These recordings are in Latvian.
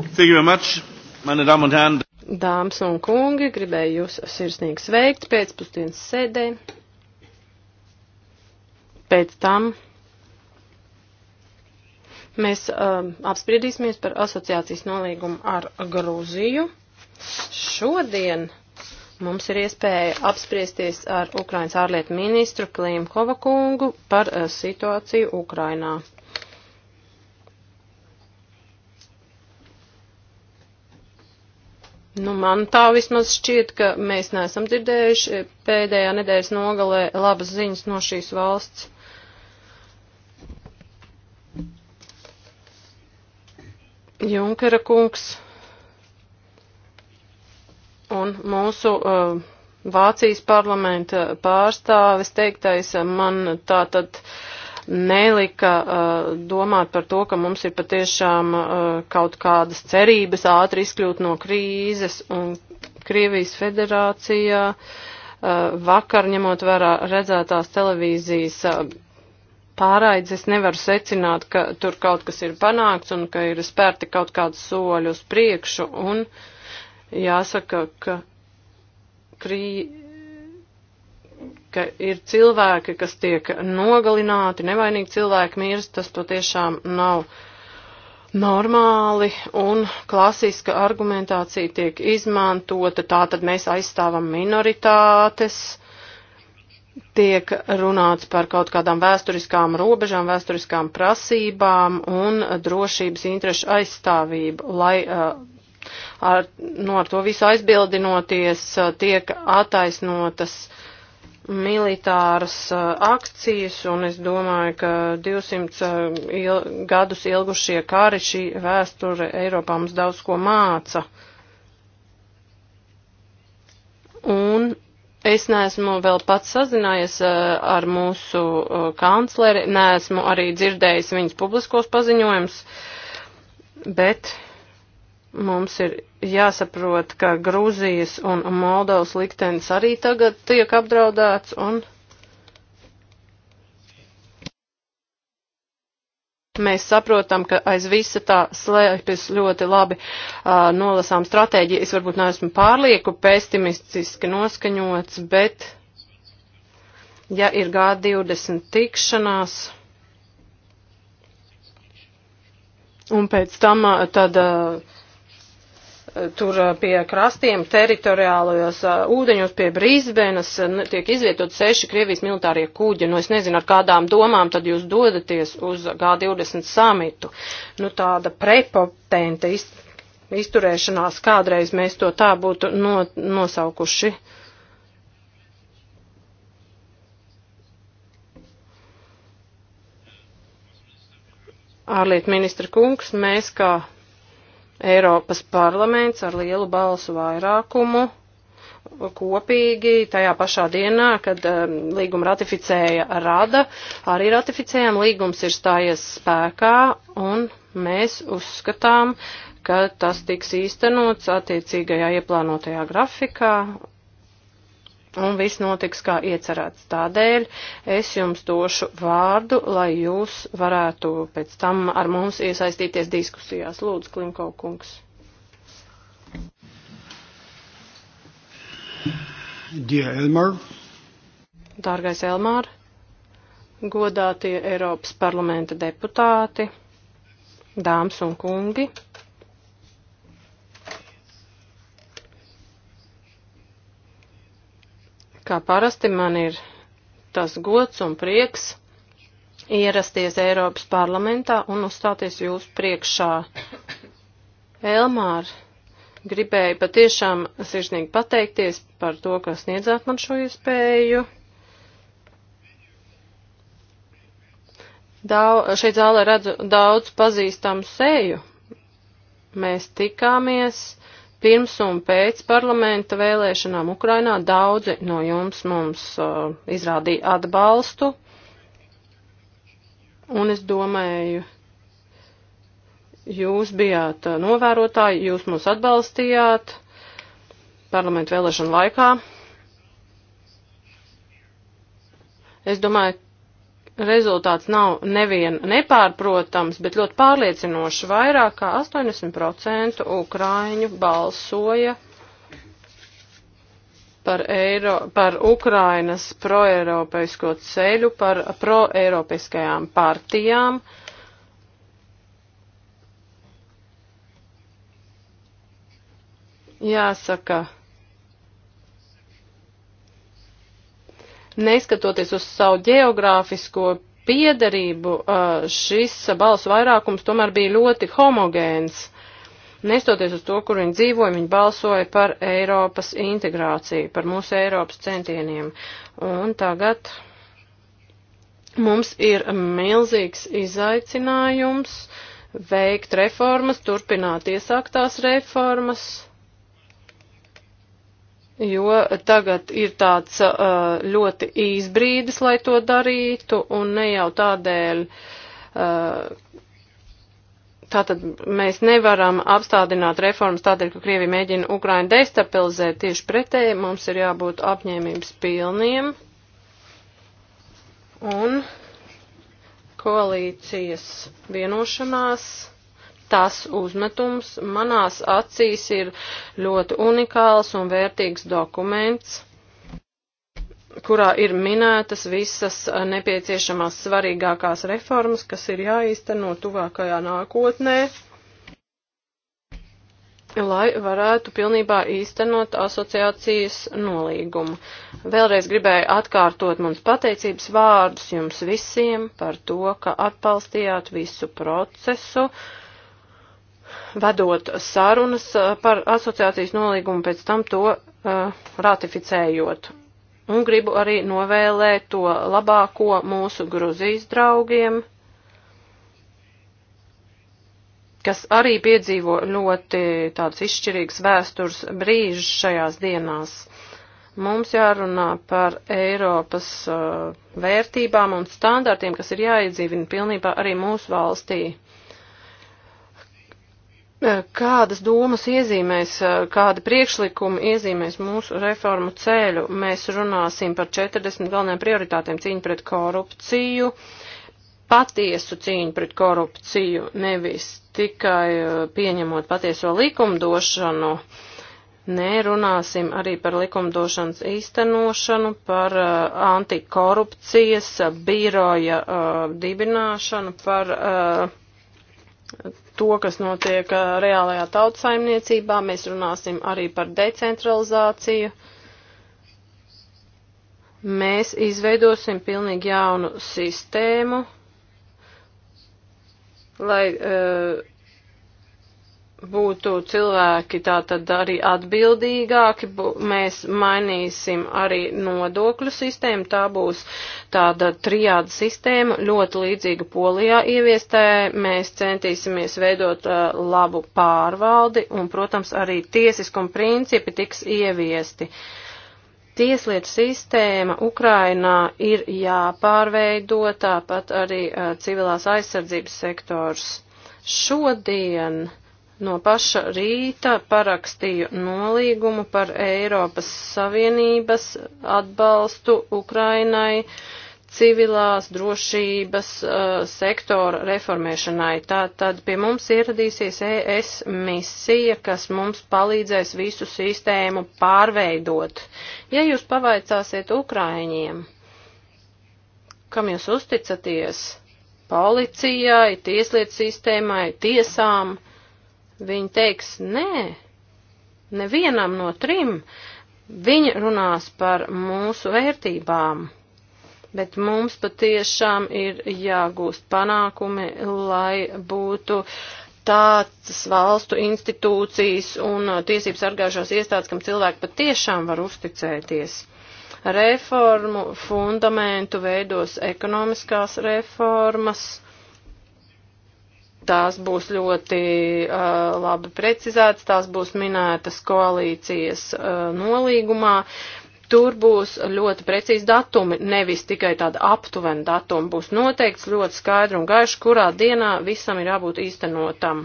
Thank you very much, meine Damen und Herren. Dāmas un kungi, gribēju jūs sirsnīgi sveikt pēcpusdienas sēdē. Pēc tam mēs um, apspriedīsimies par asociācijas nolīgumu ar Grūziju. Šodien Mums ir iespēja apspriesties ar Ukrainas ārlietu ministru Klīmu Kovakungu par eh, situāciju Ukrainā. Nu, man tā vismaz šķiet, ka mēs neesam dzirdējuši pēdējā nedēļas nogalē labas ziņas no šīs valsts. Junkera kungs. Un mūsu uh, Vācijas parlamenta pārstāvis teiktais uh, man tā tad nelika uh, domāt par to, ka mums ir patiešām uh, kaut kādas cerības ātri izkļūt no krīzes un Krievijas federācijā uh, vakar ņemot vērā redzētās televīzijas. Uh, pārraidzi, es nevaru secināt, ka tur kaut kas ir panākts un ka ir spērti kaut kādi soļi uz priekšu, un uh, Jāsaka, ka, krī, ka ir cilvēki, kas tiek nogalināti, nevainīgi cilvēki mirst, tas to tiešām nav normāli un klasiska argumentācija tiek izmantota, tā tad mēs aizstāvam minoritātes, tiek runāts par kaut kādām vēsturiskām robežām, vēsturiskām prasībām un drošības interešu aizstāvību, lai uh, ar, nu, ar to visu aizbildinoties tiek attaisnotas militāras akcijas, un es domāju, ka 200 il gadus ilgušie kari šī vēsture Eiropā mums daudz ko māca. Un Es neesmu vēl pats sazinājies ar mūsu kancleri, neesmu arī dzirdējis viņas publiskos paziņojumus, bet Mums ir jāsaprot, ka Grūzijas un Moldovas liktenis arī tagad tiek apdraudēts un mēs saprotam, ka aiz visa tā slēpjas ļoti labi uh, nolasām stratēģija. Es varbūt neesmu pārlieku pesimistiski noskaņots, bet ja ir G20 tikšanās. Un pēc tam tad uh, tur eh, pie krastiem teritoriālajos eh, ūdeņos pie Brīsbenas eh, tiek izvietot seši Krievijas militārie kuģi. Nu, es nezinu, ar kādām domām tad jūs dodaties uz G20 samitu. Nu, tāda prepotenta izturēšanās kādreiz mēs to tā būtu no, nosaukuši. Ārlietu ministra kungs, mēs kā. Ka Eiropas parlaments ar lielu balsu vairākumu kopīgi tajā pašā dienā, kad um, līgumu ratificēja Rada, arī ratificējām, līgums ir stājies spēkā un mēs uzskatām, ka tas tiks īstenots attiecīgajā ieplānotajā grafikā un viss notiks kā iecerēts. Tādēļ es jums došu vārdu, lai jūs varētu pēc tam ar mums iesaistīties diskusijās. Lūdzu, Klimko kungs. Dear Elmar. Dārgais Elmār, godātie Eiropas parlamenta deputāti, dāmas un kungi. Kā parasti man ir tas gods un prieks ierasties Eiropas parlamentā un uzstāties jūsu priekšā. Elmār, gribēju patiešām sirsnīgi pateikties par to, ka sniedzāt man šo iespēju. Daudz, šeit zālē redzu daudz pazīstamu seju. Mēs tikāmies. Uh, Pirms un pēc parlamenta vēlēšanām Ukrainā daudzi no jums mums uh, izrādīja atbalstu, un es domāju, jūs bijāt uh, novērotāji, jūs mūs atbalstījāt parlamentu vēlēšanu laikā. Es domāju, rezultāts nav nevien nepārprotams, bet ļoti pārliecinošs. Vairāk kā 80% ukraiņu balsoja par, Eiro, par Ukrainas proeiropeisko ceļu, par proeiropeiskajām partijām. Jāsaka, neskatoties uz savu geogrāfisko piedarību, šis balsu vairākums tomēr bija ļoti homogēns. Nestoties uz to, kur viņi dzīvoja, viņi balsoja par Eiropas integrāciju, par mūsu Eiropas centieniem. Un tagad mums ir milzīgs izaicinājums veikt reformas, turpināt iesāktās reformas jo tagad ir tāds uh, ļoti īs brīdis, lai to darītu, un ne jau tādēļ. Uh, tātad mēs nevaram apstādināt reformas tādēļ, ka Krievija mēģina Ukrainu destabilizēt tieši pretēji, mums ir jābūt apņēmības pilniem. Un koalīcijas vienošanās tas uzmetums manās acīs ir ļoti unikāls un vērtīgs dokuments kurā ir minētas visas nepieciešamās svarīgākās reformas, kas ir jāīsteno tuvākajā nākotnē, lai varētu pilnībā īstenot asociācijas nolīgumu. Vēlreiz gribēju atkārtot mums pateicības vārdus jums visiem par to, ka atbalstījāt visu procesu. Uh, vedot sarunas eh, par asociācijas nolīgumu, pēc tam to uh, ratificējot. Un gribu arī novēlēt to labāko mūsu Gruzijas draugiem, kas arī piedzīvo ļoti tāds izšķirīgs vēstures brīžs šajās dienās. Mums jārunā par Eiropas uh, vērtībām un standartiem, kas ir jāiedzīvina pilnībā arī mūsu valstī. Eh, kādas domas iezīmēs, eh, kāda priekšlikuma iezīmēs mūsu reformu ceļu? Mēs runāsim par 40 galvenajām prioritātēm cīņu pret korupciju, patiesu cīņu pret korupciju, nevis tikai eh, pieņemot patieso likumdošanu. Nē, runāsim arī par likumdošanas īstenošanu, par uh, antikorupcijas biroja uh, dibināšanu, par. Uh, to, kas notiek uh, reālajā tautsaimniecībā. Mēs runāsim arī par decentralizāciju. Mēs izveidosim pilnīgi jaunu sistēmu, lai uh, būtu cilvēki tātad arī atbildīgāki, bū, mēs mainīsim arī nodokļu sistēmu, tā būs tāda trijāda sistēma, ļoti līdzīga polijā ieviestē, mēs centīsimies veidot uh, labu pārvaldi un, protams, arī tiesiskuma principi tiks ieviesti. Tieslietu sistēma Ukrainā ir jāpārveido, tāpat arī uh, civilās aizsardzības sektors. Šodien uh, No paša rīta parakstīju nolīgumu par Eiropas Savienības atbalstu Ukrainai civilās drošības uh, sektora reformēšanai. Tātad pie mums ieradīsies ES misija, kas mums palīdzēs visu sistēmu pārveidot. Ja jūs pavaicāsiet Ukraiņiem, kam jūs uzticaties? Policijai, tieslietu sistēmai, tiesām? viņi teiks nē, nevienam no trim, viņi runās par mūsu vērtībām, bet mums patiešām ir jāgūst panākumi, lai būtu tāds valstu institūcijas un uh, tiesības sargājušās iestādes, kam cilvēki patiešām var uzticēties. Reformu fundamentu veidos ekonomiskās reformas tās būs ļoti uh, labi precizētas, tās būs minētas koalīcijas uh, nolīgumā. Tur būs ļoti precīzi datumi, nevis tikai tāda aptuvena datuma. Būs noteikts ļoti skaidri un gaiši, kurā dienā visam ir jābūt īstenotam.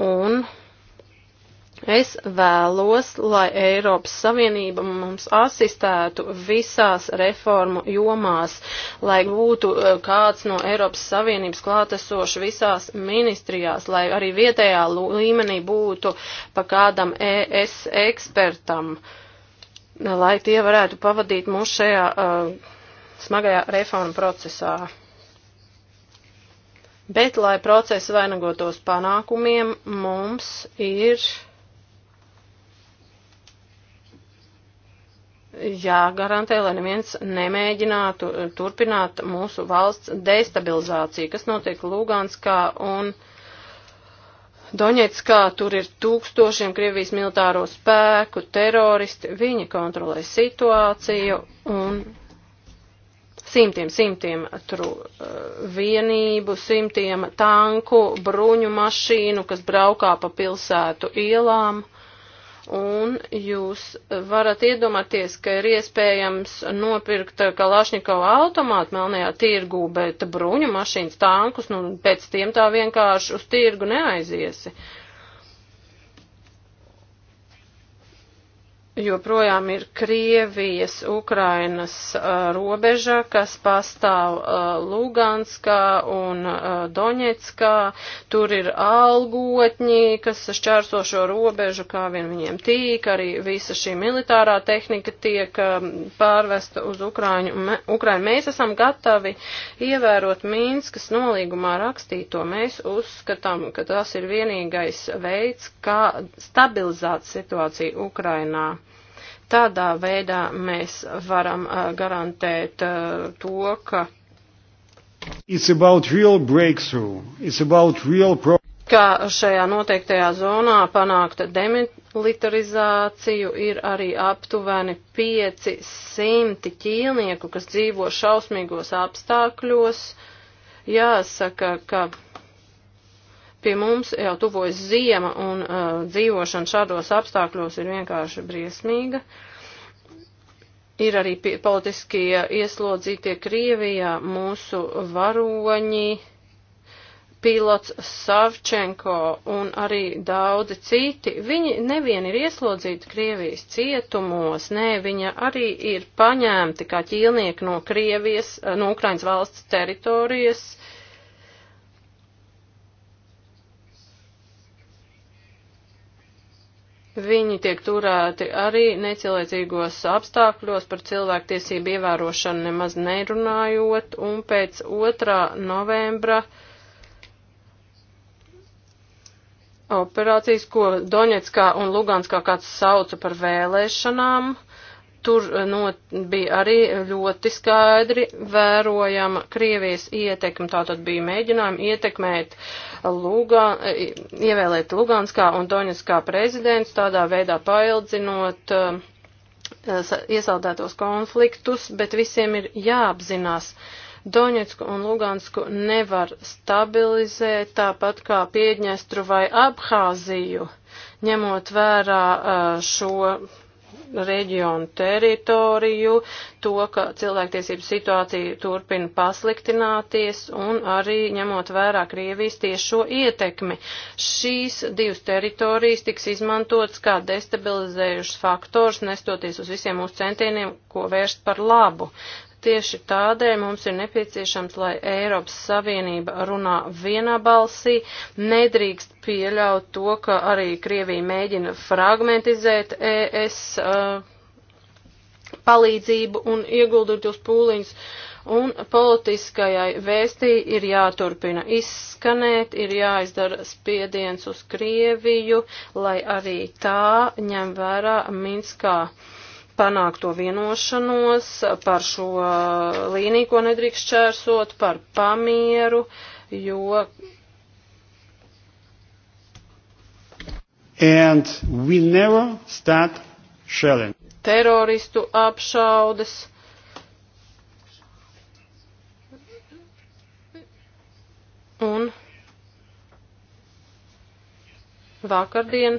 Un uh, Es vēlos, lai Eiropas Savienība mums asistētu visās reformu jomās, lai būtu eh, kāds no Eiropas Savienības klātesoši visās ministrijās, lai arī vietējā līmenī būtu pa kādam ES ekspertam, lai tie varētu pavadīt mūs šajā uh, smagajā reformu procesā bet, lai process vainagotos panākumiem, mums ir jāgarantē, lai neviens nemēģinātu eh, turpināt mūsu valsts destabilizāciju, kas notiek Lūgānskā un Doņetskā. Tur ir tūkstošiem Krievijas militāro spēku, teroristi, viņi kontrolē situāciju un simtiem, simtiem tru, eh, vienību, simtiem tanku, bruņu mašīnu, kas braukā pa pilsētu ielām. Uh, Un jūs varat iedomāties, ka ir iespējams nopirkt Kalašņikova automātu melnajā tirgū, bet bruņu mašīnas tankus, nu, pēc tiem tā vienkārši uz tirgu neaiziesi. Uh, joprojām ir Krievijas, Ukrainas uh, robeža, kas pastāv uh, Luganskā un uh, Doņetskā. Tur ir algotņi, kas šķērso šo robežu, kā vien viņiem tīk, arī visa šī militārā tehnika tiek um, pārvesta uz Ukraiņu. Me, Ukraiņu mēs esam gatavi ievērot Mīnskas nolīgumā rakstīto. Mēs uzskatām, ka tas ir vienīgais veids, kā stabilizēt situāciju Ukrainā. Tādā veidā mēs varam uh, garantēt uh, to, ka. It's about real breakthrough. It's about real progress ka šajā noteiktajā zonā panākta demilitarizāciju ir arī aptuveni 500 ķīlnieku, kas dzīvo šausmīgos apstākļos. Jāsaka, ka Pie mums jau tuvojas ziema un uh, dzīvošana šādos apstākļos ir vienkārši briesmīga. Ir arī pie, politiskie ieslodzītie Krievijā mūsu varoņi, pilots Savčenko un arī daudzi citi. Viņi nevien ir ieslodzīti Krievijas cietumos, nē, viņa arī ir paņemti kā ķīlnieki no Krievijas, no Ukrainas valsts teritorijas Viņi tiek turēti arī necilvēcīgos apstākļos par cilvēktiesību ievērošanu nemaz nerunājot, un pēc 2. novembra operācijas, ko Doņetskā un Luganskā kāds sauca par vēlēšanām, uh, Tur eh, not, bija arī ļoti skaidri vērojama Krievijas ietekme, tātad bija mēģinājumi ietekmēt Lugā, eh, ievēlēt Luganskā un Doņaskā prezidents, tādā veidā paildzinot eh, iesaldētos konfliktus, bet visiem ir jāapzinās. Doņetsku un Lugansku nevar stabilizēt tāpat kā Piedņestru vai Abhāziju, ņemot vērā šo reģionu teritoriju, to, ka cilvēktiesību situācija turpina pasliktināties un arī ņemot vērā Krievijas tiešo ietekmi. Šīs divas teritorijas tiks izmantotas kā destabilizējušas faktors, nestoties uz visiem mūsu centieniem, ko vērst par labu. Tieši tādēļ mums ir nepieciešams, lai Eiropas Savienība runā vienā balsī, nedrīkst pieļaut to, ka arī Krievija mēģina fragmentizēt ES uh, palīdzību un ieguldot jūs pūliņus. Un politiskajai vēstī ir jāturpina izskanēt, ir jāizdara spiediens uz Krieviju, lai arī tā ņem vērā Minskā uh, panākto vienošanos par šo līniju, ko nedrīkst čērsot, par pamieru, jo. And we never start shelling. Teroristu apšaudes. Un vakardien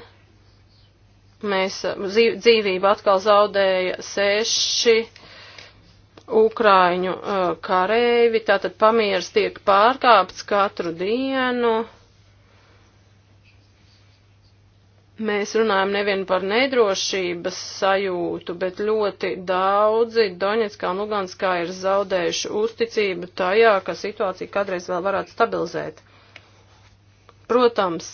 Mēs dzīvību atkal zaudēja seši ukraiņu uh, kareivi, tātad pamieras tiek pārkāpts katru dienu. Mēs runājam nevien par nedrošības sajūtu, bet ļoti daudzi Doņetskā un Luganskā ir zaudējuši uzticību tajā, ka situācija kādreiz vēl varētu stabilizēt. Protams,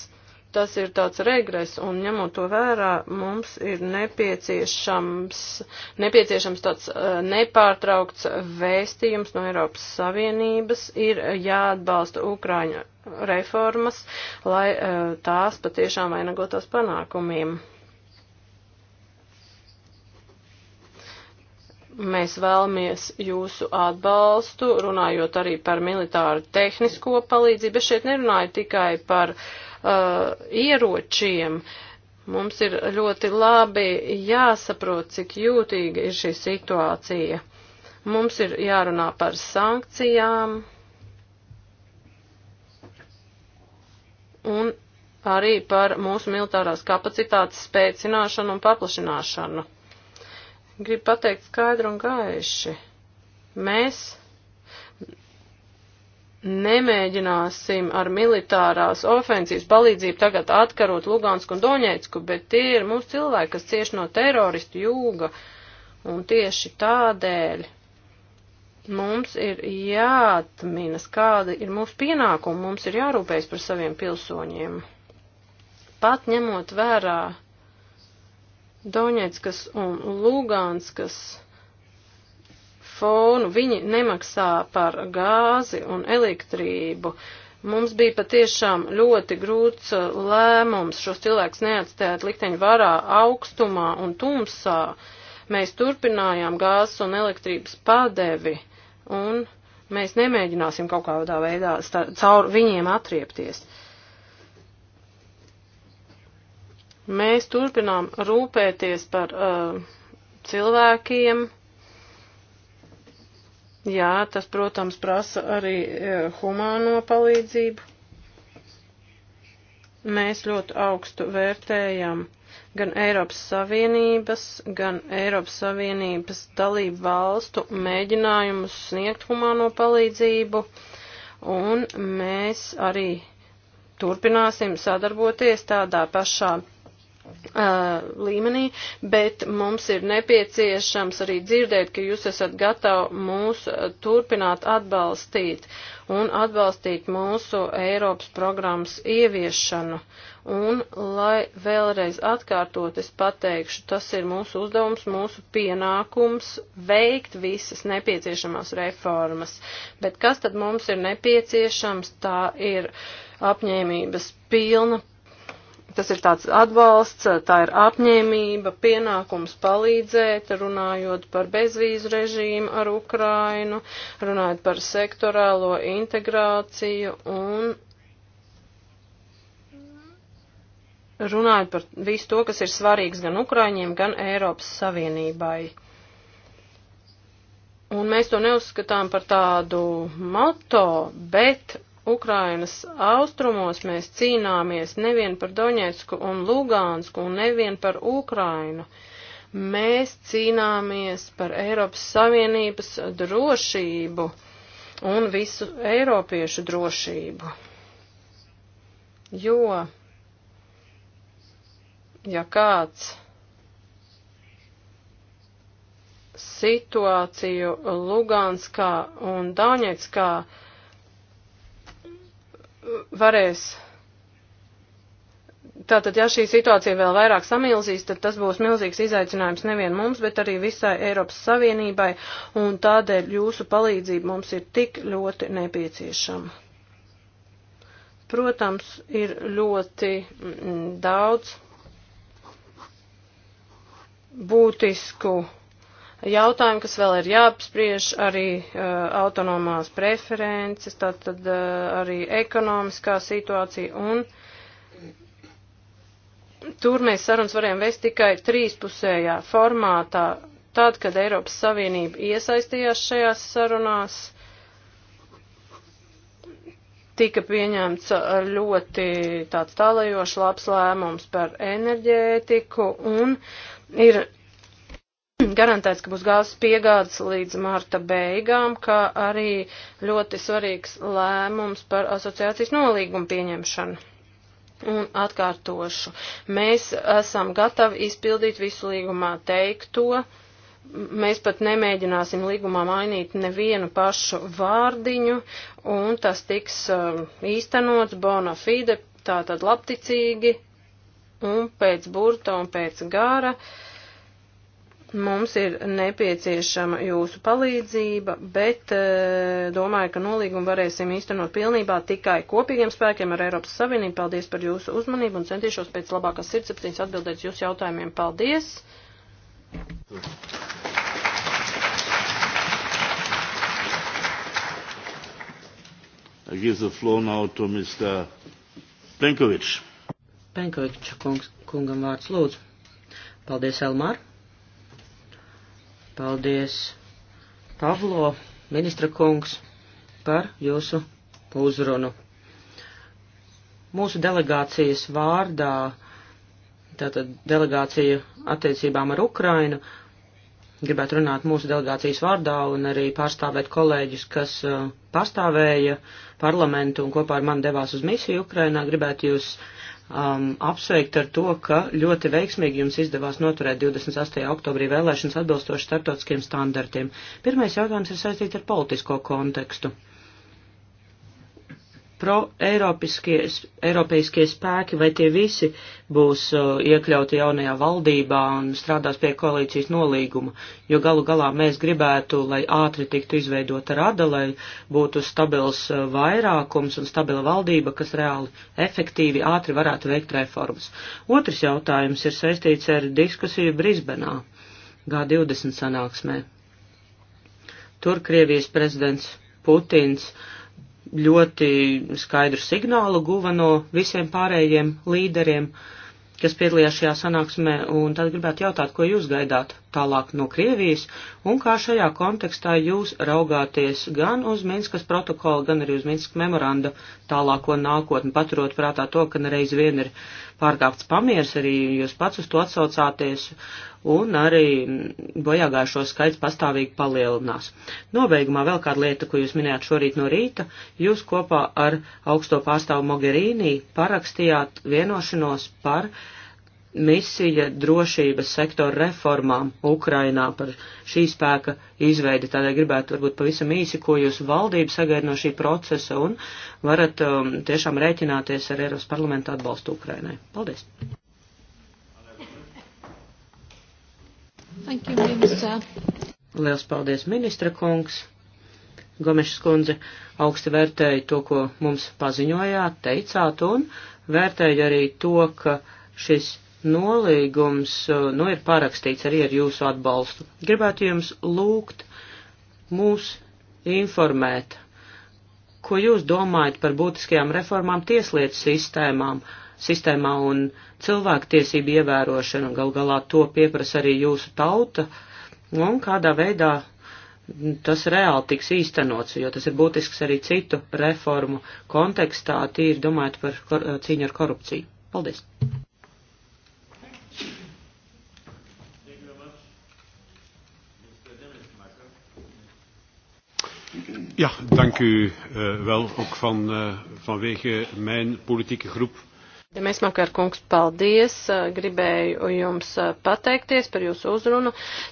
tas ir tāds regres, un ņemot to vērā, mums ir nepieciešams, nepieciešams tāds uh, nepārtraukts vēstījums no Eiropas Savienības, ir jāatbalsta Ukraiņa reformas, lai uh, tās patiešām vainagotos panākumiem. Mēs vēlamies jūsu atbalstu, runājot arī par militāru tehnisko palīdzību. Es šeit nerunāju tikai par uh, ieročiem. Mums ir ļoti labi jāsaprot, cik jūtīga ir šī situācija. Mums ir jārunā par sankcijām un arī par mūsu militārās kapacitātes spēcināšanu un paplašināšanu. Gribu pateikt skaidru un gaiši. Mēs nemēģināsim ar militārās ofensīvas palīdzību tagad atkarot Lugansku un Doņēcku, bet tie ir mūsu cilvēki, kas cieši no teroristu jūga. Un tieši tādēļ mums ir jāatminas, kāda ir mūsu pienākuma, mums ir jārūpējas par saviem pilsoņiem. Pat ņemot vērā Doņetskas un Lugānskas fonu, viņi nemaksā par gāzi un elektrību. Mums bija patiešām ļoti grūts uh, lēmums šos cilvēkus neatstāt likteņu varā augstumā un tumsā. Mēs turpinājām gāzes un elektrības padevi un mēs nemēģināsim kaut kādā veidā caur viņiem atriepties. Uh, Mēs turpinām rūpēties par uh, cilvēkiem. Jā, tas, protams, prasa arī uh, humāno palīdzību. Mēs ļoti augstu vērtējam gan Eiropas Savienības, gan Eiropas Savienības dalību valstu mēģinājumus sniegt humāno palīdzību, un mēs arī turpināsim sadarboties tādā pašā līmenī, bet mums ir nepieciešams arī dzirdēt, ka jūs esat gatavi mūs turpināt atbalstīt un atbalstīt mūsu Eiropas programmas ieviešanu. Un, lai vēlreiz atkārtot, es pateikšu, tas ir mūsu uzdevums, mūsu pienākums veikt visas nepieciešamās reformas. Bet kas tad mums ir nepieciešams? Tā ir apņēmības pilna tas ir tāds atbalsts, tā ir apņēmība, pienākums palīdzēt, runājot par bezvīzu režīmu ar Ukrainu, runājot par sektorālo integrāciju un runājot par visu to, kas ir svarīgs gan Ukraiņiem, gan Eiropas Savienībai. Un mēs to neuzskatām par tādu moto, bet Ukrainas austrumos mēs cīnāmies nevien par Doņetsku un Lugānsku un nevien par Ukrainu. Mēs cīnāmies par Eiropas Savienības drošību un visu Eiropiešu drošību. Jo, ja kāds situāciju Lugānskā un Dāņetskā uh, varēs. Tātad, ja šī situācija vēl vairāk samilzīs, tad tas būs milzīgs izaicinājums nevien mums, bet arī visai Eiropas Savienībai, un tādēļ jūsu palīdzība mums ir tik ļoti nepieciešama. Protams, ir ļoti mm, daudz būtisku jautājumi, kas vēl ir jāapspriež, arī uh, autonomās preferences, tātad uh, arī ekonomiskā situācija un tur mēs sarunas varējām vest tikai trīspusējā formātā, tad, kad Eiropas Savienība iesaistījās šajās sarunās. Tika pieņemts uh, ļoti tāds tālajošs labs lēmums par enerģētiku un ir garantēts, ka būs gāzes piegādes līdz marta beigām, kā arī ļoti svarīgs lēmums par asociācijas nolīgumu pieņemšanu. Un atkārtošu, mēs esam gatavi izpildīt visu līgumā teikto. Mēs pat nemēģināsim līgumā mainīt nevienu pašu vārdiņu, un tas tiks um, īstenots bona fide, tātad labticīgi, un pēc burta un pēc gara. Uh, Mums ir nepieciešama jūsu palīdzība, bet e, domāju, ka nolīgumu varēsim īstenot pilnībā tikai kopīgiem spēkiem ar Eiropas Savienību. Paldies par jūsu uzmanību un centīšos pēc labākās sirdsapziņas atbildēt jūsu jautājumiem. Paldies! I give the floor now to Mr. Plenkovič. Plenkovič kungam vārds lūdzu. Paldies, Elmār. Paldies, Pavlo, ministra kungs, par jūsu uzrunu. Mūsu delegācijas vārdā, tātad delegācija attiecībām ar Ukrainu, gribētu runāt mūsu delegācijas vārdā un arī pārstāvēt kolēģus, kas uh, pārstāvēja parlamentu un kopā ar mani devās uz misiju Ukrainā. Gribētu jūs um, apsveikt ar to, ka ļoti veiksmīgi jums izdevās noturēt 28. oktobrī vēlēšanas atbilstoši startautiskiem standartiem. Pirmais jautājums ir saistīts ar politisko kontekstu pro-eiropeiskie spēki, vai tie visi būs uh, iekļauti jaunajā valdībā un strādās pie koalīcijas nolīguma, jo galu galā mēs gribētu, lai ātri tiktu izveidota rada, lai būtu stabils uh, vairākums un stabila valdība, kas reāli efektīvi ātri varētu veikt reformas. Otrs jautājums ir saistīts ar diskusiju Brisbenā G20 sanāksmē. Tur Krievijas prezidents Putins uh, ļoti skaidru signālu guva no visiem pārējiem līderiem, kas piedalījās šajā sanāksmē, un tad gribētu jautāt, ko jūs gaidāt tālāk no Krievijas, un kā šajā kontekstā jūs raugāties gan uz Minskas protokolu, gan arī uz Minskas memoranda tālāko nākotni, paturot prātā to, ka nereiz vien ir pārkāpts pamiers, arī jūs pats uz to atsaucāties, un arī bojāgājušo skaits pastāvīgi palielinās. Nobeigumā vēl kāda lieta, ko jūs minējāt šorīt no rīta, jūs kopā ar augsto pārstāvu Mogherīnī parakstījāt vienošanos par misija drošības sektora reformām Ukrainā par šī spēka izveidi. Tādēļ gribētu varbūt pavisam īsi, ko jūs valdība sagaida no šī procesa un varat um, tiešām rēķināties ar Eiropas parlamentu atbalstu Ukrainai. Paldies! Thank you, minister. Liels paldies, ministra kungs! Gomešas kundze augsti vērtēja to, ko mums paziņojāt, teicāt, un vērtēja arī to, ka šis nolīgums uh, nu, ir parakstīts arī ar jūsu atbalstu. Gribētu jums lūgt mūs informēt, ko jūs domājat par būtiskajām reformām tieslietu sistēmām, sistēmā un cilvēktiesību ievērošanu, gal galā to pieprasa arī jūsu tauta, un kādā veidā tas reāli tiks īstenots, jo tas ir būtisks arī citu reformu kontekstā, tīri domājot par cīņu ar korupciju. Paldies! Ja, dank u uh, wel, ook van, uh, vanwege mijn politieke groep. Ja, mēs, Makar kungs, paldies, eh, gribēju jums pateikties par jūsu uzrunu,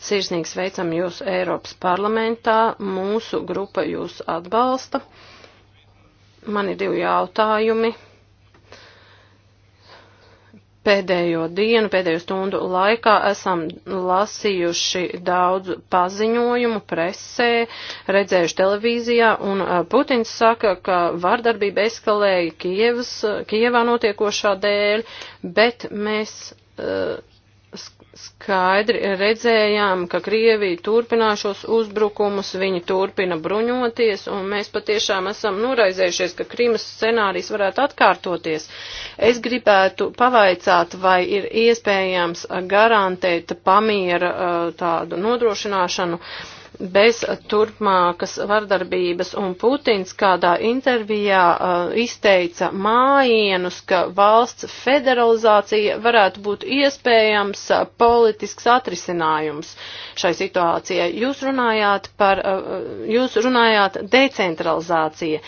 sirsnīgi sveicam jūs Eiropas parlamentā, mūsu grupa jūs atbalsta. Man ir divi jautājumi pēdējo dienu, pēdējo stundu laikā esam lasījuši daudz paziņojumu presē, redzējuši televīzijā, un Putins saka, ka vardarbība eskalēja Kievas, Kievā notiekošā dēļ, bet mēs. Uh, skaidri redzējām, ka Krievija turpinā šos uzbrukumus, viņi turpina bruņoties, un mēs patiešām esam noraizējušies, ka Krīmas scenārijs varētu atkārtoties. Es gribētu pavaicāt, vai ir iespējams garantēt pamiera tādu nodrošināšanu. Uh, bez turpmākas vardarbības, un Putins kādā intervijā uh, izteica mājienus, ka valsts federalizācija varētu būt iespējams uh, politisks atrisinājums šai situācijai. Jūs runājāt par, uh, uh jūs runājāt decentralizācija,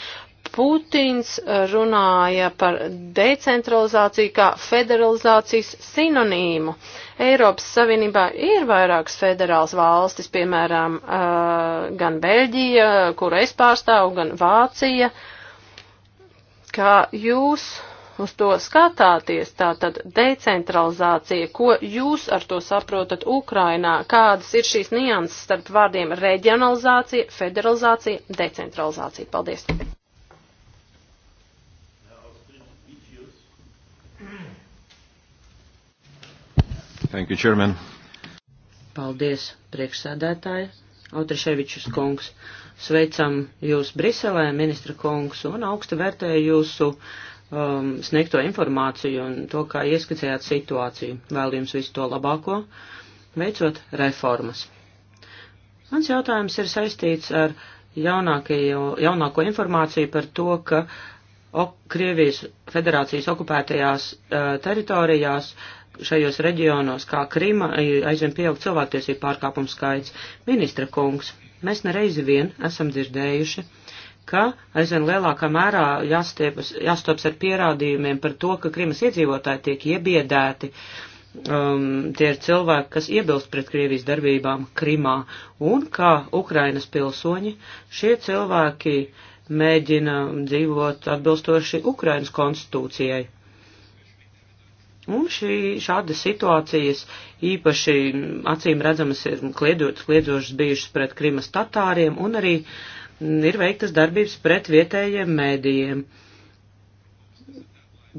Putins eh, runāja par decentralizāciju kā federalizācijas sinonīmu. Eiropas Savienībā ir vairākas federālas valstis, piemēram, eh, gan Beļģija, kuru es pārstāvu, gan Vācija. Kā jūs uz to skatāties, tātad decentralizācija, ko jūs ar to saprotat Ukrainā, kādas ir šīs nianses starp vārdiem reģionalizācija, federalizācija, decentralizācija? Paldies! Thank you, Chairman. Paldies, priekšsēdētāji. Autriševičus kungs, sveicam jūs Briselē, ministra kungs, un augstu vērtēju jūsu um, sniegto informāciju un to, kā ieskicējāt situāciju. Vēl jums visu to labāko, veicot reformas. Mans jautājums ir saistīts ar jaunākajo, jaunāko informāciju par to, ka ok, Krievijas federācijas okupētajās uh, teritorijās uh, šajos reģionos, kā Krima, aizvien pieaug cilvēktiesību pārkāpumu skaits. Ministra kungs, mēs nereizi vien esam dzirdējuši, ka aizvien lielākā mērā jāstiepas, jāstops ar pierādījumiem par to, ka Krimas iedzīvotāji tiek iebiedēti. Um, tie ir cilvēki, kas iebilst pret Krievijas darbībām Krimā, un kā Ukrainas pilsoņi, šie cilvēki mēģina dzīvot atbilstoši Ukrainas konstitūcijai Mums šī, šādas situācijas īpaši acīm redzamas ir kliedot, kliedzošas bijušas pret Krimas tatāriem un arī ir veiktas darbības pret vietējiem mēdījiem.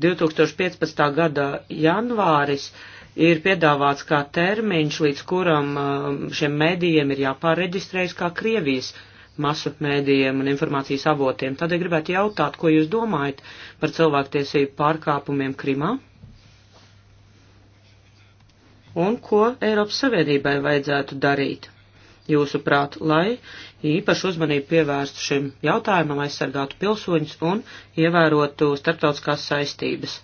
2015. gada janvāris ir piedāvāts kā termiņš, līdz kuram um, šiem mēdījiem ir jāpārreģistrējas kā Krievijas masu mēdījiem un informācijas avotiem. Tad es gribētu jautāt, ko jūs domājat par cilvēktiesību pārkāpumiem Krimā? un ko Eiropas Savienībai vajadzētu darīt, jūsuprāt, lai īpašu uzmanību pievērstu šim jautājumam, aizsargātu pilsoņus un ievērotu starptautiskās saistības,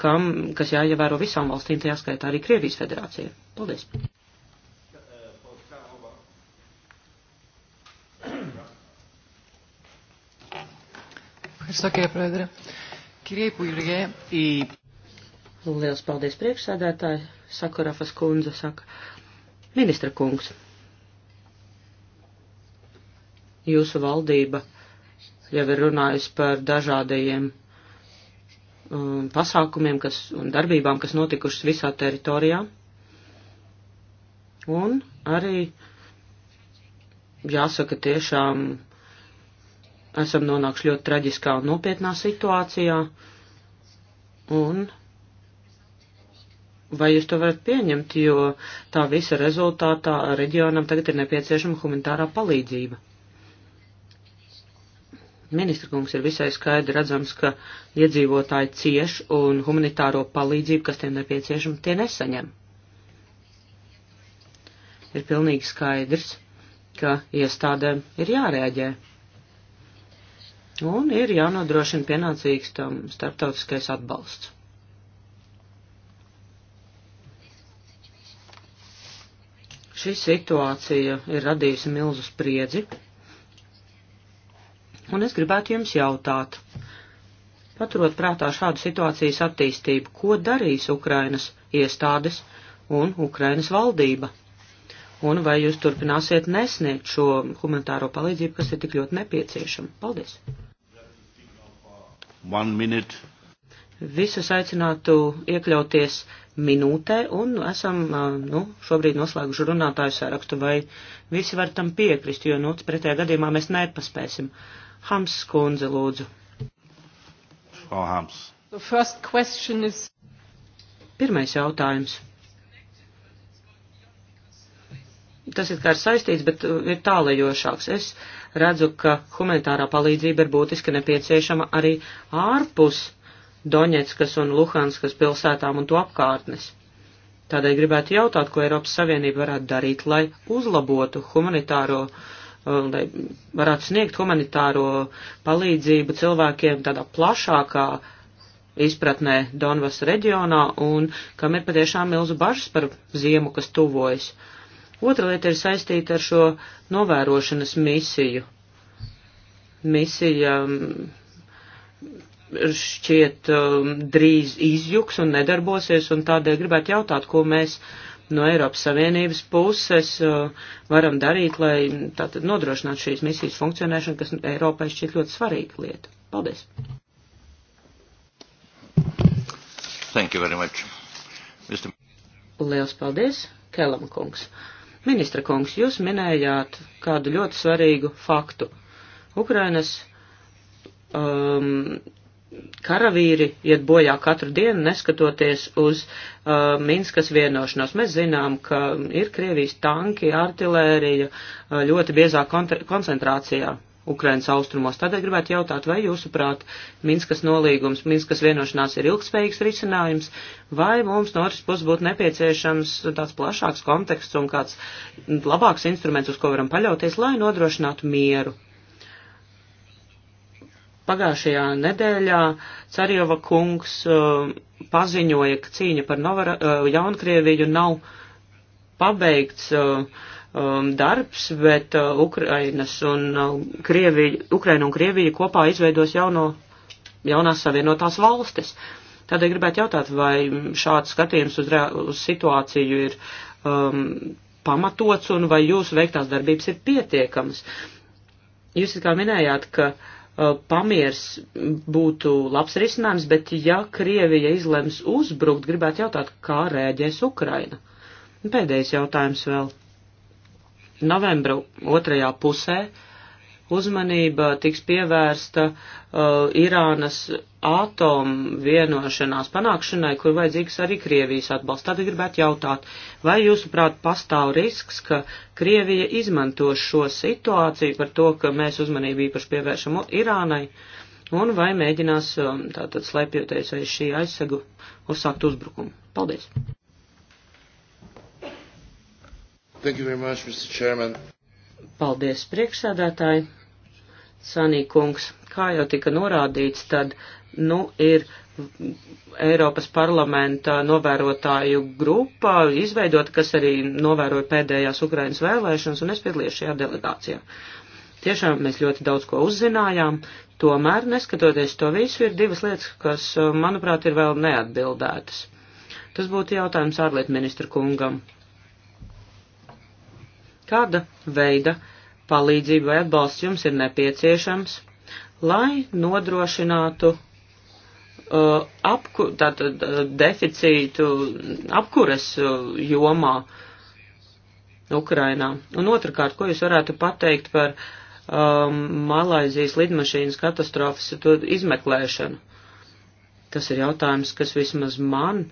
kam, kas jāievēro visām valstīm, tajā skaitā arī Krievijas federācija. Paldies! Ευχαριστώ κύριε Πρόεδρε. Κύριε Υπουργέ, η Liels paldies priekšsēdētāji, saka Rafas kundze, saka ministra kungs. Jūsu valdība jau ir runājusi par dažādajiem um, pasākumiem kas, un darbībām, kas notikušas visā teritorijā. Un arī jāsaka tiešām esam nonākuši ļoti traģiskā un nopietnā situācijā. Un Vai jūs to varat pieņemt, jo tā visa rezultātā reģionam tagad ir nepieciešama humanitārā palīdzība? Ministra kungs ir visai skaidri redzams, ka iedzīvotāji cieš un humanitāro palīdzību, kas tiem nepieciešama, tie nesaņem. Ir pilnīgi skaidrs, ka iestādēm ir jārēģē. Un ir jānodrošina pienācīgs tam starptautiskais atbalsts. Šī situācija ir radījusi milzu spriedzi, un es gribētu jums jautāt, paturot prātā šādu situācijas attīstību, ko darīs Ukrainas iestādes un Ukrainas valdība? Un vai jūs turpināsiet nesniegt šo humanitāro palīdzību, kas ir tik ļoti nepieciešama? Paldies! Visas aicinātu iekļauties minūtē, un esam, nu, šobrīd noslēguši runātāju sarakstu, vai visi var tam piekrist, jo, nu, pretējā gadījumā mēs nepaspēsim. Hams Skundze, lūdzu. Frau Hams. The first question is... Pirmais jautājums. Tas ir kā ir saistīts, bet ir tālējošāks. Es redzu, ka humanitārā palīdzība ir būtiski nepieciešama arī ārpus Doņetskas un Luhanskas pilsētām un to apkārtnes. Tādēļ gribētu jautāt, ko Eiropas Savienība varētu darīt, lai uzlabotu humanitāro, eh, lai varētu sniegt humanitāro palīdzību cilvēkiem tādā plašākā izpratnē Donvas reģionā un kam ir patiešām milzu bažas par ziemu, kas tuvojas. Otra lieta ir saistīta ar šo novērošanas misiju. Misija um, šķiet um, drīz izjuks un nedarbosies, un tādēļ gribētu jautāt, ko mēs no Eiropas Savienības puses uh, varam darīt, lai tātad nodrošinātu šīs misijas funkcionēšanu, kas Eiropai šķiet ļoti svarīga lieta. Paldies! Thank you very much. Mr. Liels paldies, Kelam kungs. Ministra kungs, jūs minējāt kādu ļoti svarīgu faktu. Ukrainas um, karavīri iet bojā katru dienu, neskatoties uz uh, Minskas vienošanos. Mēs zinām, ka ir Krievijas tanki, artilērija uh, ļoti biezā koncentrācijā Ukrainas austrumos. Tādēļ gribētu jautāt, vai jūsuprāt Minskas nolīgums, Minskas vienošanās ir ilgspējīgs risinājums, vai mums no otras puses būtu nepieciešams tāds plašāks konteksts un kāds labāks instruments, uz ko varam paļauties, lai nodrošinātu mieru Pagājušajā nedēļā Carjova kungs uh, paziņoja, ka cīņa par Novara, uh, Jaunkrieviju nav pabeigts uh, um, darbs, bet uh, Ukrainas un uh, Krievija, Ukraina un Krievija kopā izveidos jauno, jaunās savienotās valstis. Tādēļ gribētu jautāt, vai šāds skatījums uz, rea, uz situāciju ir um, pamatots un vai jūsu veiktās darbības ir pietiekamas. Jūs kā minējāt, ka uh, pamieris būtu labs risinājums, bet ja Krievija izlems uzbrukt, gribētu jautāt, kā rēģēs Ukraina. Pēdējais jautājums vēl. Novembra otrajā pusē uh, uzmanība tiks pievērsta uh, Irānas atomu vienošanās panākšanai, kur vajadzīgs arī Krievijas atbalsts. Tad gribētu jautāt, vai jūsuprāt pastāv risks, ka Krievija izmanto šo situāciju par to, ka mēs uzmanību īpaši pievēršam Irānai, un vai mēģinās um, tātad slēpjoties aiz šī aizsegu uzsākt uzbrukumu. Paldies! Thank you very much, Mr. Chairman. Paldies, priekšsēdētāji! Sanīkungs, kā jau tika norādīts, tad, nu, ir Eiropas parlamenta novērotāju grupa izveidota, kas arī novēroja pēdējās Ukrainas vēlēšanas, un es piedalījos šajā delegācijā. Tiešām mēs ļoti daudz ko uzzinājām, tomēr, neskatoties to visu, ir divas lietas, kas, manuprāt, ir vēl neatbildētas. Tas būtu jautājums ārlietu ministra kungam. Kāda veida palīdzība vai atbalsts jums ir nepieciešams, lai nodrošinātu uh, apku, tātad, uh, deficītu apkures uh, jomā Ukrainā. Un otrkārt, ko jūs varētu pateikt par um, Malaizijas lidmašīnas katastrofas izmeklēšanu? Tas ir jautājums, kas vismaz man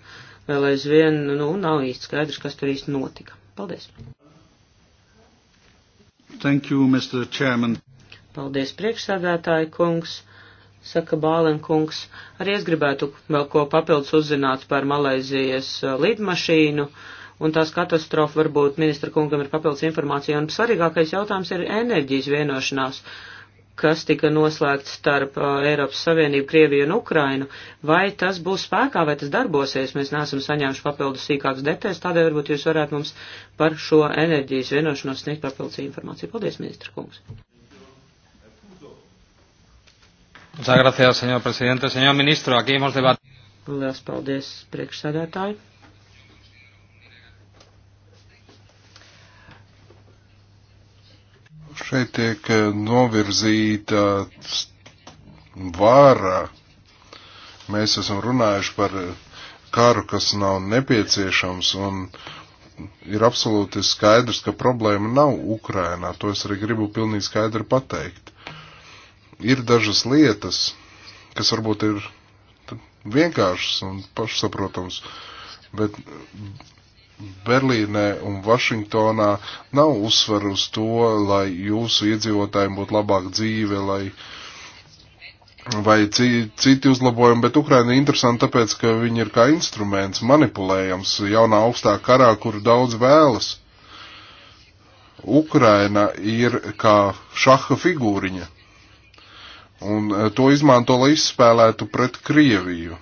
vēl aizvien nu, nav īsti skaidrs, kas tur īsti notika. Paldies! Thank you, Mr. Chairman. Paldies, priekšsēdētāji kungs, saka Bālen kungs. Arī es gribētu vēl ko papildus uzzināt par Malaizijas uh, lidmašīnu. Un tās katastrofa varbūt ministra kungam ir papildus informācija. Un svarīgākais jautājums ir enerģijas vienošanās. Uh, kas tika noslēgts starp uh, Eiropas Savienību, Krieviju un Ukrainu, vai tas būs spēkā, vai tas darbosies, mēs neesam saņēmuši papildus sīkākas detaļas, tādēļ varbūt jūs varētu mums par šo enerģijas vienošanos sniegt papildus informāciju. Paldies, ministra kungs. Muchas gracias, señor presidente. Señor ministro, aquí hemos debatido. Lielas paldies, priekšsēdētāji. Šeit tiek eh, novirzīta vāra. Mēs esam runājuši par karu, kas nav nepieciešams, un ir absolūti skaidrs, ka problēma nav Ukrainā. To es arī gribu pilnīgi skaidri pateikt. Ir dažas lietas, kas varbūt ir vienkāršas un pašsaprotams, bet Berlīnē un Vašingtonā nav uzsver uz to, lai jūsu iedzīvotājiem būtu labāka dzīve, lai vai citi uzlabojumi, bet Ukraina ir interesanti tāpēc, ka viņi ir kā instruments, manipulējams jaunā augstā karā, kuru daudz vēlas. Ukraina ir kā šaha figūriņa, un eh, to izmanto, lai izspēlētu pret Krieviju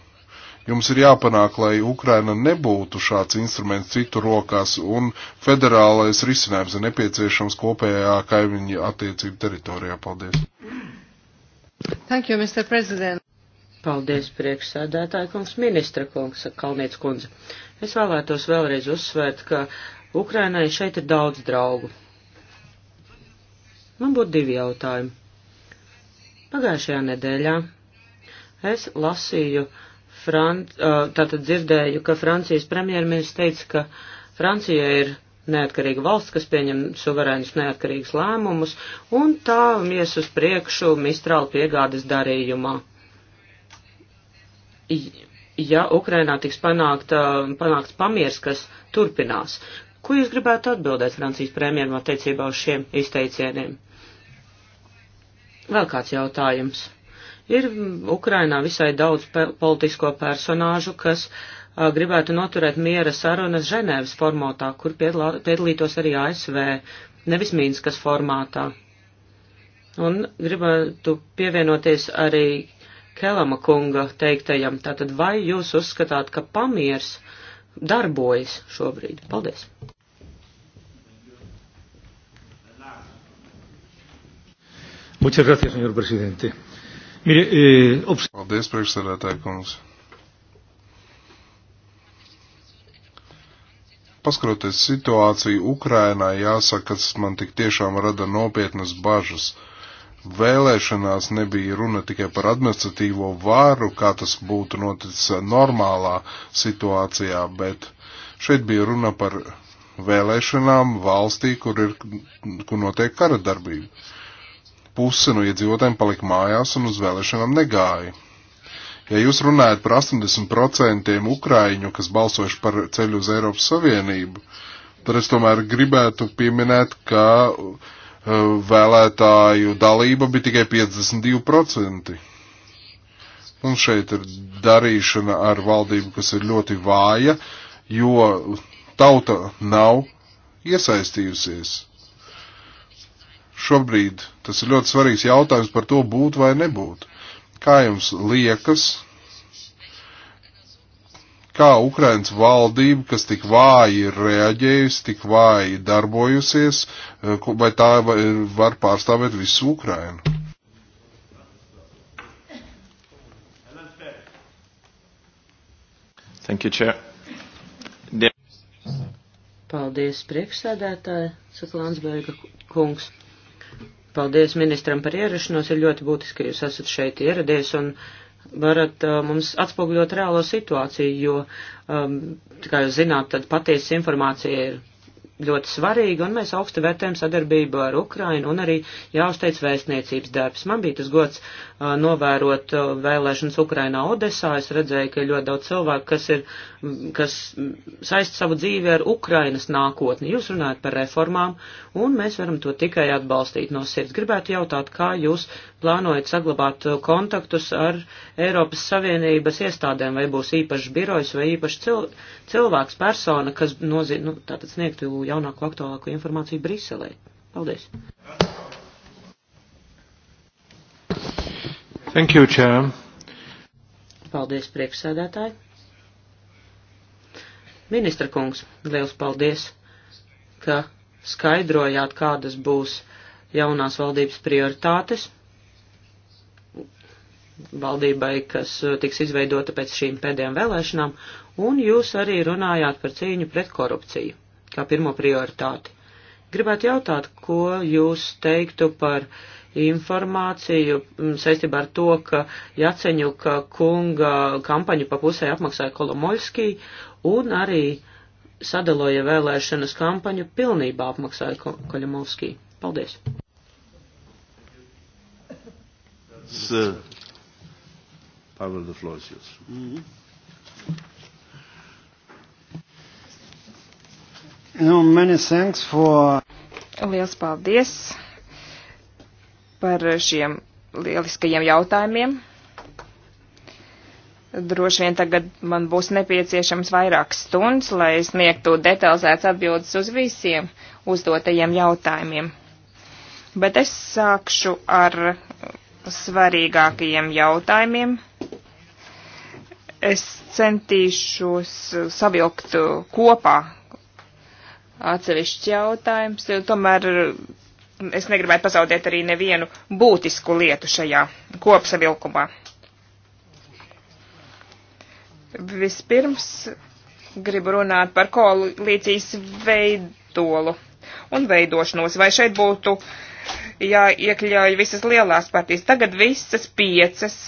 Jums ir jāpanāk, lai Ukraina nebūtu šāds instruments citu rokās, un federālais risinājums ir nepieciešams kopējā kaimiņa attiecību teritorijā. Paldies! Thank you, Mr. President. Paldies, priekšsēdētāji kungs, ministra kungs, Kalniec kundze. Es vēlētos vēlreiz uzsvērt, ka Ukrainai šeit ir daudz draugu. Man būtu divi jautājumi. Pagājušajā nedēļā es lasīju uh, Franc, tātad dzirdēju, ka Francijas premjerministrs teica, ka Francija ir neatkarīga valsts, kas pieņem suverēnus neatkarīgus lēmumus, un tā ies uz priekšu mistrālu piegādes darījumā. Ja Ukrainā tiks panākt, panākts pamiers, kas turpinās, ko jūs gribētu atbildēt Francijas premjeram attiecībā uz šiem izteicieniem? Vēl kāds jautājums. Ir Ukrainā visai daudz pe politisko personāžu, kas uh, gribētu noturēt miera sarunas Ženēvas formātā, kur piedalītos arī ASV, nevis Mīnskas formātā. Un gribētu pievienoties arī Kelama kunga teiktajam, tātad vai jūs uzskatāt, ka pamiers darbojas šobrīd? Paldies! Muchas gracias, señor presidente. Mire, eh, obs... Paldies, priekšsēdētāji kungs. Paskatoties situāciju Ukrainā, jāsaka, kas man tik tiešām rada nopietnas bažas. Vēlēšanās nebija runa tikai par administratīvo vāru, kā tas būtu noticis normālā situācijā, bet šeit bija runa par vēlēšanām valstī, kur, ir, kur notiek kara darbība puse no iedzīvotājiem palika mājās un uz vēlēšanām negāja. Ja jūs runājat par 80% ukraiņu, kas balsojuši par ceļu uz Eiropas Savienību, tad es tomēr gribētu pieminēt, ka e, vēlētāju dalība bija tikai 52%. Un šeit ir darīšana ar valdību, kas ir ļoti vāja, jo tauta nav iesaistījusies. Šobrīd tas ir ļoti svarīgs jautājums par to būt vai nebūt. Kā jums liekas, kā Ukrainas valdība, kas tik vāji ir reaģējusi, tik vāji darbojusies, eh, vai tā var pārstāvēt visu Ukrainu? Thank you, Chair. De Paldies, priekšsēdētāji, saka Landsberga kungs. Paldies ministram par ierašanos, ir ļoti būtiski, ka jūs esat šeit ieradies un varat uh, mums atspoguļot reālo situāciju, jo, um, kā jūs zināt, tad patiesa informācija ir ļoti svarīga, un mēs augstu vērtējam sadarbību ar Ukrainu un arī jāuzteic vēstniecības darbs. Man bija tas gods novērot vēlēšanas Ukrainā Odesā, es redzēju, ka ir ļoti daudz cilvēku, kas, ir, kas saist savu dzīvi ar Ukrainas nākotni. Jūs runājat par reformām, un mēs varam to tikai atbalstīt no sirds. Gribētu jautāt, kā jūs plānojat saglabāt kontaktus ar Eiropas Savienības iestādēm, vai būs īpašs birojs vai īpašs cil cilvēks, persona, kas nozīm, nu, tātad sniegtu jaunāko aktuālāko informāciju Briselē. Paldies! Thank you, Chair. Paldies, priekšsēdētāji. Ministra kungs, liels paldies, ka skaidrojāt, kādas būs jaunās valdības prioritātes valdībai, kas tiks izveidota pēc šīm pēdējām vēlēšanām, un jūs arī runājāt par cīņu pret korupciju kā pirmo prioritāti. Gribētu jautāt, ko jūs teiktu par informāciju mm, saistībā ar to, ka Jaceņuka kunga kampaņu pa pusē apmaksāja Kolomoļskī un arī sadaloja vēlēšanas kampaņu pilnībā apmaksāja Ko Koļamovskī. Paldies! So, Pavel, the floor is yours. Mm -hmm. No, many thanks for. Liels paldies par šiem lieliskajiem jautājumiem. Droši vien tagad man būs nepieciešams vairākas stundas, lai sniegtu detalizētas atbildes uz visiem uzdotajiem jautājumiem. Bet es sākšu ar svarīgākajiem jautājumiem. Es centīšos savilkt kopā atsevišķi jautājums, jo tomēr es negribētu pazaudēt arī nevienu būtisku lietu šajā kopsavilkumā. Vispirms gribu runāt par koalīcijas veidolu un veidošanos, vai šeit būtu jāiekļauj visas lielās partijas. Tagad visas piecas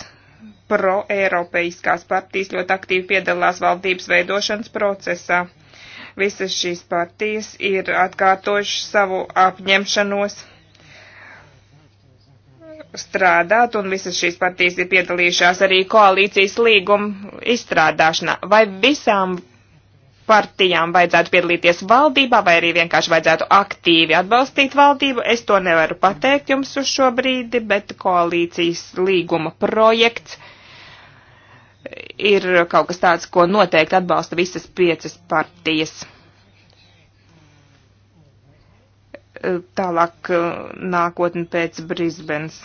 proeiropeiskās partijas ļoti aktīvi piedalās valdības veidošanas procesā Visas šīs partijas ir atkārtojuši savu apņemšanos strādāt, un visas šīs partijas ir piedalījušās arī koalīcijas līguma izstrādāšanā. Vai visām partijām vajadzētu piedalīties valdībā, vai arī vienkārši vajadzētu aktīvi atbalstīt valdību? Es to nevaru pateikt jums uz šo brīdi, bet koalīcijas līguma projekts ir kaut kas tāds, ko noteikti atbalsta visas piecas partijas. E, tālāk e, nākotni pēc Brisbens.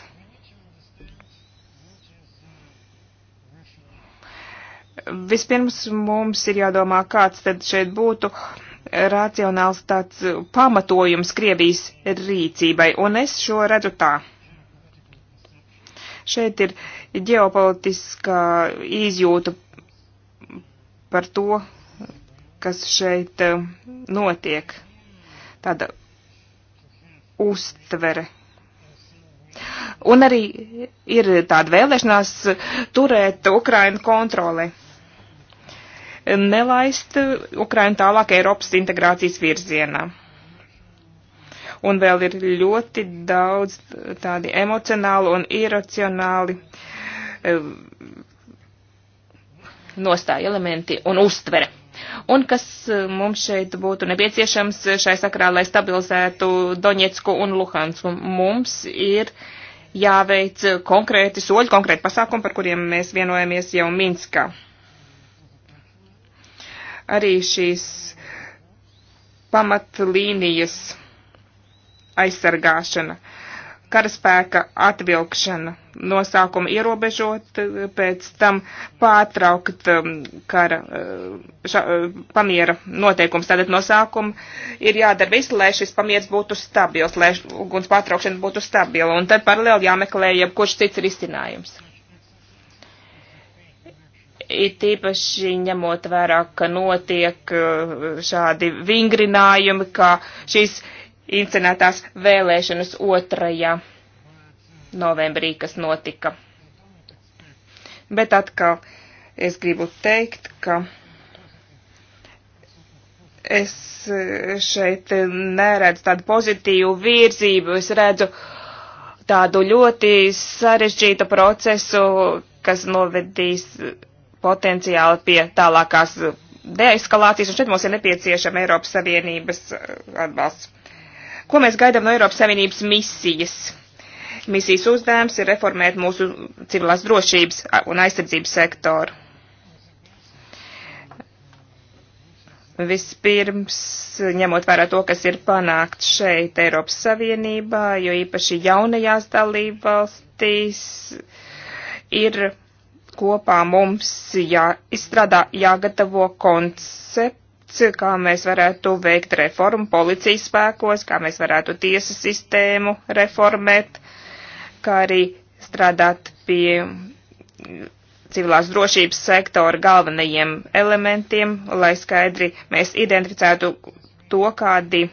Vispirms mums ir jādomā, kāds tad šeit būtu racionāls tāds pamatojums Krievijas rīcībai, un es šo redzu tā. Šeit ir ģeopolitiskā izjūta par to, kas šeit eh, notiek. Tāda uztvere. Un arī ir tāda vēlēšanās turēt Ukrainu kontroli. Nelaist Ukrainu tālāk Eiropas integrācijas virzienā un vēl ir ļoti daudz tādi emocionāli un iracionāli e, nostāja elementi un uztvere. Un kas e, mums šeit būtu nepieciešams šai sakrā, lai stabilizētu Doņetsku un Luhansku? Mums ir jāveic konkrēti soļi, konkrēti pasākumi, par kuriem mēs vienojamies jau Minskā. Arī šīs pamatlīnijas aizsargāšana, karaspēka atvilkšana, nosākuma ierobežot, eh, pēc tam pārtraukt um, kara eh, ša, eh, pamiera noteikums. Tātad nosākuma ir jādara visu, lai šis pamieris būtu stabils, lai uguns pārtraukšana būtu stabila, un tad paralēli jāmeklē jebkurš cits risinājums. It īpaši ņemot vērā, ka notiek šādi vingrinājumi, ka šīs incenētās vēlēšanas 2. novembrī, kas notika. Bet atkal es gribu teikt, ka es šeit neredzu tādu pozitīvu virzību, es redzu tādu ļoti sarežģītu procesu, kas novedīs potenciāli pie tālākās deeskalācijas, un šeit mums ir nepieciešama Eiropas Savienības atbalsts. Ko mēs gaidām no Eiropas Savienības misijas? Misijas uzdevums ir reformēt mūsu civilās drošības un aizsardzības sektoru. Vispirms, ņemot vērā to, kas ir panākts šeit Eiropas Savienībā, jo īpaši jaunajās dalībvalstīs ir kopā mums jāizstrādā, jāgatavo koncepts aspekts, kā mēs varētu veikt reformu policijas spēkos, kā mēs varētu tiesas sistēmu reformēt, kā arī strādāt pie civilās drošības sektora galvenajiem elementiem, lai skaidri mēs identificētu to, kādi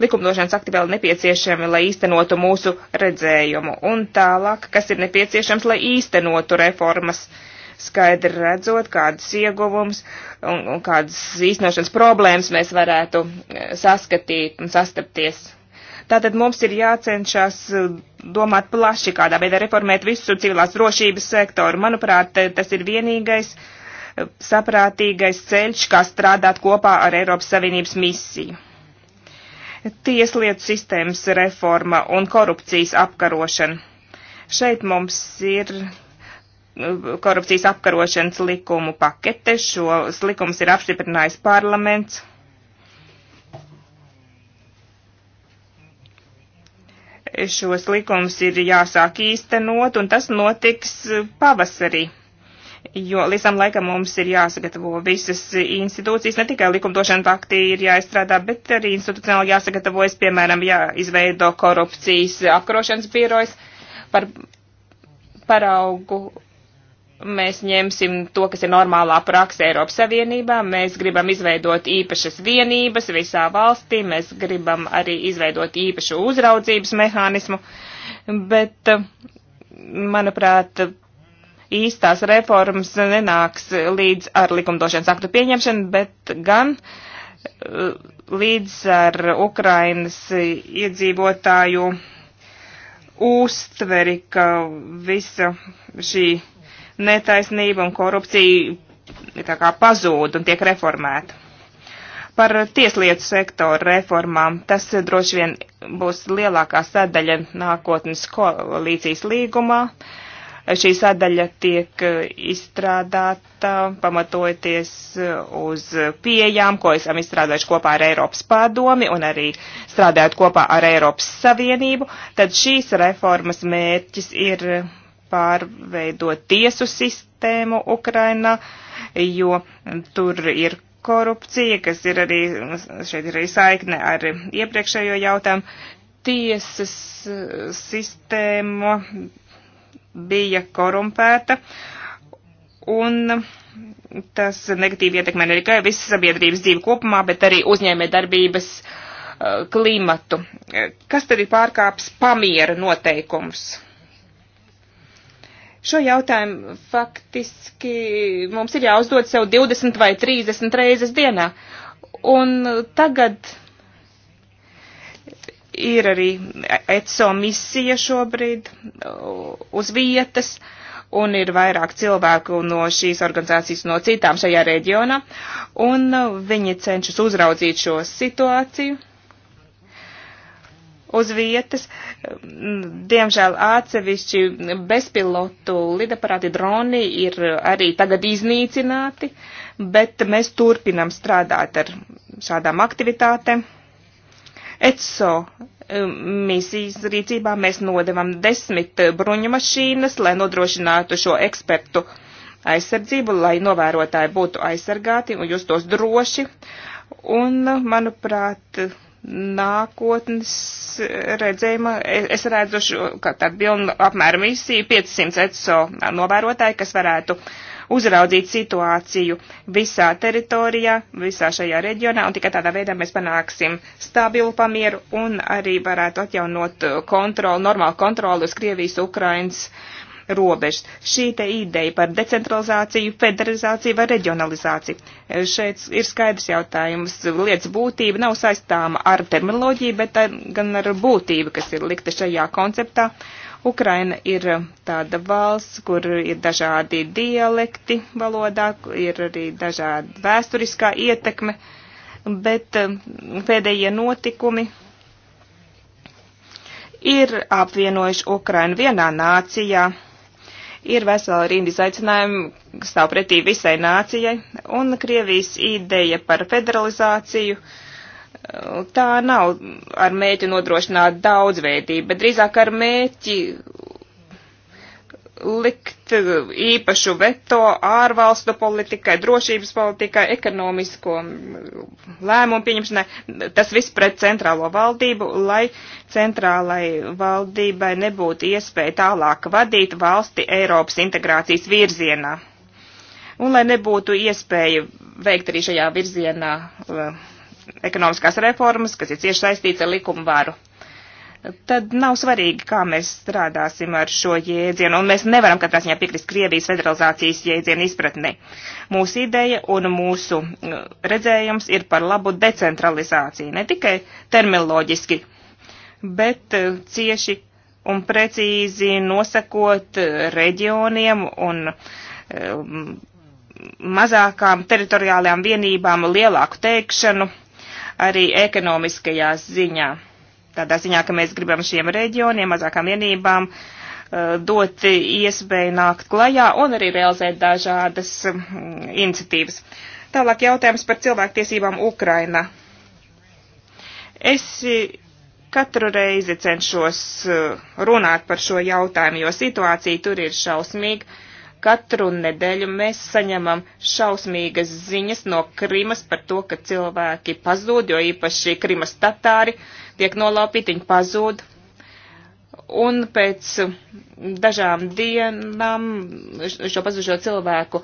likumdošanas akti vēl nepieciešami, lai īstenotu mūsu redzējumu, un tālāk, kas ir nepieciešams, lai īstenotu reformas. Uh, skaidri redzot, kādas ieguvums un, un kādas īstenošanas problēmas mēs varētu eh, saskatīt un sastapties. Tātad mums ir jācenšas eh, domāt plaši, kādā veidā reformēt visu civilās drošības sektoru. Manuprāt, tas ir vienīgais eh, saprātīgais ceļš, kā strādāt kopā ar Eiropas Savienības misiju. Tieslietu sistēmas reforma un korupcijas apkarošana. Šeit mums ir korupcijas apkarošanas likumu pakete. Šos likumus ir apstiprinājis parlaments. Šos likumus ir jāsāk īstenot, un tas notiks pavasarī. Jo līdz tam laikam mums ir jāsagatavo visas institūcijas, ne tikai likumdošana akti ir jāizstrādā, bet arī institucionāli jāsagatavojas, piemēram, jāizveido korupcijas apkarošanas birojas par paraugu mēs ņemsim to, kas ir normālā praksa Eiropas Savienībā, mēs gribam izveidot īpašas vienības visā valstī, mēs gribam arī izveidot īpašu uzraudzības mehānismu, bet, eh, manuprāt, īstās reformas nenāks līdz ar likumdošanas aktu pieņemšanu, bet gan eh, līdz ar Ukrainas iedzīvotāju uztveri, ka visa šī netaisnība un korupcija tā kā pazūd un tiek reformēta. Par tieslietu sektoru reformām tas droši vien būs lielākā sadaļa nākotnes koalīcijas līgumā. Šī sadaļa tiek izstrādāta pamatojoties uz pieejām, ko esam izstrādājuši kopā ar Eiropas padomi un arī strādājot kopā ar Eiropas Savienību, tad šīs reformas mērķis ir pārveidot tiesu sistēmu Ukrainā, jo tur ir korupcija, kas ir arī, šeit ir arī saikne ar iepriekšējo jautājumu. Tiesas eh, sistēma bija korumpēta un tas negatīvi ietekmē ne tikai visas sabiedrības dzīvi kopumā, bet arī uzņēmē darbības uh, eh, klimatu. Kas tad ir pārkāps pamiera noteikums? Šo jautājumu faktiski mums ir jāuzdod sev 20 vai 30 reizes dienā. Un tagad ir arī ECO misija šobrīd uz vietas, un ir vairāk cilvēku no šīs organizācijas, no citām šajā reģionā, un viņi cenšas uzraudzīt šo situāciju uz vietas. Diemžēl atsevišķi bezpilotu lidaparāti droni ir arī tagad iznīcināti, bet mēs turpinam strādāt ar šādām aktivitātēm. ECO um, misijas rīcībā mēs nodevam desmit bruņumašīnas, lai nodrošinātu šo ekspertu aizsardzību, lai novērotāji būtu aizsargāti un justos droši. Un, manuprāt, nākotnes redzējuma. Es redzu, ka tad bija apmēram visi 500 ECO novērotāji, kas varētu uzraudzīt situāciju visā teritorijā, visā šajā reģionā, un tikai tādā veidā mēs panāksim stabilu pamieru un arī varētu atjaunot kontroli, normālu kontroli uz Krievijas, Ukrainas uh, robežas. Šī te ideja par decentralizāciju, federalizāciju vai reģionalizāciju. E, šeit ir skaidrs jautājums. Lietas būtība nav saistāma ar terminoloģiju, bet ar, gan ar būtību, kas ir likta šajā konceptā. Ukraina ir tāda valsts, kur ir dažādi dialekti valodā, ir arī dažāda vēsturiskā ietekme, bet e, pēdējie notikumi ir apvienojuši Ukrainu vienā nācijā. Ir vesela rinda izaicinājumu, kas stāv pretī visai nācijai, un Krievijas ideja par federalizāciju. Tā nav ar mēķi nodrošināt daudzveidību, bet drīzāk ar mēķi likt uh, īpašu veto ārvalstu politikai, drošības politikai, ekonomisko mm, lēmumu pieņemšanai. Tas viss pret centrālo valdību, lai centrālai valdībai nebūtu iespēja tālāk vadīt valsti Eiropas integrācijas virzienā. Un lai nebūtu iespēja veikt arī šajā virzienā uh, ekonomiskās reformas, kas ir cieši saistīts ar likumu varu tad nav svarīgi, kā mēs strādāsim ar šo jēdzienu, un mēs nevaram katrā ziņā piekrist Krievijas federalizācijas jēdzienu izpratnē. Mūsu ideja un mūsu uh, redzējums ir par labu decentralizāciju, ne tikai terminoloģiski, bet uh, cieši un precīzi nosakot uh, reģioniem un um, mazākām teritoriālajām vienībām lielāku teikšanu arī ekonomiskajā ziņā tādā ziņā, ka mēs gribam šiem reģioniem, mazākām vienībām eh, dot iespēju nākt klajā un arī realizēt dažādas mm, iniciatīvas. Tālāk jautājums par cilvēktiesībām Ukrainā. Es eh, katru reizi cenšos eh, runāt par šo jautājumu, jo situācija tur ir šausmīga. Katru nedēļu mēs saņemam šausmīgas ziņas no Krimas par to, ka cilvēki pazūd, jo īpaši Krimas tatāri. Uh, tiek nolaupīti, viņi pazūd. Un pēc dažām dienām šo pazudušo cilvēku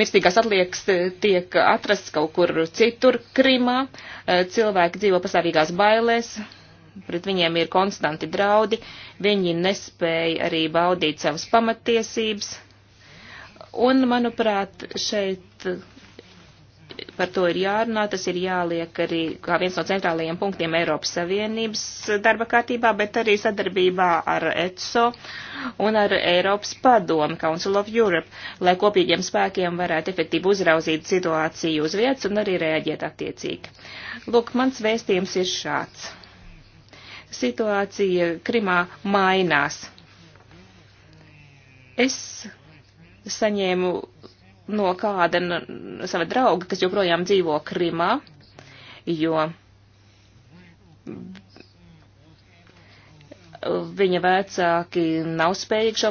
mirstīgās atliekas tiek atrasts kaut kur citur Krimā. Cilvēki dzīvo pastāvīgās bailēs, pret viņiem ir konstanti draudi, viņi nespēja arī baudīt savas pamatiesības. Un, manuprāt, šeit Par to ir jārunā, tas ir jāliek arī kā viens no centrālajiem punktiem Eiropas Savienības darba kārtībā, bet arī sadarbībā ar ECO un ar Eiropas padomu Council of Europe, lai kopīgiem spēkiem varētu efektīvi uzraudzīt situāciju uz vietas un arī reaģēt attiecīgi. Lūk, mans vēstījums ir šāds. Situācija Krimā mainās. Es saņēmu no kāda no sava drauga, kas joprojām dzīvo Krimā, jo viņa vecāki nav spējīgi šo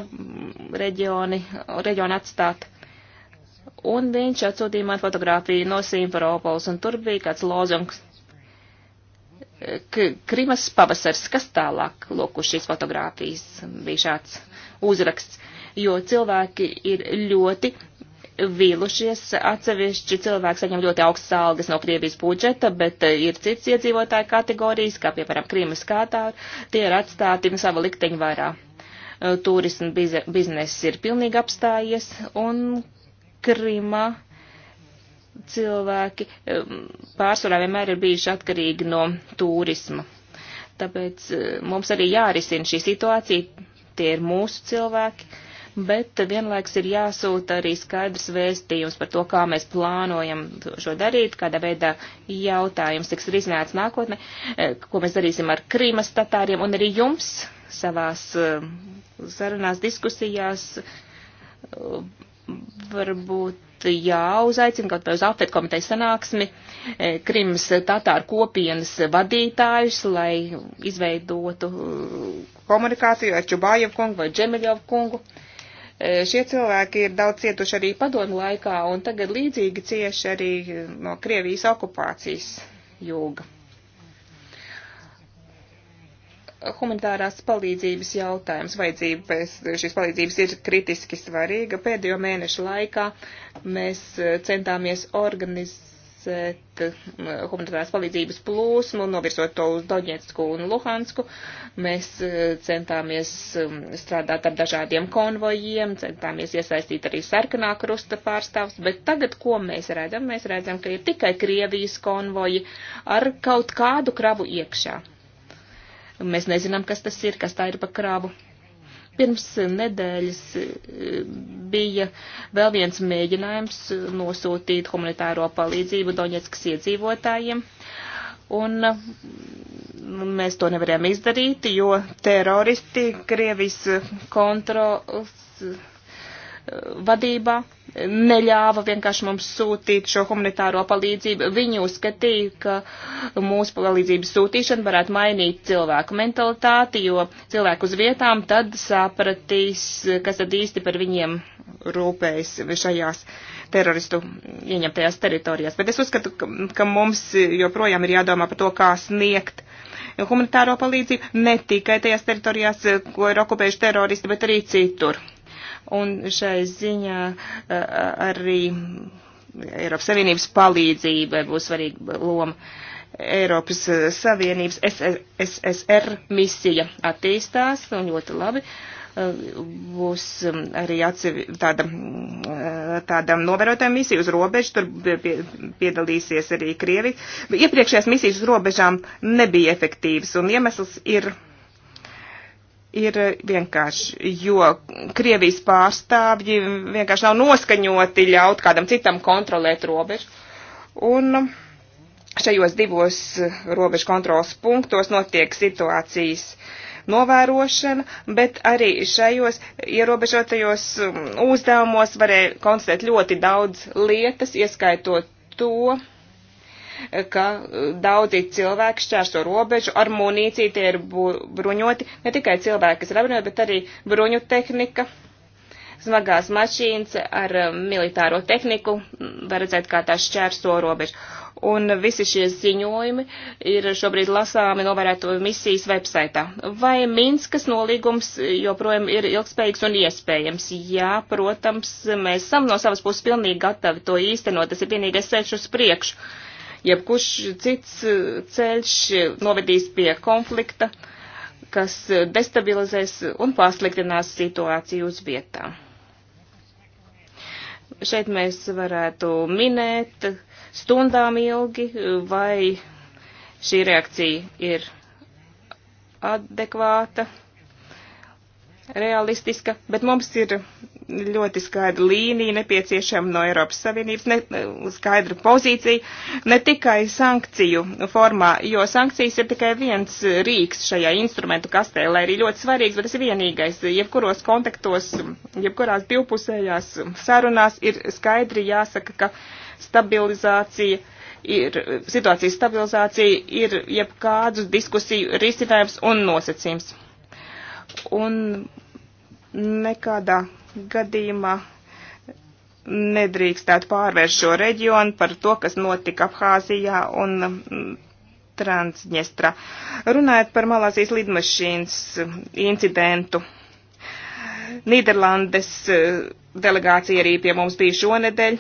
reģioni, reģionu atstāt. Un viņš atsūtīja man fotografiju no Simferopolis, un tur bija kāds lozungs Krimas pavasars, kas tālāk, lūk, uz šīs fotogrāfijas bija šāds uzraksts, jo cilvēki ir ļoti vīlušies. Atsevišķi cilvēki saņem ļoti augstas algas no Krievijas budžeta, bet eh, ir cits iedzīvotāju kategorijas, kā piemēram Krīmas Kātāri, tie ir atstāti no sava likteņa vairā. Eh, turismu bizness ir pilnīgi apstājies un Krīma cilvēki eh, pārsvarā vienmēr ir bijuši atkarīgi no turisma. Tāpēc mums arī jārisina šī situācija, tie ir mūsu cilvēki bet vienlaiks ir jāsūta arī skaidrs vēstījums par to, kā mēs plānojam šo darīt, kādā veidā jautājums tiks risināts nākotnē, eh, ko mēs darīsim ar Krīmas tatāriem un arī jums savās eh, sarunās, diskusijās. Eh, varbūt jāuzaicina kaut vai uz apvietu komiteju sanāksmi Krimas tatāru kopienas vadītājus, lai izveidotu komunikāciju ar Čubājevu kungu vai Džemiļovu kungu. Uh, E, šie cilvēki ir daudz cietuši arī padomu laikā un tagad līdzīgi cieši arī no Krievijas okupācijas jūga humanitārās palīdzības jautājums. Vajadzība pēc šīs palīdzības ir kritiski svarīga. Pēdējo mēnešu laikā mēs e, centāmies organizēt stabilizēt humanitārās palīdzības plūsmu, novirzot to uz Doņetsku un Luhansku. Mēs e, centāmies strādāt ar dažādiem konvojiem, centāmies iesaistīt arī sarkanā krusta pārstāvs, bet tagad, ko mēs redzam, mēs redzam, ka ir tikai Krievijas konvoji ar kaut kādu kravu iekšā. Mēs nezinām, kas tas ir, kas tā ir pa kravu Pirms nedēļas eh, bija vēl viens mēģinājums nosūtīt humanitāro palīdzību Doņetskas iedzīvotājiem, un eh, mēs to nevarējām izdarīt, jo teroristi Krievijas kontrols vadībā neļāva vienkārši mums sūtīt šo humanitāro palīdzību. Viņi uzskatīja, ka mūsu palīdzības sūtīšana varētu mainīt cilvēku mentalitāti, jo cilvēku uz vietām tad sapratīs, kas tad īsti par viņiem rūpējas šajās teroristu ieņemtajās teritorijās. Bet es uzskatu, ka, ka mums joprojām ir jādomā par to, kā sniegt humanitāro palīdzību ne tikai tajās teritorijās, ko ir okupējuši teroristi, bet arī citur un šai ziņā arī Eiropas Savienības palīdzība būs svarīga loma. Eiropas Savienības SSR misija attīstās un ļoti labi. Būs arī atsevi, tāda, tāda novērotājuma misija uz robežu, tur pie, piedalīsies arī Krievi. Iepriekšējās misijas uz robežām nebija efektīvas, un iemesls ir ir vienkārši, jo Krievijas pārstāvji vienkārši nav noskaņoti ļaut kādam citam kontrolēt robežu. Un šajos divos robežu kontrolas punktos notiek situācijas novērošana, bet arī šajos ierobežotajos um, uzdevumos varēja konstatēt ļoti daudz lietas, ieskaitot to, ka e, daudzi cilvēki šķērso robežu ar munīciju, tie ir bruņoti, ne tikai cilvēki, kas ir apbruņoti, bet arī bruņu tehnika, smagās mašīnas ar e, militāro tehniku, var redzēt, kā tās šķērso robežu. Un visi šie ziņojumi ir šobrīd lasāmi novērēto misijas websaitā. Vai Minskas nolīgums joprojām ir ilgspējīgs un iespējams? Jā, protams, mēs esam no savas puses pilnīgi gatavi to īstenot. Tas ir vienīgais ceļš uz priekšu. Uh, Jebkurš cits eh, ceļš novedīs pie konflikta, kas eh, destabilizēs un pasliktinās situāciju uz vietām. Šeit mēs varētu minēt stundām ilgi, vai šī reakcija ir adekvāta, realistiska, bet mums ir ļoti skaidra līnija nepieciešama no Eiropas Savienības, ne, skaidra pozīcija, ne tikai sankciju formā, jo sankcijas ir tikai viens rīks šajā instrumentu kastē, lai arī ļoti svarīgs, bet tas ir vienīgais. Jebkuros kontaktos, jebkurās divpusējās sarunās ir skaidri jāsaka, ka stabilizācija ir situācijas stabilizācija, ir jebkādu diskusiju risinājums un nosacījums. Un nekādā gadījumā nedrīkstētu pārvērst šo reģionu par to, kas notika Abhāzijā un mm, Transģestra. Runājot par Malāzijas lidmašīnas mm, incidentu, Nīderlandes mm, delegācija arī pie mums bija šonedeļ.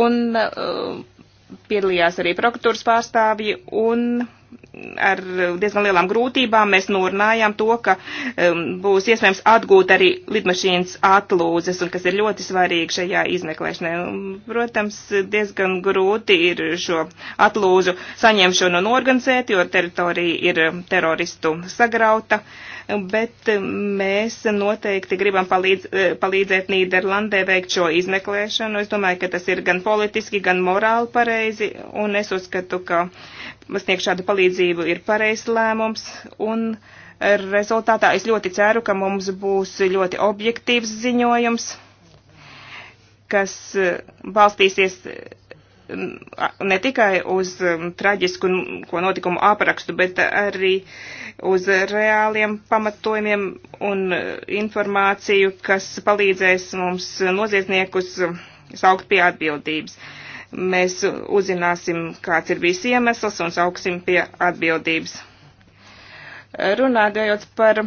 Un uh, piedalījās arī prokuratūras pārstāvji un uh, ar diezgan lielām grūtībām mēs norunājām to, ka um, būs iespējams atgūt arī lidmašīnas atlūzes, un kas ir ļoti svarīgi šajā izmeklēšanā. Protams, diezgan grūti ir šo atlūzu saņemšanu un organizēt, jo teritorija ir um, teroristu sagrauta. Uh, bet eh, mēs noteikti gribam palīdz, eh, palīdzēt Nīderlandē veikt šo izmeklēšanu. Es domāju, ka tas ir gan politiski, gan morāli pareizi, un es uzskatu, ka sniegt šādu palīdzību ir pareizs lēmums. Un, Rezultātā es ļoti ceru, ka mums būs ļoti objektīvs ziņojums, kas eh, balstīsies ne tikai uz traģisku ko notikumu aprakstu, bet arī uz reāliem pamatojumiem un e, informāciju, kas palīdzēs mums noziedzniekus saukt pie atbildības. Mēs uzzināsim, kāds ir bijis iemesls un sauksim pie atbildības. Runājot par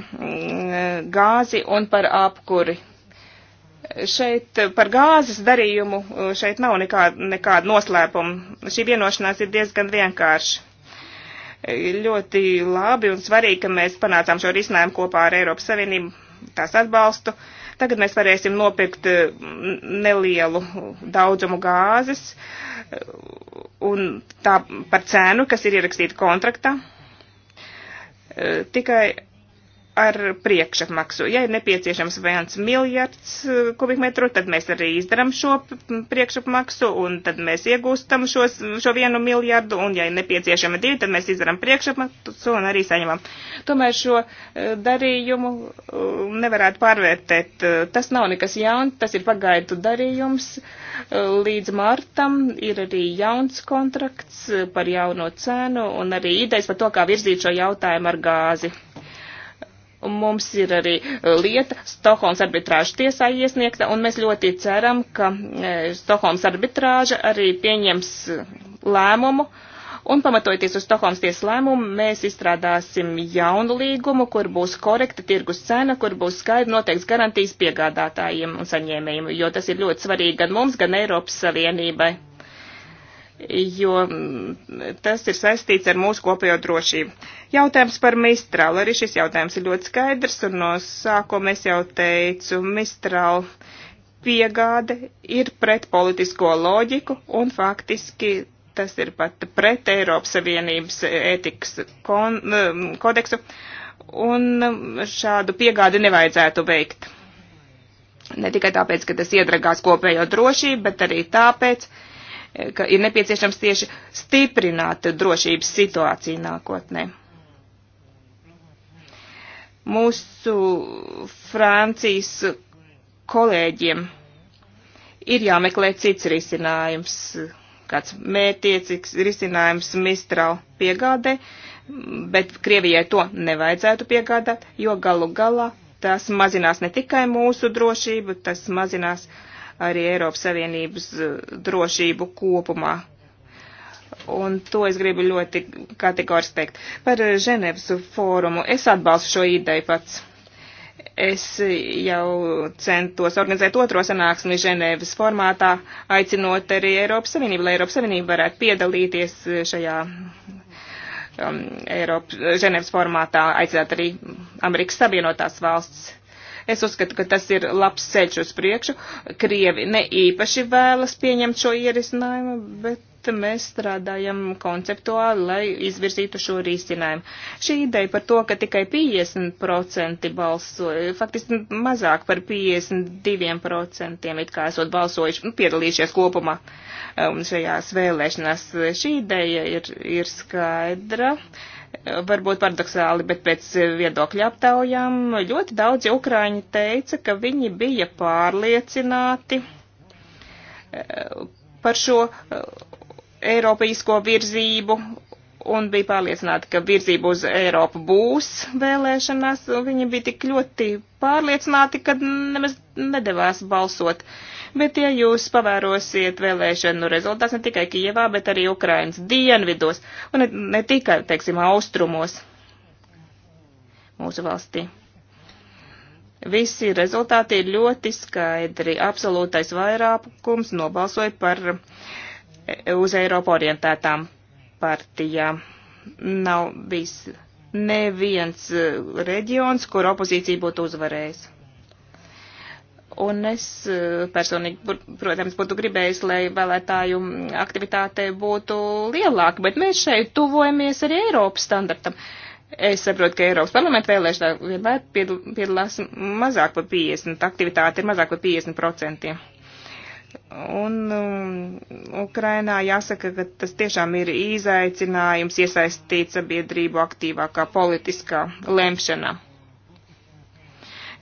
gāzi un par apkuri Šeit par gāzes darījumu šeit nav nekāda, nekāda noslēpuma. Šī vienošanās ir diezgan vienkārša. Ļoti labi un svarīgi, ka mēs panācām šo risinājumu kopā ar Eiropas Savienību, tās atbalstu. Tagad mēs varēsim nopirkt eh, nelielu daudzumu gāzes eh, un tā par cenu, kas ir ierakstīta kontraktā. Eh, tikai ar priekšapmaksu. Ja ir nepieciešams viens miljards eh, kubikmetru, tad mēs arī izdaram šo priekšapmaksu un tad mēs iegūstam šos, šo vienu miljardu, un ja ir nepieciešama divi, tad mēs izdaram priekšapmaksu un arī saņemam. Tomēr šo eh, darījumu eh, nevarētu pārvērtēt. Tas nav nekas jauns, tas ir pagaidu darījums. Līdz martam ir arī jauns kontrakts par jauno cenu un arī idejas par to, kā virzīt šo jautājumu ar gāzi. Un mums ir arī e, lieta Stokholmas arbitrāža tiesā iesniegta, un mēs ļoti ceram, ka e, Stokholmas arbitrāža arī pieņems e, lēmumu. Un pamatojoties uz Stokholmas tiesas lēmumu, mēs izstrādāsim jaunu līgumu, kur būs korekta tirgus cena, kur būs skaidri noteikts garantijas piegādātājiem un saņēmējiem, jo tas ir ļoti svarīgi gan mums, gan Eiropas Savienībai jo mm, tas ir saistīts ar mūsu kopējo drošību. Jautājums par Mistralu. Arī šis jautājums ir ļoti skaidrs, un no sākuma es jau teicu, Mistralu piegāde ir pret politisko loģiku, un faktiski tas ir pat pret Eiropas Savienības ētikas mm, kodeksu, un mm, šādu piegādi nevajadzētu veikt. Ne tikai tāpēc, ka tas iedragās kopējo drošību, bet arī tāpēc, ka ka ir nepieciešams tieši stiprināt drošības situāciju nākotnē. Mūsu Francijas kolēģiem ir jāmeklē cits risinājums, kāds mērķiecīgs risinājums Mistral piegādē, bet Krievijai to nevajadzētu piegādāt, jo galu galā tas mazinās ne tikai mūsu drošību, tas mazinās uh, arī Eiropas Savienības eh, drošību kopumā. Un to es gribu ļoti kategoriski teikt. Par eh, Ženevas fórumu es atbalstu šo ideju pats. Es eh, jau centos organizēt otro sanāksmi Ženēvas formātā, aicinot arī Eiropas Savienību, lai Eiropas Savienība varētu piedalīties šajā um, Eiropas Ženēvas formātā, aicināt arī Amerikas Savienotās valsts. Es uzskatu, ka tas ir labs ceļš uz priekšu. Krievi ne īpaši vēlas pieņemt šo ierisinājumu, bet mēs strādājam konceptuāli, lai izvirzītu šo risinājumu. Šī ideja par to, ka tikai 50% balso, faktiski mazāk par 52% it kā esot balsojuši, nu, piedalījušies kopumā um, šajās vēlēšanās, šī ideja ir, ir skaidra. Uh, varbūt paradoxāli, bet pēc viedokļa aptaujām ļoti daudzi ukrāņi teica, ka viņi bija pārliecināti eh, par šo eh, Eiropaisko virzību un bija pārliecināti, ka virzība uz Eiropu būs vēlēšanās, un viņi bija tik ļoti pārliecināti, ka nemaz nedavās balsot. Uh, bet ja jūs pavērosiet vēlēšanu nu, rezultātus ne tikai Kijevā, bet arī Ukrainas dienvidos un ne, ne tikai, teiksim, austrumos mūsu valstī. Visi rezultāti ir ļoti skaidri. Absolūtais vairākums nobalsoja par e, uz Eiropu orientētām partijām. Nav bijis neviens e, reģions, kur opozīcija būtu uzvarējusi. Un es eh, personīgi, protams, būtu gribējis, lai vēlētāju aktivitāte būtu lielāka, bet mēs šeit tuvojamies arī Eiropas standartam. Es saprotu, ka Eiropas parlamenta vēlēšanā vienmēr piedalās mazāk par 50, aktivitāte ir mazāk par 50%. Un um, Ukrainā jāsaka, ka tas tiešām ir izaicinājums iesaistīt sabiedrību aktīvākā politiskā lemšanā.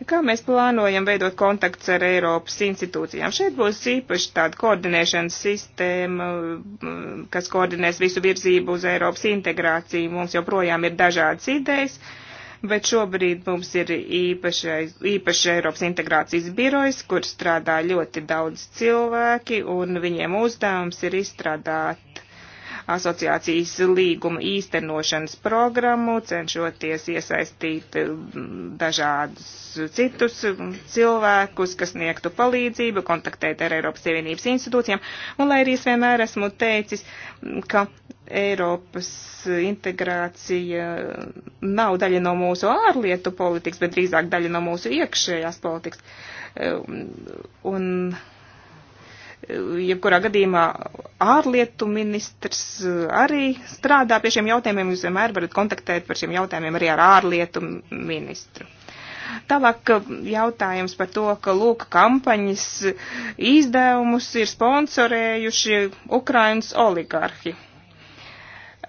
Kā mēs plānojam veidot kontakts ar Eiropas institūcijām? Šeit būs īpaši tāda koordinēšanas sistēma, kas koordinēs visu virzību uz Eiropas integrāciju. Mums joprojām ir dažādas idejas bet šobrīd mums ir īpašais, īpaši Eiropas integrācijas birojs, kur strādā ļoti daudz cilvēki, un viņiem uzdevums ir izstrādāt asociācijas līguma īstenošanas programmu, cenšoties iesaistīt eh, dažādus citus cilvēkus, kas sniegtu palīdzību, kontaktēt ar Eiropas Savienības institūcijām. Un lai arī es vienmēr esmu teicis, ka Eiropas integrācija nav daļa no mūsu ārlietu politikas, bet drīzāk daļa no mūsu iekšējās politikas. Eh, un, jebkurā gadījumā ārlietu ministrs eh, arī strādā pie šiem jautājumiem. Jūs vienmēr varat kontaktēt par šiem jautājumiem arī ar ārlietu ministru. Tālāk eh, jautājums par to, ka lūk kampaņas izdevumus ir sponsorējuši Ukrainas oligarhi.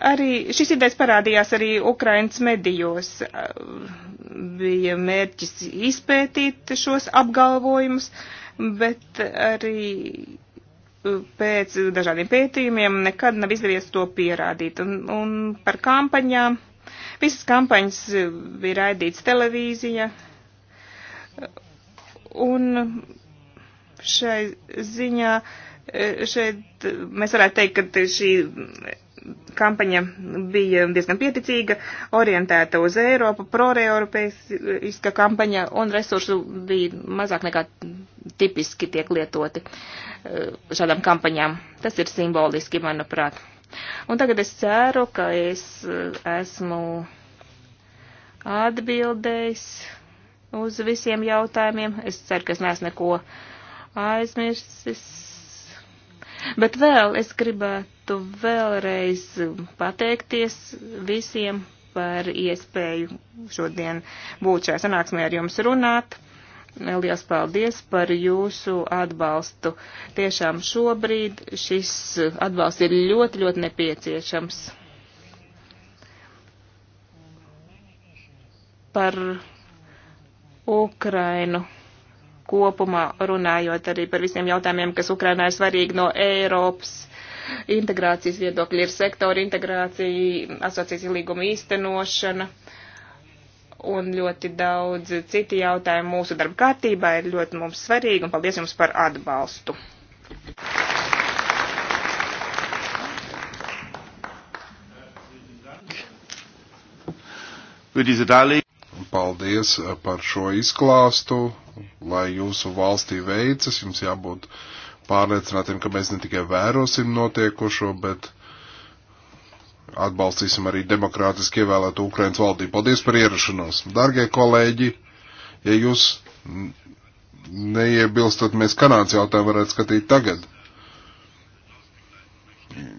Arī šis idejas parādījās arī Ukrainas medijos. Bija mērķis izpētīt šos apgalvojumus, bet arī pēc dažādiem pētījumiem nekad nav izdevies to pierādīt. Un, un par kampaņām. Visas kampaņas bija raidīts televīzija. Un šai ziņā šeit mēs varētu teikt, ka šī kampaņa bija diezgan pieticīga, orientēta uz Eiropu, proeiropeiska kampaņa, un resursu bija mazāk nekā tipiski tiek lietoti eh, šādām kampaņām. Tas ir simboliski, manuprāt. Un tagad es ceru, ka es eh, esmu atbildējis uz visiem jautājumiem. Es ceru, ka es neesmu neko aizmirsis Bet vēl es gribētu vēlreiz pateikties visiem par iespēju šodien būt šajā sanāksmē ar jums runāt. Liels paldies par jūsu atbalstu. Tiešām šobrīd šis atbalsts ir ļoti, ļoti nepieciešams. Par Ukrainu kopumā runājot arī par visiem jautājumiem, kas Ukrainā ir svarīgi no Eiropas integrācijas viedokļa, ir sektora integrācija, asociācijas līguma īstenošana un ļoti daudz citi jautājumi mūsu darba kārtībā ir ļoti mums svarīgi un paldies jums par atbalstu. Paldies par šo izklāstu lai jūsu valstī veicas, jums jābūt pārliecinātiem, ka mēs ne tikai vērosim notiekošo, bet atbalstīsim arī demokrātiski ievēlētu Ukrainas valdību. Paldies par ierašanos. Dargie kolēģi, ja jūs neiebilstat, mēs Kanādas jautājumu varētu skatīt tagad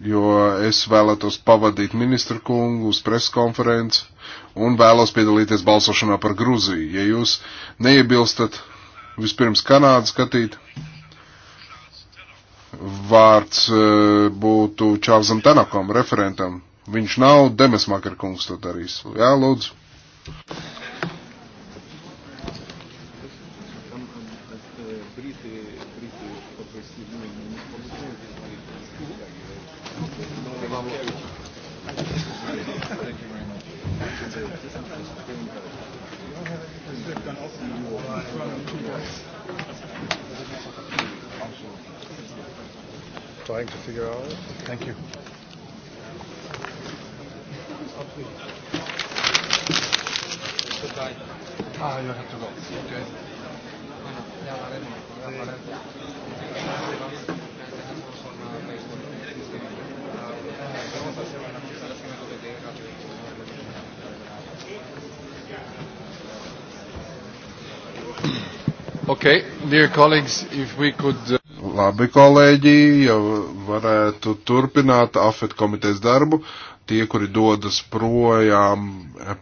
jo es vēlētos pavadīt ministru kungu uz preskonferenci un vēlos piedalīties balsošanā par Gruziju. Ja jūs neiebilstat, vispirms Kanādu skatīt, vārds e, būtu Čārzam Tanakam, referentam. Viņš nav Demesmaker kungs to darīs. Jā, lūdzu. your hours. Thank you. Ah, you have to go. Okay. Okay, dear colleagues, if we could. Uh... Labi, kolēģi, jau varētu turpināt AFET komitejas darbu. Tie, kuri dodas projām eh,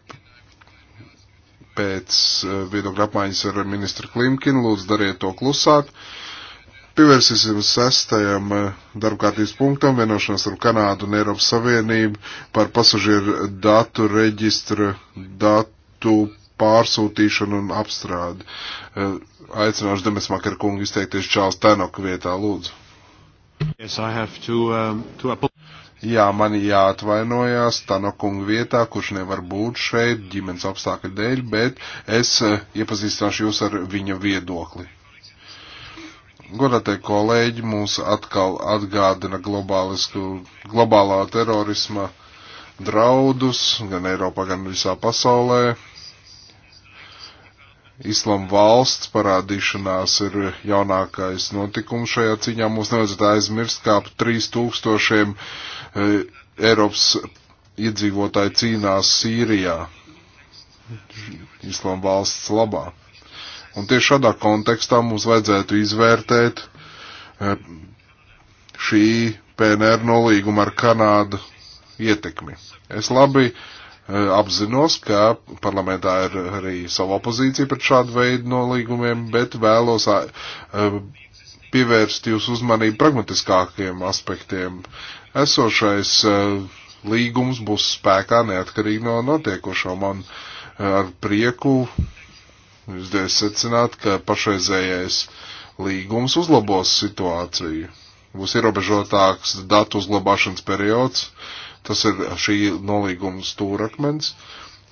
pēc eh, viedokļa apmaiņas ar ministru Klimkinu, lūdzu dariet to klusāk. Pievērsīsim sestajam eh, darbkārtības punktam vienošanās ar Kanādu un Eiropas Savienību par pasažieru datu reģistra datu pārsūtīšanu un apstrādi. Eh, aicināšu Demesmakaru kungu izteikties Čāls Tenoka vietā, lūdzu. Yes, to, um, to... Jā, man jāatvainojās Tanokunga vietā, kurš nevar būt šeit ģimenes apstākļu dēļ, bet es eh, iepazīstināšu jūs ar viņa viedokli. Godātie kolēģi, mūs atkal atgādina globālā terorisma draudus gan Eiropā, gan visā pasaulē Islama valsts parādīšanās ir jaunākais notikums šajā ciņā. Mums nevajadzētu aizmirst, kā ap 3000 e, Eiropas iedzīvotāji cīnās Sīrijā Islama valsts labā. Un tieši šādā kontekstā mums vajadzētu izvērtēt e, šī PNR nolīguma ar Kanādu ietekmi. Es labi uh, Eh, apzinos, ka parlamentā ir arī sava opozīcija pret šādu veidu nolīgumiem, bet vēlos eh, pievērst jūsu uzmanību pragmatiskākiem aspektiem. Esošais eh, līgums būs spēkā neatkarīgi no notiekošo. Man ar prieku izdevies secināt, ka pašreizējais līgums uzlabos situāciju. Būs ierobežotāks datu uzglabāšanas periods, uh, Tas ir šī nolīguma stūrakmens.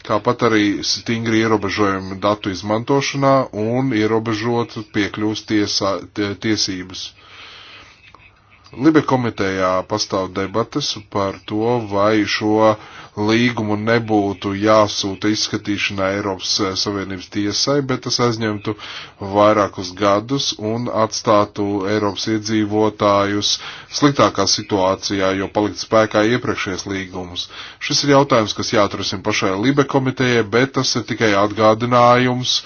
Tāpat arī stingri ierobežojumi datu izmantošanā un ierobežot piekļūst tiesā, tiesības. Libe komitejā pastāv debates par to, vai šo uh, līgumu nebūtu jāsūta izskatīšanā Eiropas eh, Savienības tiesai, bet tas aizņemtu vairākus gadus un atstātu Eiropas iedzīvotājus sliktākā situācijā, jo palikt spēkā iepriekšējais līgums. Šis ir jautājums, kas jāatrasina pašai Libe komitejai, bet tas ir tikai atgādinājums,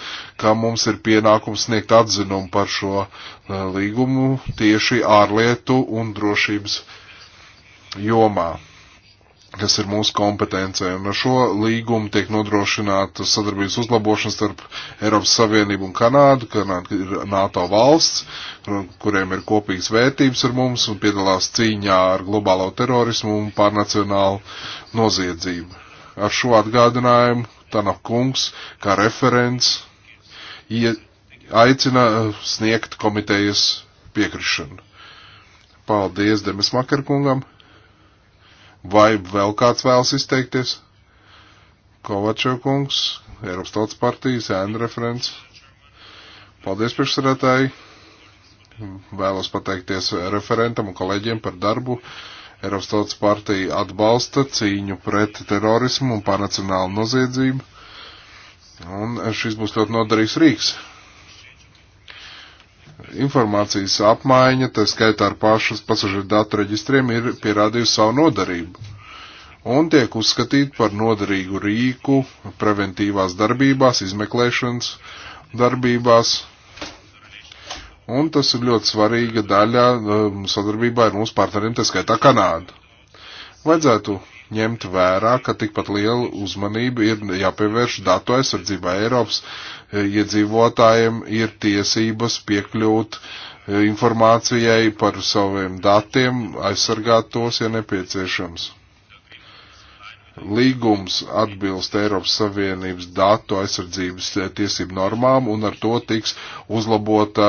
ka mums ir pienākums sniegt atzinumu par šo eh, līgumu tieši ārlietu un drošības jomā kas ir mūsu kompetencē. Un ar šo līgumu tiek nodrošināta sadarbības uzlabošana starp Eiropas Savienību un Kanādu. Kanāda ir NATO valsts, kuriem ir kopīgas vērtības ar mums un piedalās cīņā ar globālo terorismu un pārnacionālu noziedzību. Ar šo atgādinājumu Tanaka kungs kā referents aicina uh, sniegt komitejas piekrišanu. Paldies Demis Makarkungam! Vai vēl kāds vēlas izteikties? Kovačevkungs, Eiropas Tautas partijas, ēna referents. Paldies priekšsarētāji. Vēlos pateikties referentam un kolēģiem par darbu. Eiropas Tautas partija atbalsta cīņu pret terorismu un pārnacionālu noziedzību. Un šis būs ļoti noderīgs rīks informācijas apmaiņa, tā skaitā ar pašas pasažieru datu reģistriem, ir pierādījusi savu nodarību un tiek uzskatīti par noderīgu rīku preventīvās darbībās, izmeklēšanas darbībās. Un tas ir ļoti svarīga daļa um, sadarbībā ar mūsu partneriem, tā skaitā Kanādu. Vajadzētu ņemt vērā, ka tikpat liela uzmanība ir jāpievērš datu aizsardzībā Eiropas iedzīvotājiem ir tiesības piekļūt e, informācijai par saviem datiem, aizsargāt tos, ja nepieciešams. Līgums atbilst Eiropas Savienības datu aizsardzības e, tiesību normām un ar to tiks uzlabota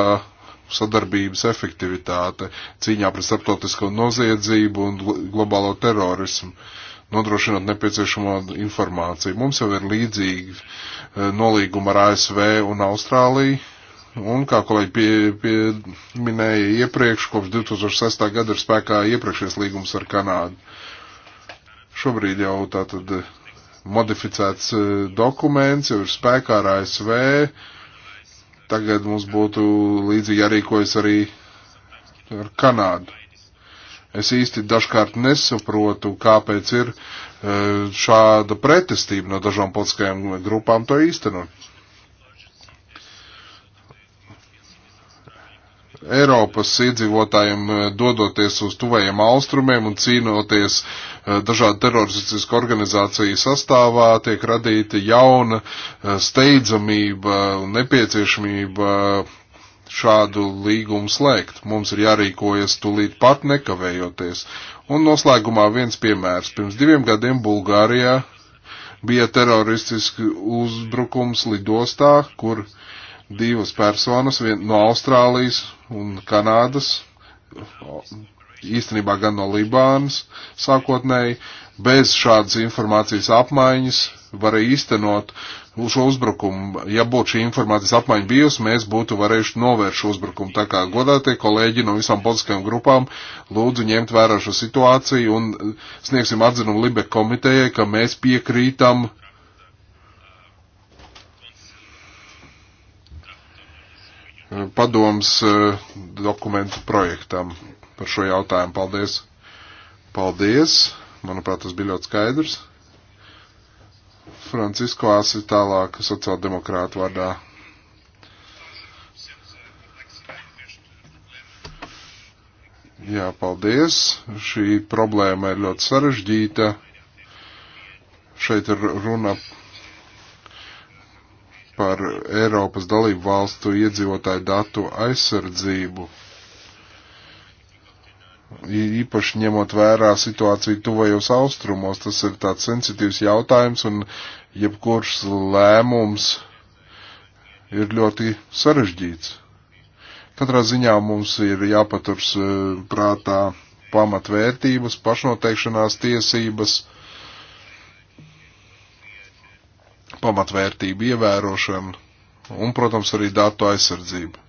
sadarbības efektivitāte cīņā pret starptautisko noziedzību un globālo terorismu. Uh, nodrošinot nepieciešamo informāciju. Mums jau ir līdzīgi e, nolīguma ar ASV un Austrāliju. Un, kā kolēģi pie, pie minēja iepriekš, kopš 2006. gada ir spēkā iepriekšējais līgums ar Kanādu. Šobrīd jau tātad e, modificēts e, dokuments, jau ir spēkā ar ASV. Tagad mums būtu līdzīgi jārīkojas arī ar Kanādu. Es īsti dažkārt nesaprotu, kāpēc ir e, šāda pretestība no dažām politiskajām grupām to īstenot. Eiropas iedzīvotājiem e, dodoties uz tuvajiem austrumiem un cīnoties e, dažādu teroristisku organizāciju sastāvā, tiek radīta jauna steidzamība un nepieciešamība šādu līgumu slēgt. Mums ir jārīkojas tulīt pat nekavējoties. Un noslēgumā viens piemērs. Pirms diviem gadiem Bulgārijā bija teroristisks uzbrukums lidostā, kur divas personas vien, no Austrālijas un Kanādas, īstenībā gan no Libānas sākotnēji, bez šādas informācijas apmaiņas varēja īstenot šo uzbrukumu. Ja būtu šī informācijas apmaiņa bijusi, mēs būtu varējuši novērst šo uzbrukumu. Tā kā godātie kolēģi no visām politiskajām grupām lūdzu ņemt vērā šo situāciju un sniegsim atzinumu Libe komitejai, ka mēs piekrītam padoms eh, dokumentu projektam par šo jautājumu. Paldies! Paldies! Manuprāt, tas bija ļoti skaidrs. Francisko Asi tālāk sociāldemokrātu vārdā. Jā, paldies. Šī problēma ir ļoti sarežģīta. Šeit ir runa par Eiropas dalību valstu iedzīvotāju datu aizsardzību īpaši ņemot vērā situāciju tuvajos austrumos. Tas ir tāds sensitīvs jautājums, un jebkurš lēmums ir ļoti sarežģīts. Katrā ziņā mums ir jāpaturs e, prātā pamatvērtības, pašnoteikšanās tiesības, pamatvērtību ievērošana un, protams, arī datu aizsardzība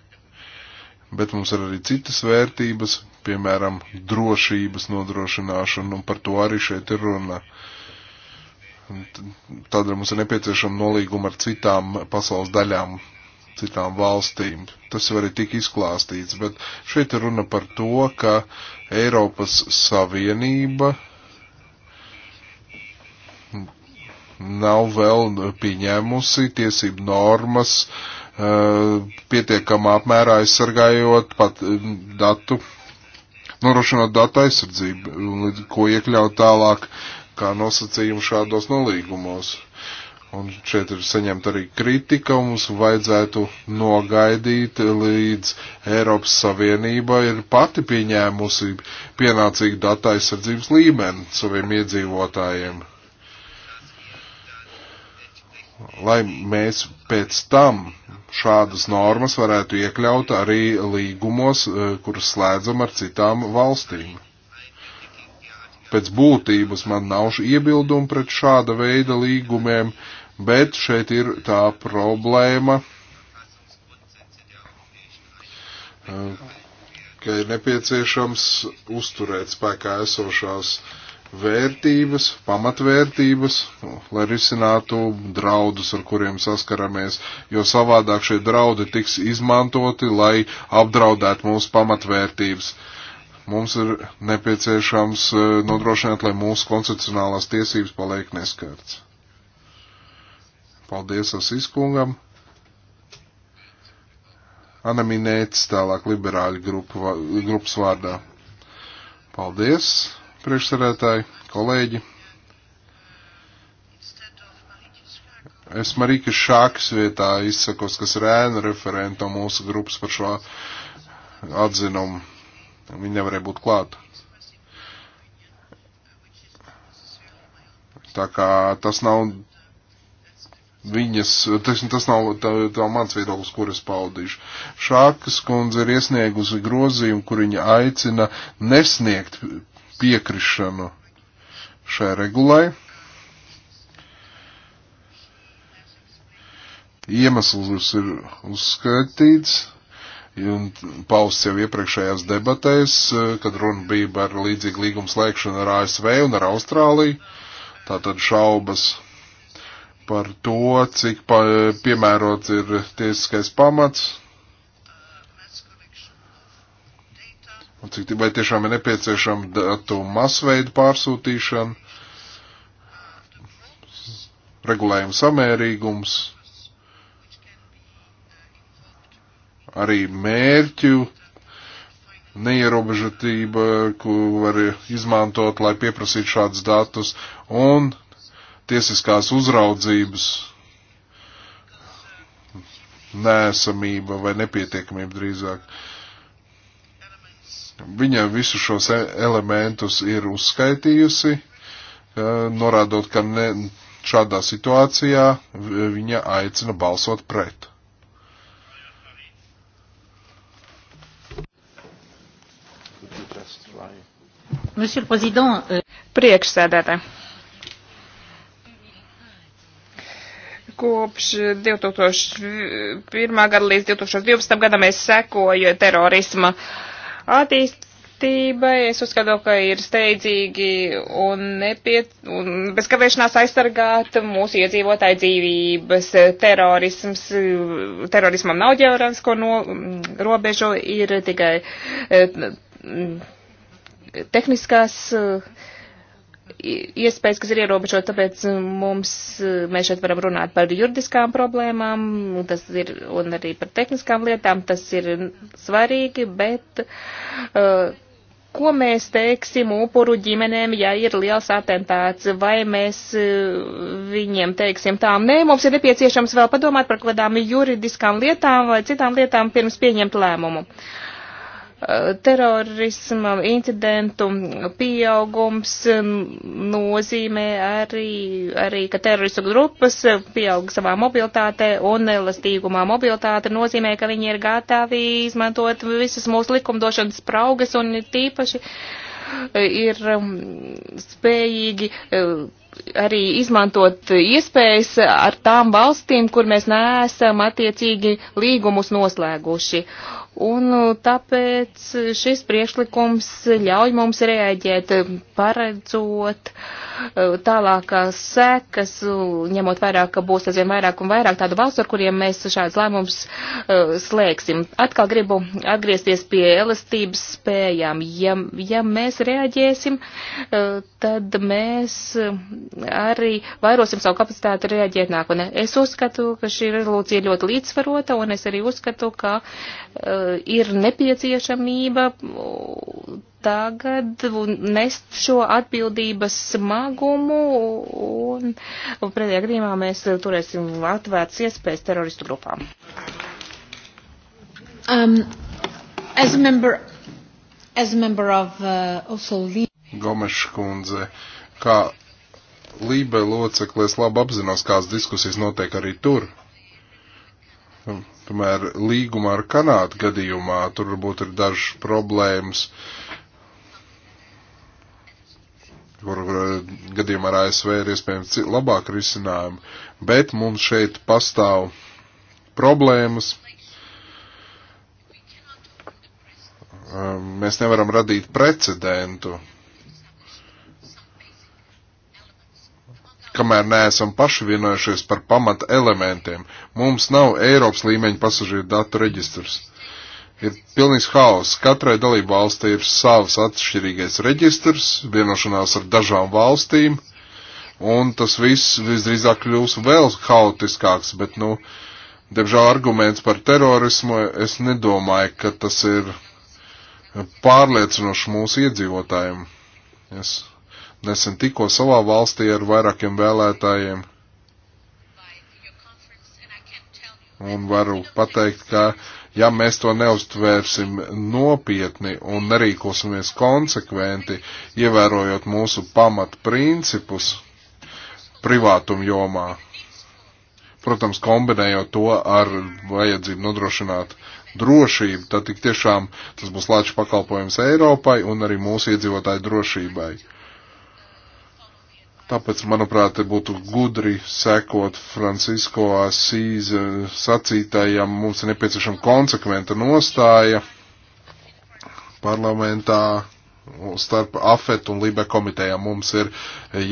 bet mums ir arī citas vērtības, piemēram, drošības nodrošināšana, un par to arī šeit ir runa. Tādēļ mums ir nepieciešama nolīguma ar citām pasaules daļām, citām valstīm. Tas jau arī tika izklāstīts, bet šeit ir runa par to, ka Eiropas Savienība nav vēl pieņēmusi tiesību normas uh, Eh, pietiekamā apmērā aizsargājot pat eh, datu, norošinot datu aizsardzību, ko iekļaut tālāk kā nosacījumu šādos nolīgumos. Un šeit ir saņemta arī kritika, un mums vajadzētu nogaidīt, līdz Eiropas Savienība ir pati pieņēmusi pienācīgu datu aizsardzības līmeni saviem iedzīvotājiem. Lai mēs pēc tam šādas normas varētu iekļaut arī līgumos, eh, kurus slēdzam ar citām valstīm. Pēc būtības man nav iebildumi pret šāda veida līgumiem, bet šeit ir tā problēma, eh, ka ir nepieciešams uzturēt spēkā esošās uh, vērtības, pamatvērtības, lai risinātu draudus, ar kuriem saskaramies, jo savādāk šie draudi tiks izmantoti, lai apdraudētu mūsu pamatvērtības. Mums ir nepieciešams e, nodrošināt, lai mūsu koncepcionālās tiesības paliek neskarts. Paldies Asiskungam. Anaminēts tālāk liberāļu grupu, grupas vārdā. Paldies! priekšsarētāji, kolēģi. Es Marīka Šākas vietā izsakos, kas ir ēna referenta mūsu grupas par šo atzinumu. Viņa nevarēja būt klāta. Tā kā tas nav viņas, tas, tas nav tā, tā mans viedoklis, kur es paudīšu. Šākas kundze ir iesniegusi grozījumu, kur viņa aicina nesniegt piekrišanu šai regulai. Iemesls ir uzskaitīts un pausts jau iepriekšējās debatēs, kad runa bija par līdzīgu līgumu slēgšanu ar ASV un ar Austrāliju. Tātad šaubas par to, cik pa, piemērots ir tiesiskais pamats Un cik, vai tiešām ir nepieciešama datu masveida pārsūtīšana, regulējuma samērīgums, arī mērķu neierobežotība, ko var izmantot, lai pieprasītu šādus datus, un tiesiskās uzraudzības nēsamība vai nepietiekamība drīzāk. Uh, Viņa visu šos e- elementus ir uzskaitījusi, e, norādot, ka ne, šādā situācijā viņa aicina balsot pret. Euh, Priekšsēdētāji. kopš 2001. gada līdz 2012. gadam es sekoju terorisma uh, attīstībai. Es uzskatu, ka ir steidzīgi un, nepiet, un bez kavēšanās aizsargāt mūsu iedzīvotāju dzīvības. Terorisms, terorismam nav ģeogrāfisko no, robežu, ir tikai eh, tehniskās. Uh, iespējas, kas ir ierobežot, tāpēc um, mums, uh, mēs šeit varam runāt par juridiskām problēmām, tas ir, un arī par tehniskām lietām, tas ir svarīgi, bet uh, ko mēs teiksim upuru ģimenēm, ja ir liels atentāts, vai mēs uh, viņiem teiksim tā, nē, mums ir nepieciešams vēl padomāt par kādām juridiskām lietām vai citām lietām pirms pieņemt lēmumu. Uh, Terorisma incidentu pieaugums nozīmē arī, arī ka teroristu grupas pieaug savā mobilitātē un elastīgumā. Mobilitāte nozīmē, ka viņi ir gatavi izmantot visas mūsu likumdošanas spraugas un tīpaši e, ir um, spējīgi e, arī izmantot iespējas ar tām valstīm, kur mēs neesam attiecīgi līgumus noslēguši. Un uh, tāpēc šis priekšlikums ļauj mums rēģēt, uh, paredzot uh, tālākās sekas, ņemot vairāk, ka būs aizvien vairāk un vairāk tādu valstu, ar kuriem mēs šāds lēmums slēgsim. Atkal gribu atgriezties pie elastības spējām. Ja, ja mēs rēģēsim, tad mēs arī vairosim savu kapacitāti rēģēt nākotnē. Es uzskatu, ka šī rezolūcija ļoti līdzsvarota, un es arī uzskatu, ka ir nepieciešamība tagad nest šo atbildības smagumu, un pretējā gadījumā mēs turēsim atvērts iespējas teroristu grupām. Um, as a member, as a member of uh, also Gomeša kundze, kā Lībe locekli, es labi apzinos, kādas diskusijas notiek arī tur. Piemēr līguma ar Kanādu gadījumā tur varbūt ir dažas problēmas, kur gadījumā ar ASV ir iespējams labāk risinājumi, bet mums šeit pastāv problēmas. Mēs nevaram radīt precedentu kamēr neesam paši vienojušies par pamata elementiem. Mums nav Eiropas līmeņa pasažieru datu reģistrs. Ir pilnīgs haoss. Katrai dalību valstī ir savs atšķirīgais reģistrs, vienošanās ar dažām valstīm, un tas viss visdrīzāk kļūs vēl haotiskāks, bet, nu, diemžēl arguments par terorismu, es nedomāju, ka tas ir pārliecinošs mūsu iedzīvotājiem. Es nesen tikko savā valstī ar vairākiem vēlētājiem. Un varu pateikt, ka ja mēs to neuztvērsim nopietni un nerīkosimies konsekventi, ievērojot mūsu pamat principus privātum jomā, protams, kombinējot to ar vajadzību nodrošināt drošību, tad tik tiešām tas būs lāču pakalpojums Eiropai un arī mūsu iedzīvotāju drošībai. Tāpēc, manuprāt, būtu gudri sekot Francisko Asīze sacītajam, mums ir nepieciešama konsekventa nostāja parlamentā starp AFET un LIBE komitejām. Mums ir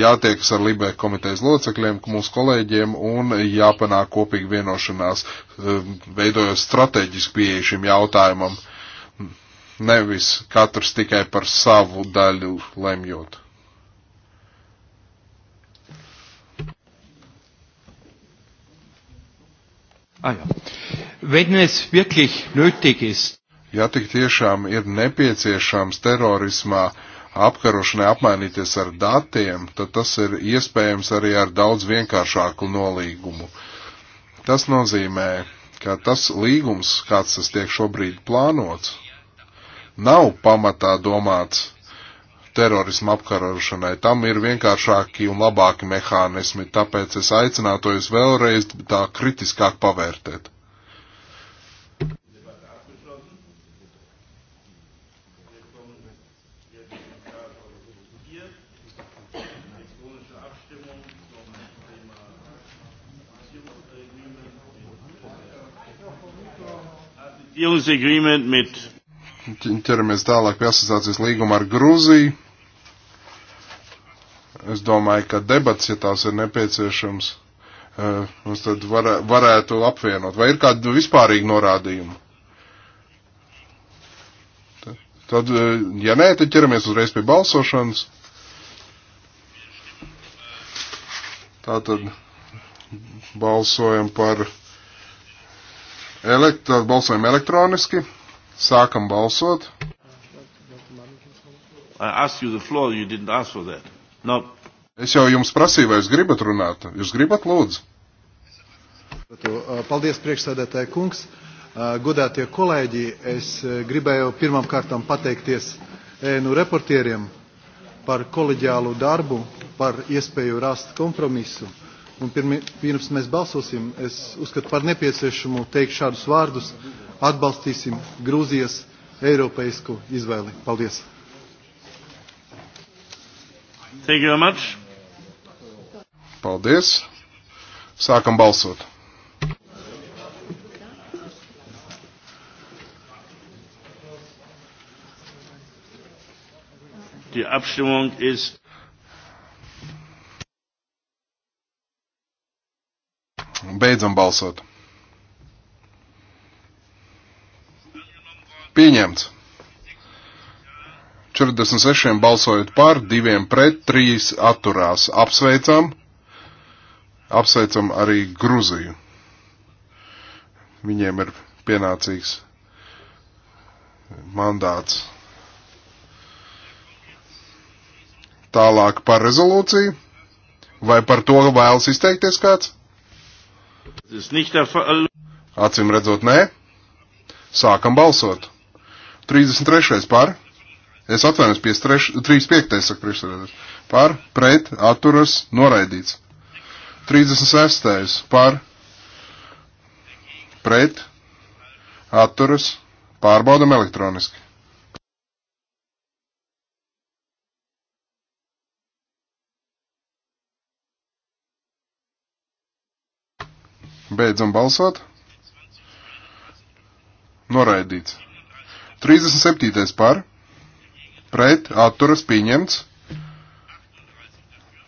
jātiekas ar LIBE komitejas locekļiem, mūsu kolēģiem un jāpanāk kopīgi vienošanās, eh, veidojot strateģisku pieeju šim jautājumam. Nevis katrs tikai par savu daļu lemjot. Ah, ja. Wenn es wirklich nötig ist. Ja, tik tiešām ir nepieciešams terorismā apkarošanai apmainīties ar datiem, tad tas ir iespējams arī ar daudz vienkāršāku nolīgumu. Tas nozīmē, ka tas līgums, kāds tas tiek šobrīd plānots, nav pamatā domāts terorismu apkarošanai. Tam ir vienkāršāki un labāki mehānismi, tāpēc es aicinātu jūs vēlreiz tā kritiskāk pavērtēt. Ķeramies tālāk pie asociācijas līguma ar Grūziju. Es domāju, ka debats, ja tās ir nepieciešams, eh, mums tad var, varētu apvienot. Vai ir kādi vispārīgi norādījumi? Tad, eh, ja nē, tad ķeramies uzreiz pie balsošanas. Tātad balsojam par elekt, balsojam elektroniski, sākam balsot. I asked you the floor, you didn't ask for that. No. Es jau jums prasīju, vai jūs gribat runāt. Jūs gribat, lūdzu? Paldies, priekšsēdētāji kungs. Godātie kolēģi, es gribēju pirmām kārtām pateikties ēnu reportieriem par koleģiālu darbu, par iespēju rast kompromisu. Un pirmi, pirms mēs balsosim, es uzskatu par nepieciešamu teikt šādus vārdus – atbalstīsim Grūzijas Eiropeisku izvēli. Paldies! Thank you very much. Paldies. Sākam balsot. Die Abstimmung ist. Beidzam balsot. Pieņemts. 46 balsojot par, 2 pret, 3 atturās. Apsveicam! Apsveicam arī Gruziju. Viņiem ir pienācīgs mandāts. Tālāk par rezolūciju. Vai par to vēlas izteikties kāds? Acim redzot, nē. Sākam balsot. 33. par. Es atvainojos, 35. saka priekšsēdētājs. Par, pret, atturas, noraidīts. 36. par, pret, atturas, pārbaudam elektroniski. Beidzam balsot. Noraidīts. 37. par pret atturas pieņemts.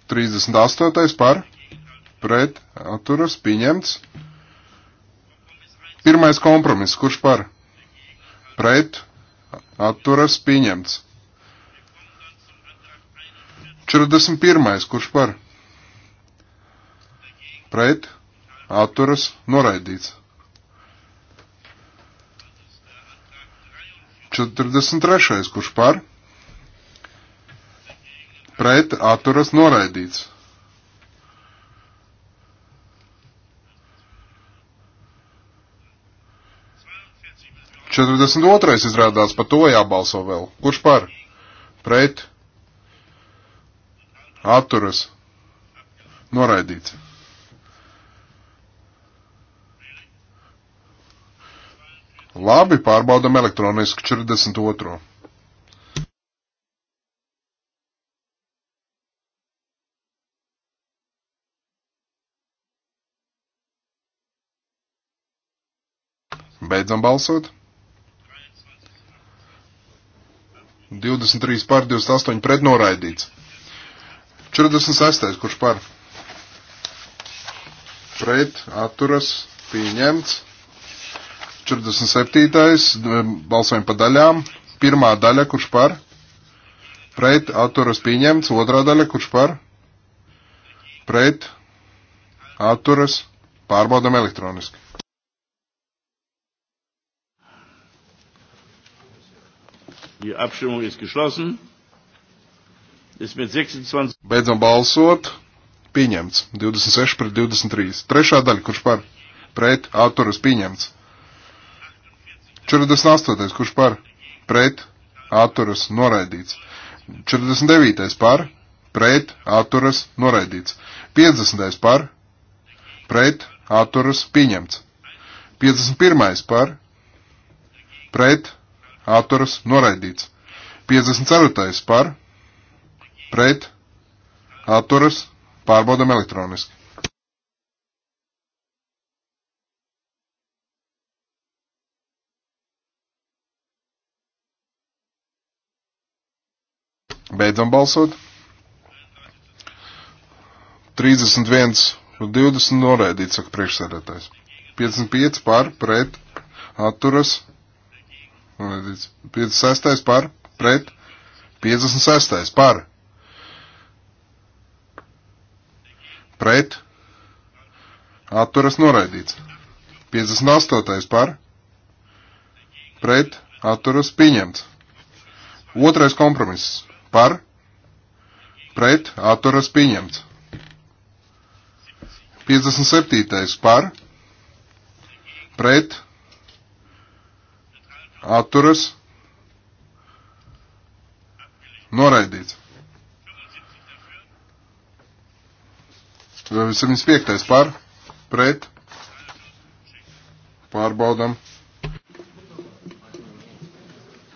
38. par pret atturas pieņemts. Pirmais kompromiss, kurš par pret atturas pieņemts. 41. kurš par pret atturas noraidīts. 43. kurš par pret pret atturas noraidīts. Četrdesmit otrais izrādās, par to jābalso vēl. Kurš par? Pret? Atturas? Noraidīts. Labi, pārbaudam elektroniski 42. Beidzam balsot. 23 pār 28 pret noraidīts. 46. kurš par? Pret, atturas, pieņemts. 47. balsojam pa daļām. Pirmā daļa, kurš par? Pret, atturas, pieņemts. Otrā daļa, kurš par? Pret, atturas, pārbaudam elektroniski. Die Abstimmung ist geschlossen. Ist mit 26. Beidzam balsot. Pieņemts. 26 pret 23. Trešā daļa, kurš par? Pret. Autors pieņemts. 48. Kurš par? Pret. Autors noraidīts. 49. par? Pret. Autors noraidīts. 50. par? Pret. Autors pieņemts. 51. par? Pret atturas noraidīts. 54. par, pret, atturas, pārbaudam elektroniski. Beidzam balsot. 31, 20 noraidīts, saka priekšsēdētājs. 55 par, pret, atturas, 56. par, pret, 56. par, pret, atturas noraidīts. 58. par, pret, atturas pieņemts. Otrais kompromiss par, pret, atturas pieņemts. 57. par, pret, atturas, noraidīts. 75. par, pret, pārbaudam.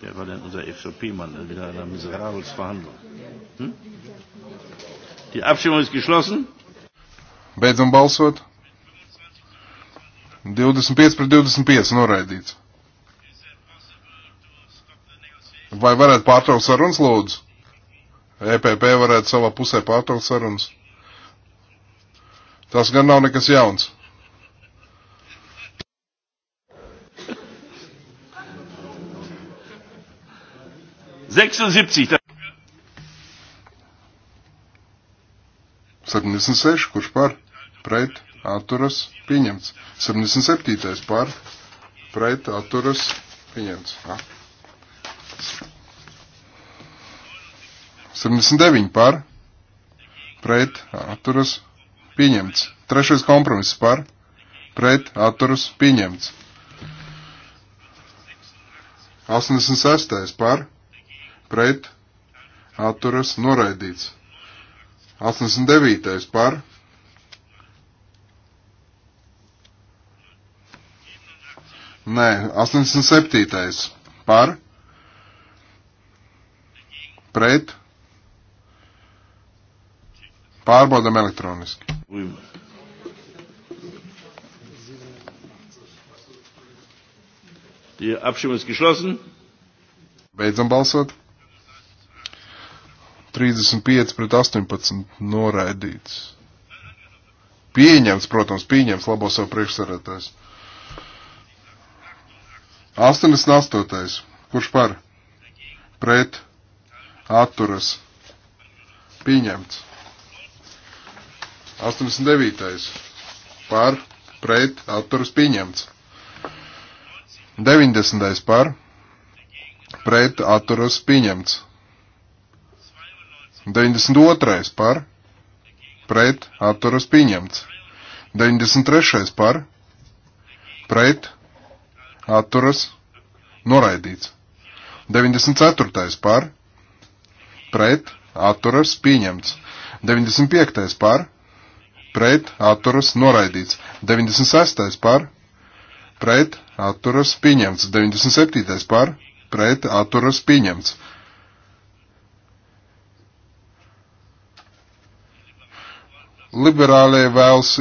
Wer war denn unser FVP-Mann wieder in einer miserablen Verhandlung? Hm? Die Abstimmung ist geschlossen. Beidzam balsot. 25 pret 25 noraidīts. Vai varētu pārtraukt sarunas, lūdzu? EPP varētu savā pusē pārtraukt sarunas. Tas gan nav nekas jauns. Septiņdesmit seši, kurš par, pret, atturas, pieņemts. Septiņdesmit septītais par, pret, atturas, pieņemts. Ah pieņemts. 79 par, pret, atturas, pieņemts. Trešais kompromiss par, pret, atturas, pieņemts. 86 par, pret, atturas, noraidīts. 89 par, nē, 87 par, Pret. Pārbaudam elektroniski. Die Abstimmung ist geschlossen. Beidzam balsot. 35 pret 18 noraidīts. Pieņems, protams, pieņems labo savu priekšsarētājs. 88. Kurš par? Pret atturas pieņemts. 89. par pret atturas pieņemts. 90. par pret atturas pieņemts. 92. par pret atturas pieņemts. 93. par pret atturas noraidīts. 94. par pret, atturas, pieņemts. 95. par, pret, atturas, noraidīts. 96. par, pret, atturas, pieņemts. 97. par, pret, atturas, pieņemts. Liberālie vēlas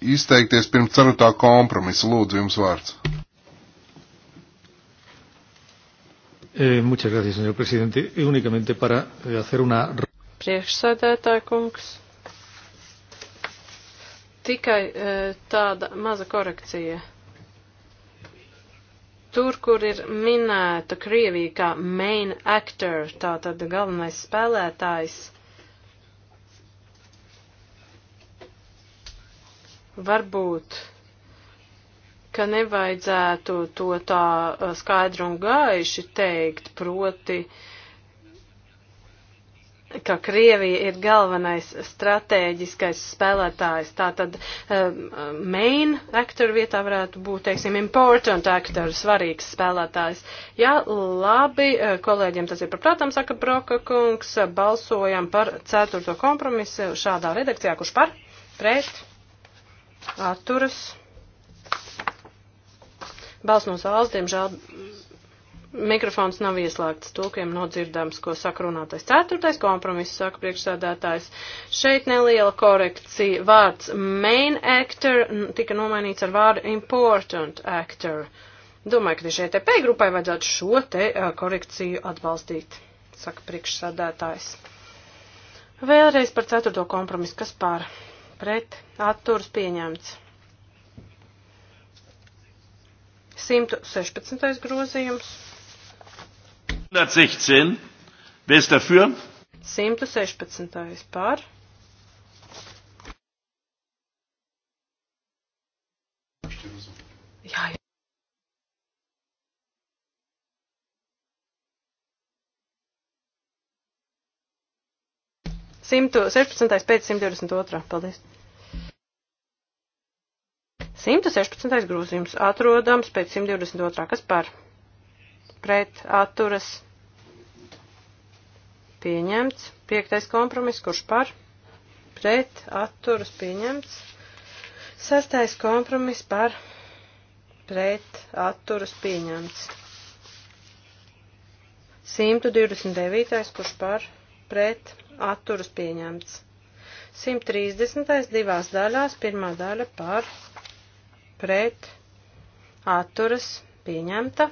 izteikties pirms ceturtā kompromisa. Lūdzu, jums vārds. Eh, muchas gracias, señor presidente. Únicamente para eh, hacer una. Priekšsēdētāja kungs. Tikai eh, tāda maza korekcija. Tur, kur ir minēta Krievija kā main actor, tātad galvenais spēlētājs, varbūt ka nevajadzētu to tā skaidri un gaiši teikt, proti, ka Krievija ir galvenais strateģiskais spēlētājs. Tātad um, main actor vietā varētu būt, teiksim, important actor, svarīgs spēlētājs. Jā, labi, kolēģiem tas ir par prātām, saka Broka kungs, balsojam par ceturto kompromisu šādā redakcijā, kurš par, pret, atturas. Balsts no zāles, diemžēl, mikrofons nav ieslēgts, tulkiem nodzirdams, ko saka runātais. Ceturtais kompromiss, saka priekšsēdētājs. Šeit neliela korekcija. Vārds main actor tika nomainīts ar vārdu important actor. Domāju, ka šeit EP grupai vajadzētu šo te uh, korekciju atbalstīt, saka priekšsādātājs. Vēlreiz par ceturto kompromisu, kas pār pret atturs pieņemts. 116. grozījums. 116. Wer ist dafür? 116. par. Jā, jā. Simtu, 16. pēc 122. Paldies. 116. grozījums atrodams pēc 122. kas par pret atturas pieņemts. 5. kompromiss, kurš par pret atturas pieņemts. 6. kompromiss par pret atturas pieņemts. 129. kurš par pret atturas pieņemts. 130. divās daļās, pirmā daļa par pret pret atturas pieņemta,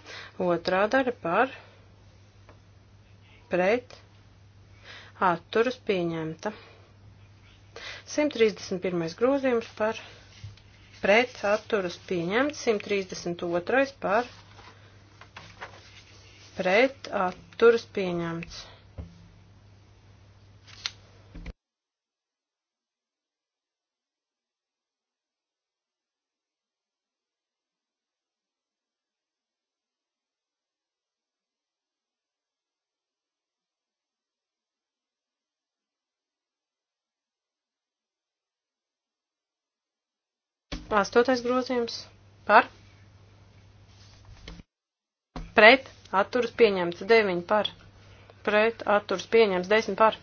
otrā daļa par pret atturas pieņemta. 131. grozījums par pret atturas pieņemts, 132. par pret atturas pieņemts. Astotais grozījums par pret atturas pieņemts 9 par pret atturas pieņemts 10 par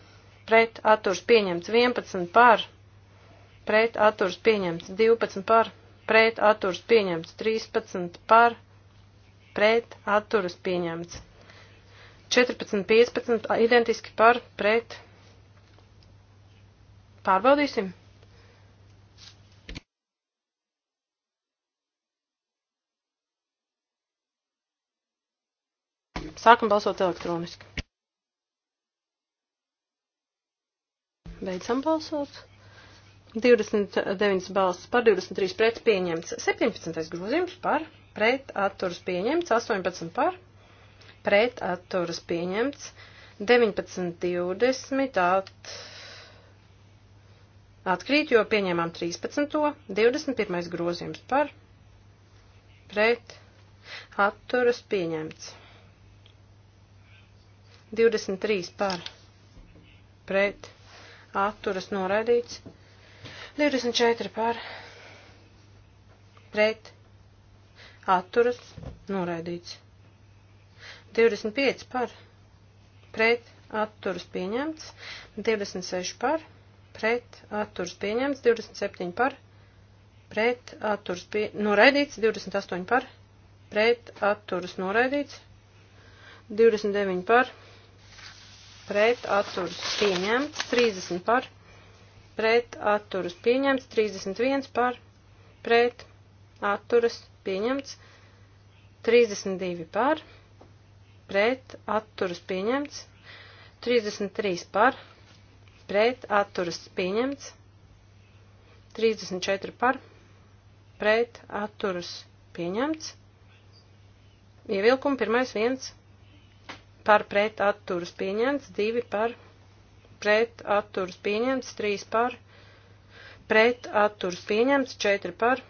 pret atturas pieņemts 11 par pret atturas pieņemts 12 par pret atturas pieņemts 13 par pret atturas pieņemts 14, 15 identiski par pret pārbaudīsim Sākam balsot elektroniski. Beidzam balsot. 29 balsts par, 23 pret pieņemts, 17 grozījums par, pret atturas pieņemts, 18 par, pret atturas pieņemts, 19, 20 at, atkrīt, jo pieņēmām 13, 21 grozījums par, pret atturas pieņemts. 23 par pret atturas noraidīts, 24 par pret atturas noraidīts, 25 par pret atturas pieņemts, 26 par pret atturas pieņemts, 27 par pret atturas pie, noraidīts, 28 par pret atturas noraidīts, 29 par pret pret atturas pieņemts, 30 par pret atturas pieņemts, 31 par pret atturas pieņemts, 32 par pret atturas pieņemts, 33 par pret atturas pieņemts, 34 par pret atturas pieņemts. Ievilkuma pirmais viens par pret atturas pieņemts, 2 par pret atturas pieņemts, 3 par pret atturas pieņemts, 4 par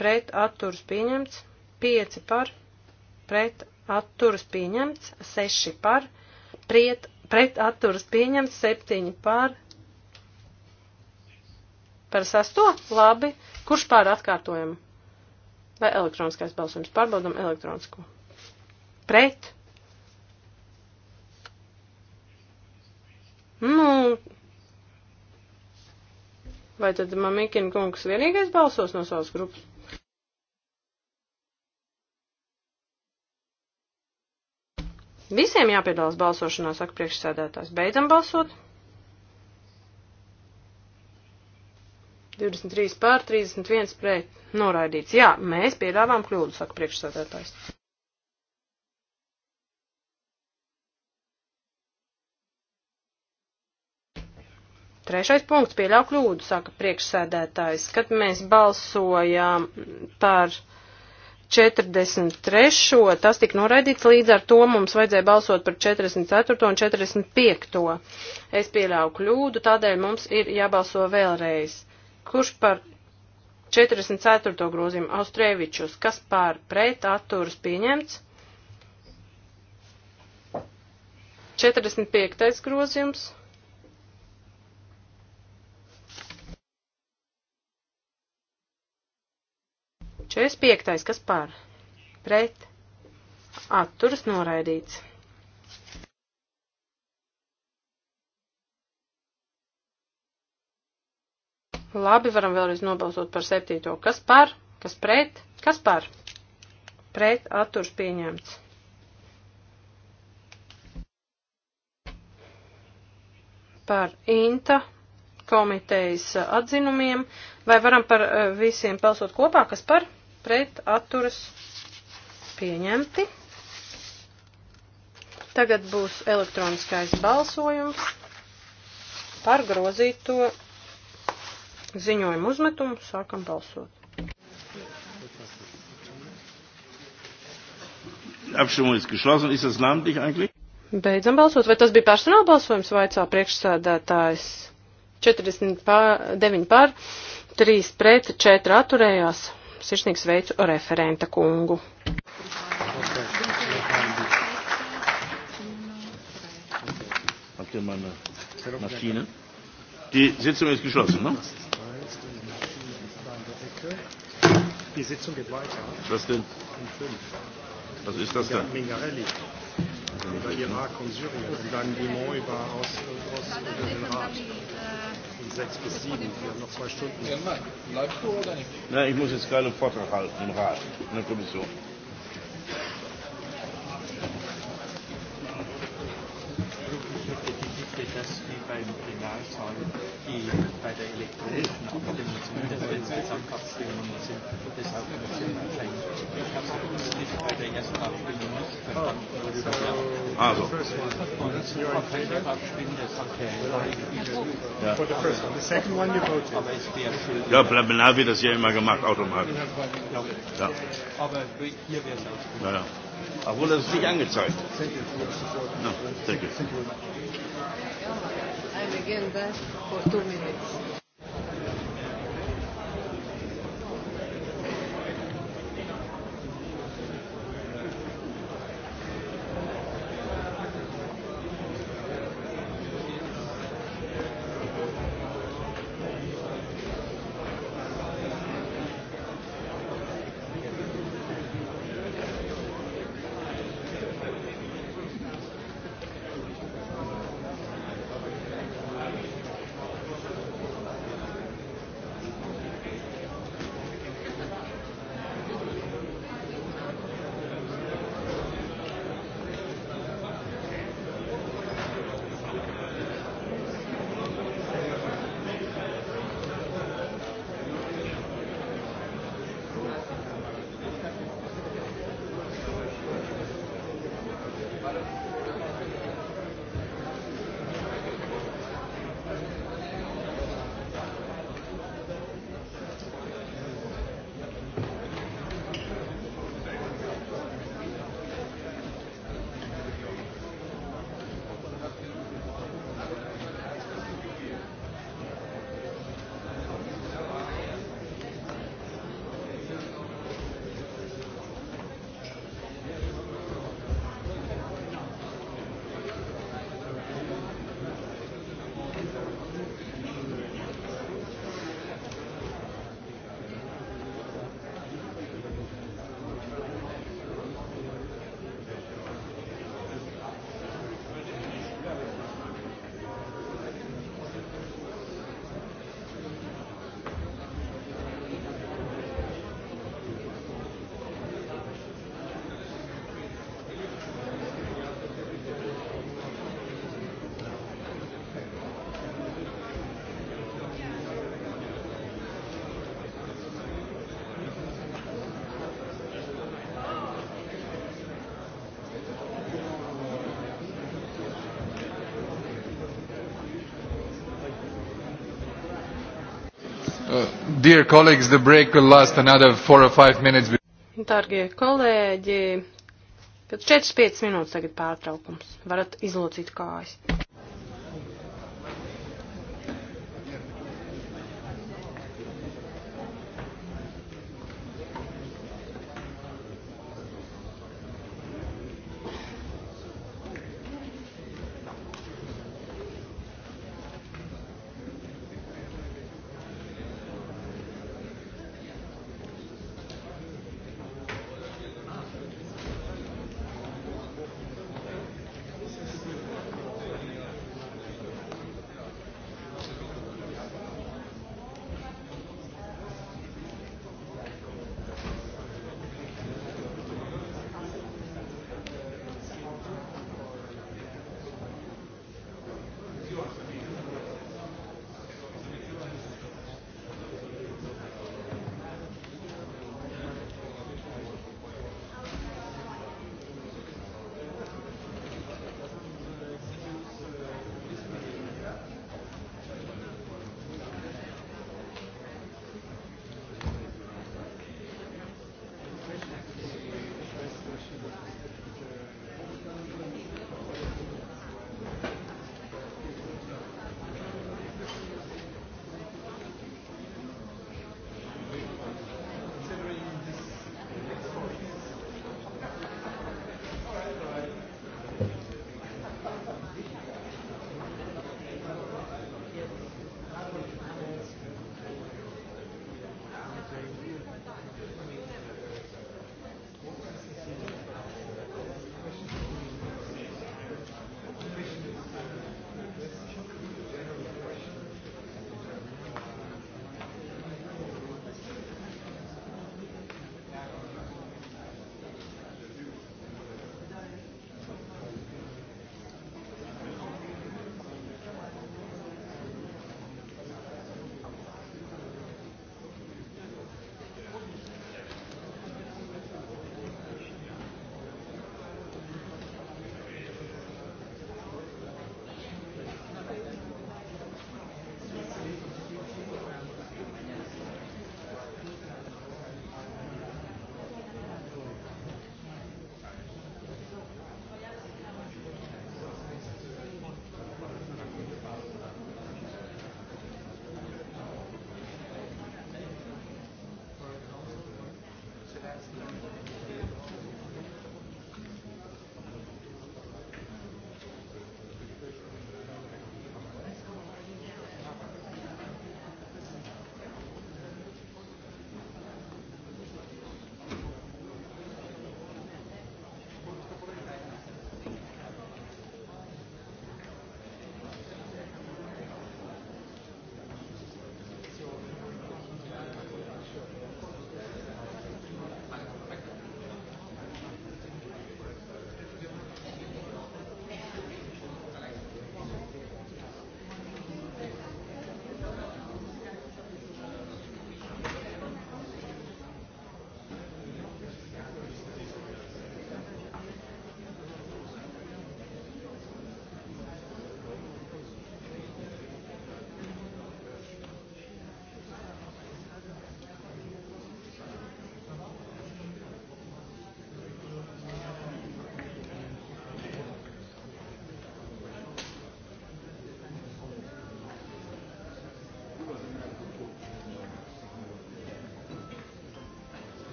pret atturas pieņemts, 5 par pret atturas pieņemts, 6 par priet, pret atturas pieņemts, 7 par par sesto, labi, kurš pār atkārtojumu? Vai elektroniskais balsojums? Pārbaudam elektronisko. Pret Nu, vai tad Mamikina kungs vienīgais balsos no savas grupas? Visiem jāpiedalās balsošanā, saka priekšsēdētājs. Beidzam balsot. 23 pār 31 pret. Noraidīts. Jā, mēs piedāvām kļūdu, saka priekšsēdētājs. Trešais punkts pieļau kļūdu, saka priekšsēdētājs, kad mēs balsojām par 43. tas tika noraidīts, līdz ar to mums vajadzēja balsot par 44. un 45. Es pieļauju kļūdu, tādēļ mums ir jābalso vēlreiz. Kurš par 44. grozījumu Austrēvičus, kas pār pret atturas pieņemts? 45. grozījums. 45. kas par? Pret. Atturas noraidīts. Labi, varam vēlreiz nobalsot par septīto. Kas par? Kas pret? Kas par? Pret atturs pieņemts. Par INTA komitejas atzinumiem. Vai varam par eh, visiem balsot kopā? Kas par? pret atturas pieņemti. Tagad būs elektroniskais balsojums par grozīto ziņojumu uzmetumu. Sākam balsot. Abstimmung ist geschlossen. Ist das namentlich eigentlich? Beidzam balsot. Vai tas bija personāla balsojums, vaicā priekšsēdētājs? 49 pār, 3 pret, 4 atturējās. Sirsnīgi sveicu referenta kungu. Die Sitzung ist geschlossen, ne? Die Sitzung geht weiter. Was denn? Was ist das denn? Mingarelli über Irak und Syrien und dann Dumont über, aus, aus, über den Rat sechs bis sieben. Wir haben noch zwei Stunden. Ja, nein. Bleibst du oder nicht? Na, ich muss jetzt gerade einen Vortrag halten im Rat, in der Kommission. Das wie beim Plenarsaal die bei der elektronischen Abstimmung, zumindest wenn es Gesamtabstimmung sind, das auch ein bisschen klein. Ich habe es nicht bei der ersten Abstimmung nicht verstanden, was da ja. Also. Und ich habe keine Abstimmung, das hat der Herr For the first one. The second one you voted. Aber es wäre schön. Ja, Blabinal wird das ja immer gemacht, automatisch. Ja. Aber hier wäre es auch schön. Ja, ja. Obwohl das ist nicht angezeigt. Thank you. No, thank you. Thank you and again that for two minutes. Dear colleagues, the break will last another four or five minutes. Dargie kolēģi, kad 4-5 minūtes tagad pārtraukums, varat izlocīt kājas.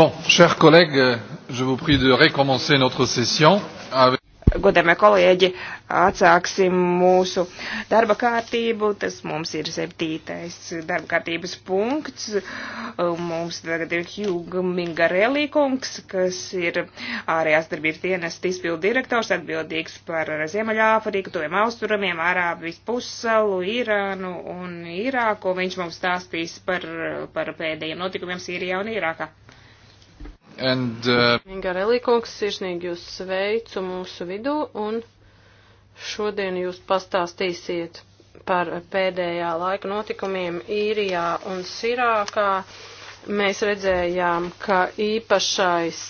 Bon, chers collègues, je vous prie de recommencer notre session. Avec... Godamie kolēģi, atsāksim mūsu darba kārtību. Tas mums ir septītais darba kārtības punkts. Mums tagad ir Hjūga Mingarelī kungs, kas ir ārējās darbības dienestas izpildu direktors, atbildīgs par Ziemeļāfriku, tojiem austrumiem, Arābijas pussalu, Irānu un Irāku. Viņš mums stāstīs par, par pēdējiem notikumiem Sīrijā un Irākā. And, uh... Garelī kungs, sirsnīgi jūs sveicu mūsu vidū un šodien jūs pastāstīsiet par pēdējā laika notikumiem īrijā un Sirākā. Mēs redzējām, ka īpašais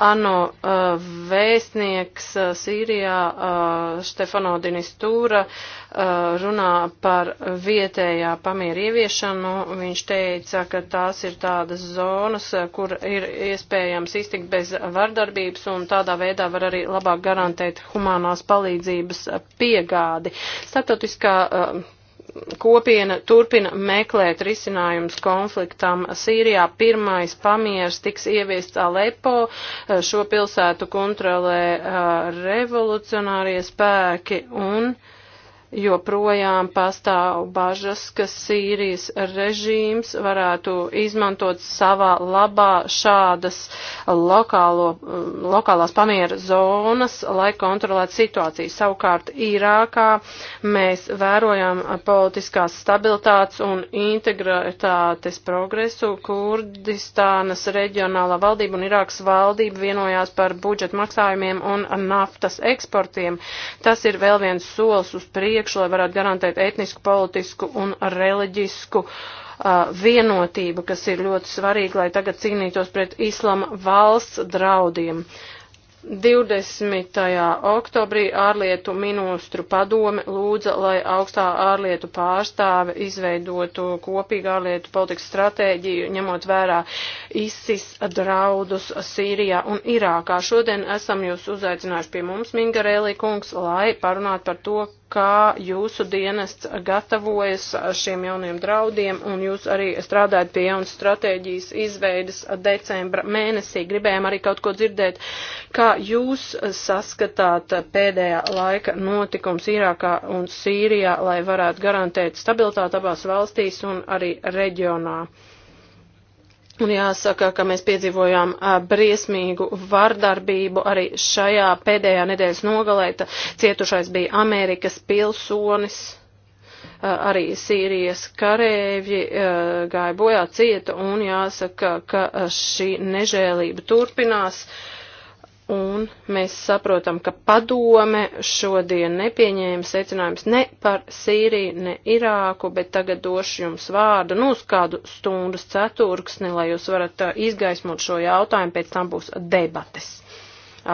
ANO uh, vēstnieks uh, Sīrijā uh, Štefano Dinistūra uh, runā par vietējā pamieru ieviešanu. Viņš teica, ka tās ir tādas zonas, kur ir iespējams iztikt bez vardarbības un tādā veidā var arī labāk garantēt humanās palīdzības piegādi. Startautiskā uh, kopiena turpina meklēt risinājums konfliktam Sīrijā. Pirmais pamieris tiks ieviests Alepo, eh, šo pilsētu kontrolē eh, revolucionārie spēki un. Uh, joprojām pastāv bažas, ka Sīrijas režīms varētu izmantot savā labā šādas lokālo, lokālās pamiera zonas, lai kontrolētu situāciju. Savukārt Irākā mēs vērojam politiskās stabilitātes un integritātes progresu. Kurdistānas reģionālā valdība un Irākas valdība vienojās par budžeta maksājumiem un naftas eksportiem. Tas ir vēl viens solis uz priekšu priekšu, lai varētu garantēt etnisku, politisku un reliģisku uh, vienotību, kas ir ļoti svarīga, lai tagad cīnītos pret islama valsts draudiem. 20. oktobrī ārlietu ministru padome lūdza, lai augstā ārlietu pārstāve izveidotu kopīgu ārlietu politikas stratēģiju, ņemot vērā ISIS draudus Sīrijā un Irākā. Šodien esam jūs uzaicinājuši pie mums, Mingarēlī kungs, lai parunātu par to, kā jūsu dienests gatavojas šiem jauniem draudiem, un jūs arī strādājat pie jaunas stratēģijas izveidas decembra mēnesī. Gribējām arī kaut ko dzirdēt, kā jūs saskatāt pēdējā laika notikums Irākā un Sīrijā, lai varētu garantēt stabilitāti abās valstīs un arī reģionā. Un jāsaka, ka mēs piedzīvojām briesmīgu vardarbību arī šajā pēdējā nedēļas nogalē. Cietušais bija Amerikas pilsonis, arī Sīrijas karēvi gāja bojā cieta un jāsaka, ka šī nežēlība turpinās. Uh, Un mēs saprotam, ka padome šodien nepieņēma secinājums ne par Sīriju, ne Irāku, bet tagad došu jums vārdu, nu, uz kādu stundas ceturksni, lai jūs varat uh, izgaismot šo jautājumu, pēc tam būs debates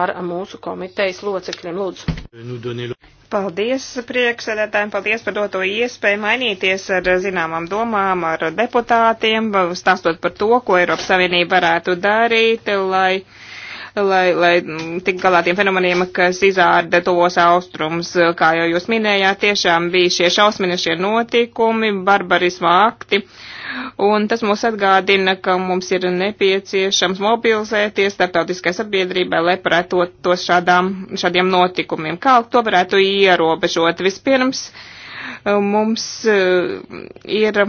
ar mūsu komitejas locekļiem. Lūdzu. Paldies priekšsēdētājiem, paldies par doto iespēju mainīties ar zināmām domām, ar deputātiem, stāstot par to, ko Eiropas Savienība varētu darīt, lai lai, lai mm, tik galā tiem fenomeniem, kas izārda tos austrums, kā jau jūs minējāt, tiešām bija šie šausminošie notikumi, barbarisma akti. Un tas mūs atgādina, ka mums ir nepieciešams mobilizēties starptautiskai sabiedrībai, lai pretot tos šādām, šādiem notikumiem. Kā to varētu ierobežot? Vispirms eh, mums eh, ir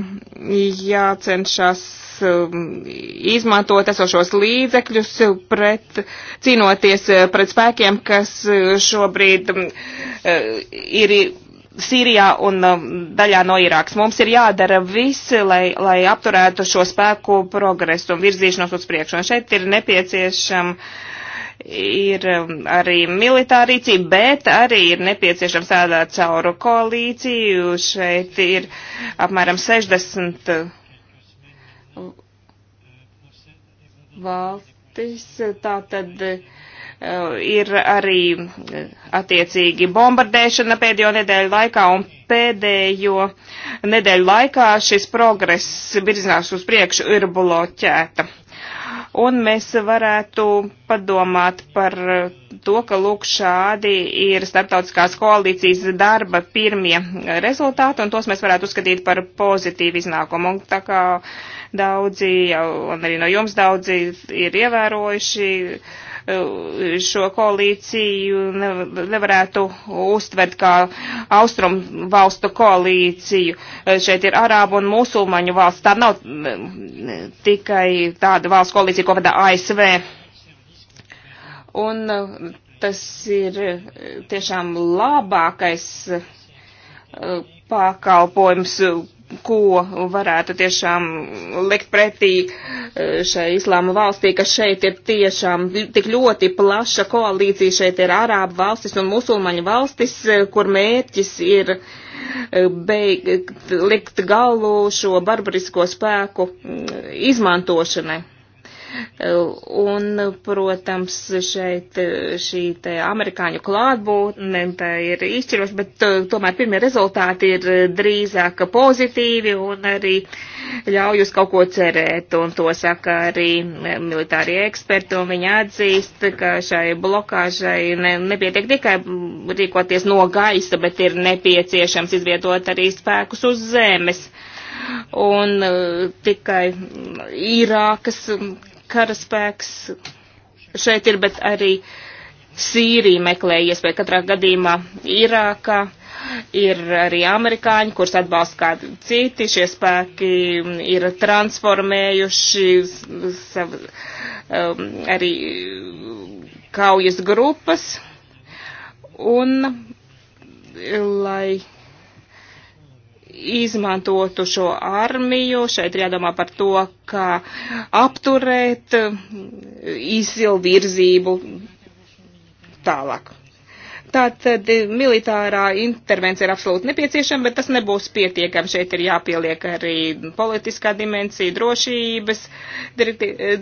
jācenšas Um, izmantot esošos līdzekļus pret, cīnoties uh, pret spēkiem, kas uh, šobrīd um, uh, ir Sīrijā un um, daļā no Irākas. Mums ir jādara viss, lai, lai apturētu šo spēku progresu un virzīšanos uz priekšu. Un šeit ir nepieciešama ir arī militārā rīcība, bet arī ir nepieciešams tādā cauru koalīciju. Šeit ir apmēram 60 valstis, tā tad eh, ir arī eh, attiecīgi bombardēšana pēdējo nedēļu laikā un pēdējo nedēļu laikā šis progress virzinās uz priekšu ir bloķēta. Un mēs varētu padomāt par to, ka lūk šādi ir starptautiskās koalīcijas darba pirmie rezultāti, un tos mēs varētu uzskatīt par pozitīvu iznākumu. Un tā kā uh, Daudzi, un arī no jums daudzi ir ievērojuši uh, šo koalīciju nevarētu uztvert kā austrumu valstu koalīciju. Uh, šeit ir arābu un musulmaņu valsts. Tā nav uh, tikai tāda valsts koalīcija, ko vada ASV. Un tas ir tiešām labākais pakalpojums, ko varētu tiešām likt pretī eh, šai islāma valstī, ka šeit ir tiešām tik ļoti plaša koalīcija, šeit ir arābu valstis un musulmaņu valstis, eh, kur mērķis ir eh, beigt, likt galu šo barbarisko spēku mm, izmantošanai. Un, protams, šeit šī te amerikāņu klātbūtne ir izšķiroša, bet tomēr pirmie rezultāti ir drīzāk pozitīvi un arī ļauj uz kaut ko cerēt. Un to saka arī militārie eksperti, un viņi atzīst, ka šai blokāžai ne, nepietiek tikai rīkoties no gaisa, bet ir nepieciešams izvietot arī spēkus uz zemes. Un tikai Irākas karaspēks šeit ir, bet arī Sīrija meklē iespēju katrā gadījumā Irākā. Ir arī amerikāņi, kurus atbalsta kādi citi. Šie spēki ir transformējuši savu, um, arī kaujas grupas. Un, lai izmantotu šo armiju. Šeit ir jādomā par to, kā apturēt izsilu virzību tālāk. Tātad eh, militārā intervencija ir absolūti nepieciešama, bet tas nebūs pietiekami. Šeit ir jāpieliek arī politiskā dimensija, drošības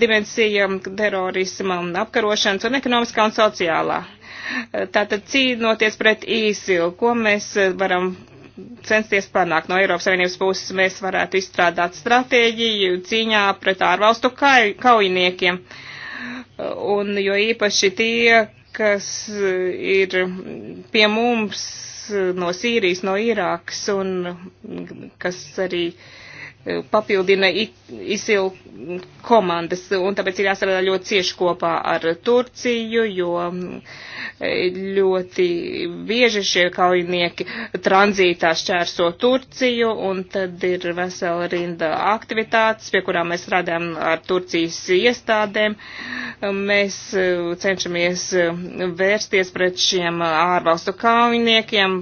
dimensija, terorisma, apkarošanas un ekonomiskā un sociālā. Tātad cīnoties pret īsilu, ko mēs eh, varam censties panākt no Eiropas Savienības puses, mēs varētu izstrādāt stratēģiju cīņā pret ārvalstu kaujiniekiem. Un jo īpaši tie, kas ir pie mums no Sīrijas, no Irākas un kas arī uh, papildina ISIL komandas, un tāpēc ir jāstrādā ļoti cieši kopā ar Turciju, jo mm, ļoti bieži šie kaujinieki tranzītā šķērso Turciju, un tad ir vesela rinda aktivitātes, pie kurām mēs strādājam ar Turcijas iestādēm. Mēs mm, cenšamies mm, vērsties pret šiem ārvalstu kaujiniekiem,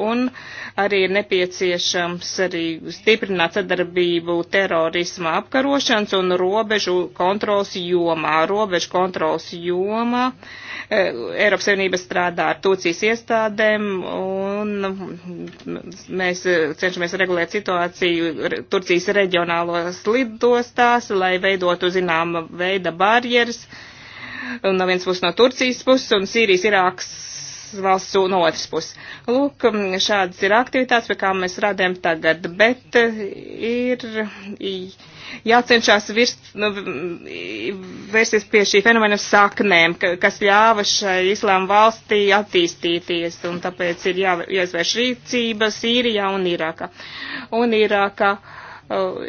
un arī ir nepieciešams arī stiprināt sadarbību sadarbību terorisma apkarošanas un robežu kontrols jomā. Robežu kontrols jomā e, Eiropas Savienība strādā ar Turcijas iestādēm un mēs e, cenšamies regulēt situāciju Turcijas reģionālos lidostās, lai veidotu zināma veida barjeras. Un no vienas puses no Turcijas puses un Sīrijas Irāks valsts no otras puses. Lūk, šādas ir aktivitātes, pie kā mēs radējam tagad, bet eh, ir jācenšas virst, nu, vērsties pie šī fenomena saknēm, kas ļāva šai islāma valstī attīstīties, un tāpēc ir jā, jāizvērš rīcība Sīrijā un Irākā. Un Irākā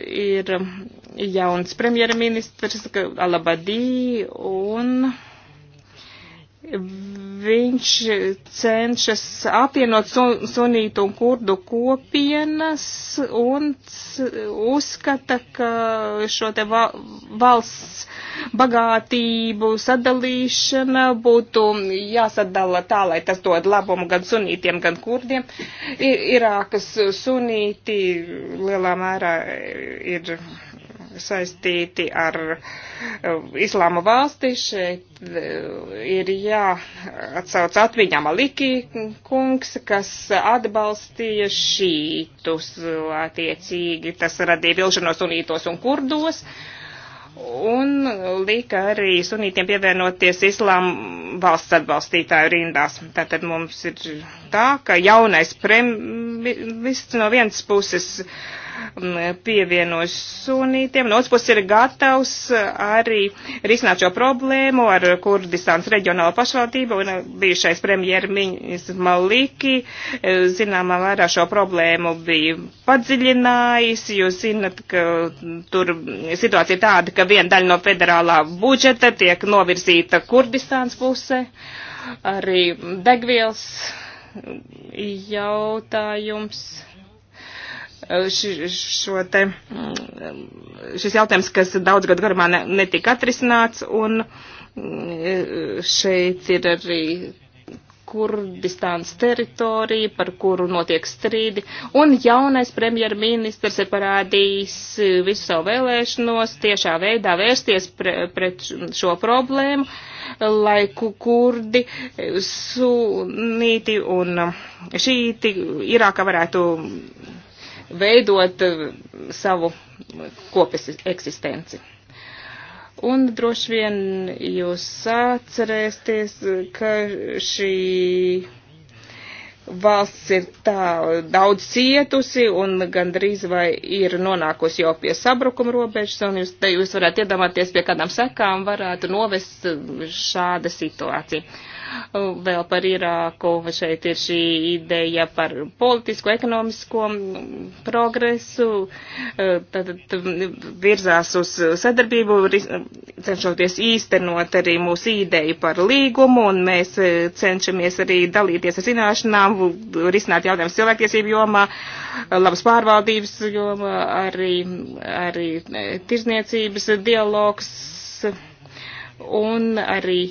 ir jauns premjerministrs Alabadī un viņš cenšas apvienot sun, sunītu un kurdu kopienas un uzskata, ka šo te val, valsts bagātību sadalīšana būtu jāsadala tā, lai tas dod labumu gan sunītiem, gan kurdiem. Ir, Irākas sunīti lielā mērā ir saistīti ar eh, islāma valsti. Šeit eh, ir jāatsauc atmiņā Maliki kungs, kas atbalstīja šītus attiecīgi. Tas radīja vilšanos sunītos un kurdos un lika arī sunītiem pievienoties islām valsts atbalstītāju rindās. Tātad mums ir tā, ka jaunais premists no vienas puses Mm, pievienojas sunītiem. No otras puses ir gatavs eh, arī risināt šo problēmu ar Kurdistānas reģionālo pašvaldību un eh, bijušais premjermiņas Maliki. Eh, zināmā mērā šo problēmu bija padziļinājis. Jūs zinat, ka mm, tur situācija ir tāda, ka viena daļa no federālā budžeta tiek novirzīta Kurdistānas pusē. Arī degvielas jautājums Eh, šo te, mm, šis jautājums, kas daudz gadu garumā netika atrisināts, un mm, eh, šeit ir arī Kurdistānas teritorija, par kuru notiek strīdi, un jaunais premjerministrs ir parādījis visu savu vēlēšanos tiešā veidā vērsties pre, pret šo problēmu, lai kurdi, sunīti un šīti Irāka varētu veidot eh, savu kopes eksistenci. Un droši vien jūs atcerēsieties, ka šī valsts ir tā daudz cietusi un gandrīz vai ir nonākusi jau pie sabrukuma robežas, un jūs, te jūs varētu iedomāties, pie kādām sekām varētu novest šāda situācija. Vēl par Irāku šeit ir šī ideja par politisko, ekonomisko progresu, tad virzās uz sadarbību, cenšoties īstenot arī mūsu ideju par līgumu, un mēs cenšamies arī dalīties ar zināšanām, risināt jautājumus cilvēktiesību jomā, labas pārvaldības jomā, arī, arī tirzniecības dialogs un arī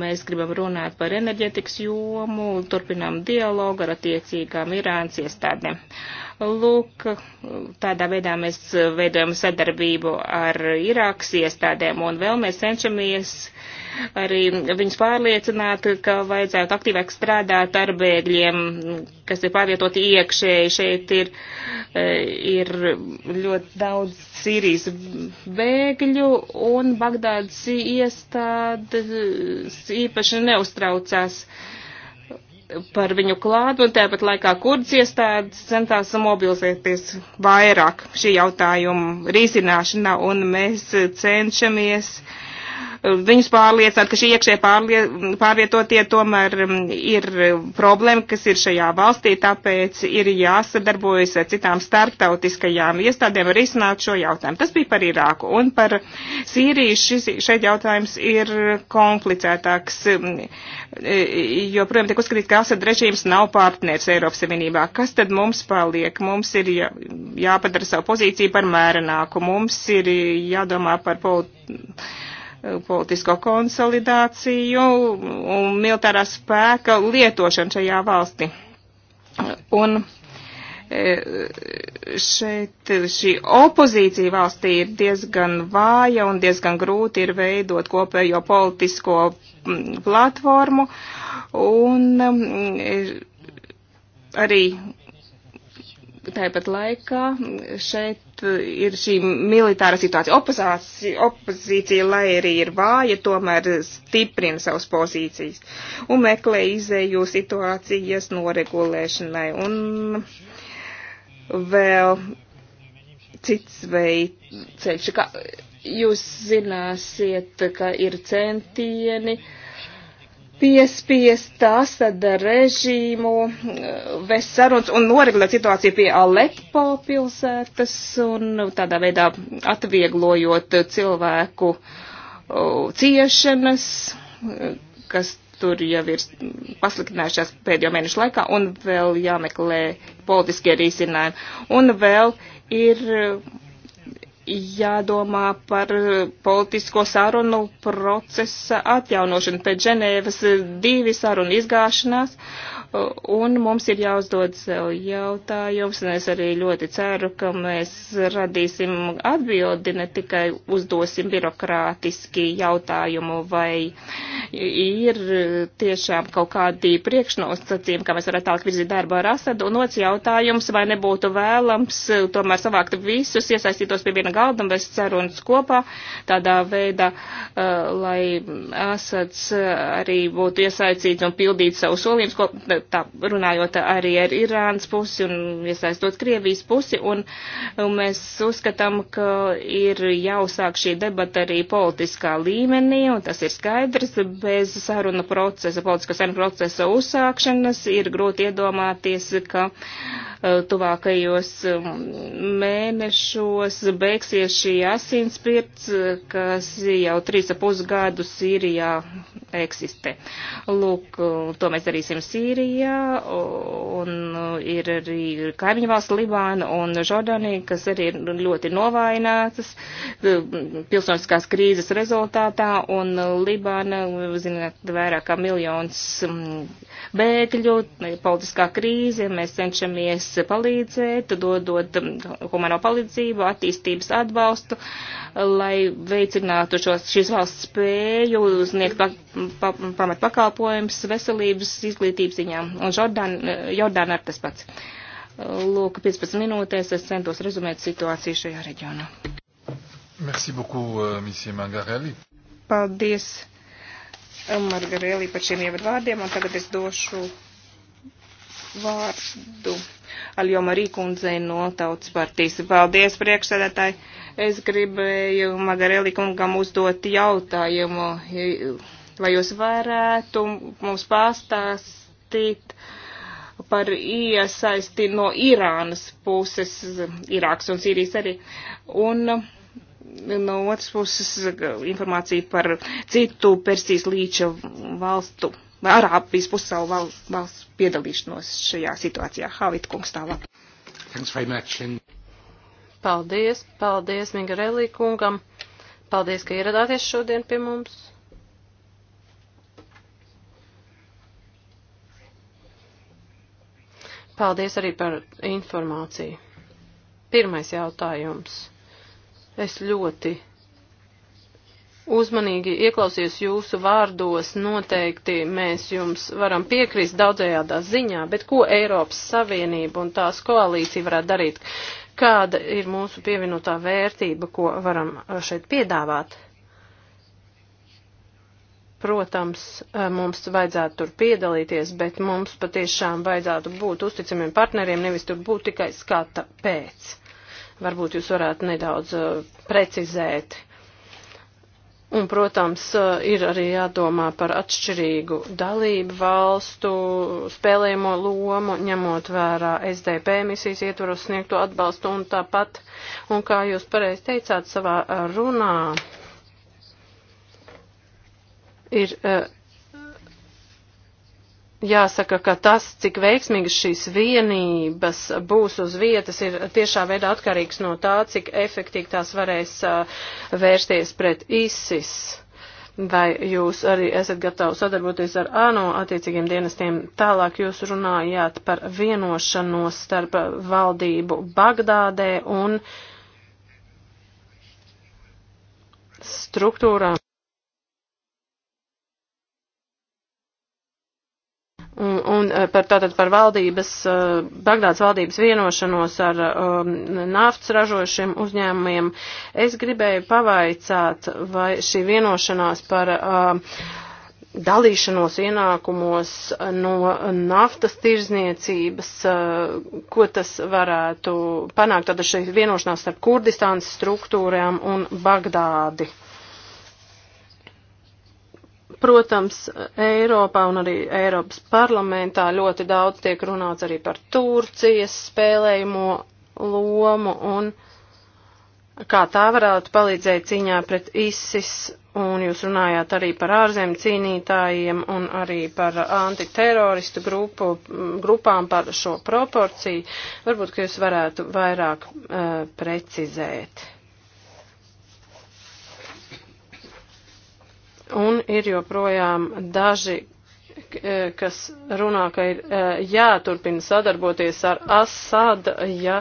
Mēs gribam runāt par enerģetikas jomu, turpinām dialogu ar attiecīgām Irānas iestādēm. Lūk, tādā veidā mēs veidojam sadarbību ar Irākas iestādēm un vēl mēs cenšamies arī viņus pārliecināt, ka vajadzētu aktīvāk strādāt ar bēgļiem, kas ir pārvietoti iekšēji. Šeit ir, e, ir ļoti daudz Sīrijas bēgļu, un Bagdādas iestādes īpaši neuztraucās par viņu klāt, un tāpat laikā kurdas iestādes centās mobilizēties vairāk šī jautājuma risināšanā, un mēs cenšamies viņus pārliecināt, ka šie iekšē pārlie, pārvietotie tomēr mm, ir problēma, kas ir šajā valstī, tāpēc ir jāsadarbojas ar citām starptautiskajām iestādēm arī izsnāt šo jautājumu. Tas bija par Irāku un par Sīriju. Šis, šeit jautājums ir komplicētāks, mm, e, jo, protams, tiek uzskatīt, ka Asad režīms nav partners Eiropas Savienībā. Kas tad mums paliek? Mums ir jāpadara savu pozīciju par mērenāku, mums ir jādomā par politiku politisko konsolidāciju un militārā spēka lietošanu šajā valsti. Un e, šeit šī opozīcija valstī ir diezgan vāja un diezgan grūti ir veidot kopējo politisko platformu. Un e, arī tāpat laikā šeit Eh, ir šī militāra situācija. Opozācija, opozīcija, lai arī ir vāja, tomēr stiprina savas pozīcijas un meklē izēju situācijas noregulēšanai. Un vēl cits veids ceļš. Kā jūs zināsiet, ka ir centieni. Uh, piespiest Asada režīmu eh, vest sarunas un noregulēt situāciju pie Alepo pilsētas un tādā veidā atvieglojot cilvēku eh, ciešanas, eh, kas tur jau ir pasliktinājušās pēdējo mēnešu laikā un vēl jāmeklē politiskie risinājumi. Un vēl ir jādomā par eh, politisko sarunu procesa atjaunošanu pēc Ženēvas divi sarunu izgāšanās Un mums ir jāuzdod sev jautājums, un es arī ļoti ceru, ka mēs radīsim atbildi, ne tikai uzdosim birokrātiski jautājumu, vai ir tiešām kaut kādi priekšnosacījumi, kā mēs varētu tālāk virzīt darbu ar Asadu. Un otrs jautājums, vai nebūtu vēlams tomēr savākt visus iesaistītos pie viena galda un vest sarunas kopā tādā veidā, eh, lai Asads eh, arī būtu iesaistīts un pildītu savu solījumus tā, runājot arī ar Irānas pusi un iesaistot Krievijas pusi, un, un mēs uzskatām, ka ir jāuzsāk šī debata arī politiskā līmenī, un tas ir skaidrs, bez saruna procesa, politiskā saruna procesa uzsākšanas ir grūti iedomāties, ka uh, tuvākajos mēnešos beigsies šī asinspirts, kas jau trīs ap pusgadu Sīrijā eksistē. Lūk, to mēs darīsim Sīrijā. Sīrija, un uh, ir arī kaimiņu valsts Libāna un Žordanija, kas arī ir ļoti novainātas uh, pilsoniskās krīzes rezultātā, un uh, Libāna, zināt, vairāk kā miljons mm, bēgļu, politiskā krīze, mēs cenšamies palīdzēt, dodot um, humano palīdzību, attīstības atbalstu, lai veicinātu šos, šīs valsts spēju sniegt pa, pa, pamat pakalpojums veselības izglītības ziņā. Un Jordāna, Jordāna ar tas pats. Lūk, 15 minūtēs es centos rezumēt situāciju šajā reģionā. Merci beaucoup, uh, Misie Mangarelli. Paldies Margarēlī par šiem ievadvārdiem, un tagad es došu vārdu Aljoma Rīkundzei no Tautas partijas. Paldies, priekšsēdētāji! Es gribēju Margarēlī kungam uzdot jautājumu, vai jūs varētu mums pastāstīt par iesaisti no Irānas puses, Irāks un Sīrijas arī. Un, uh, no otras puses informācija par citu Persijas līča valstu, Arābijas pussalu val, valsts piedalīšanos šajā situācijā. Havit kungs tālāk. Paldies, paldies Mingarelī kungam. Paldies, ka ieradāties šodien pie mums. Paldies arī par informāciju. Pirmais jautājums. Es ļoti uzmanīgi ieklausījos jūsu vārdos, noteikti mēs jums varam piekrist daudzējādā ziņā, bet ko Eiropas Savienība un tās koalīcija varētu darīt? Kāda ir mūsu pievienotā vērtība, ko varam šeit piedāvāt? Protams, mums vajadzētu tur piedalīties, bet mums patiešām vajadzētu būt uzticamiem partneriem, nevis tur būt tikai skata pēc. Varbūt jūs varētu nedaudz uh, precizēt. Un, protams, uh, ir arī jādomā par atšķirīgu dalību valstu spēlējumu lomu, ņemot vērā SDP misijas ietvaros sniegto atbalstu un tāpat. Un kā jūs pareizi teicāt savā uh, runā, ir. Uh, Jāsaka, ka tas, cik veiksmīgas šīs vienības būs uz vietas, ir tiešā veidā atkarīgs no tā, cik efektīvi tās varēs vērsties pret ISIS. Vai jūs arī esat gatavi sadarboties ar ANO attiecīgiem dienestiem? Tālāk jūs runājāt par vienošanos starp valdību Bagdādē un struktūrām. Un, un eh, par tātad par valdības, eh, Bagdāds valdības vienošanos ar um, naftas ražošiem uzņēmumiem, es gribēju pavaicāt, vai šī vienošanās par um, dalīšanos ienākumos no naftas tirzniecības, eh, ko tas varētu panākt, tad šī vienošanās starp Kurdistānas struktūrām un Bagdādi. Protams, Eiropā un arī Eiropas parlamentā ļoti daudz tiek runāts arī par Turcijas spēlējumu lomu un kā tā varētu palīdzēt cīņā pret ISIS un jūs runājāt arī par ārzem cīnītājiem un arī par antiteroristu grupu, grupām par šo proporciju. Varbūt, ka jūs varētu vairāk uh, precizēt. Un ir joprojām daži, eh, kas runā, ka ir eh, jāturpina sadarboties ar Asad, ja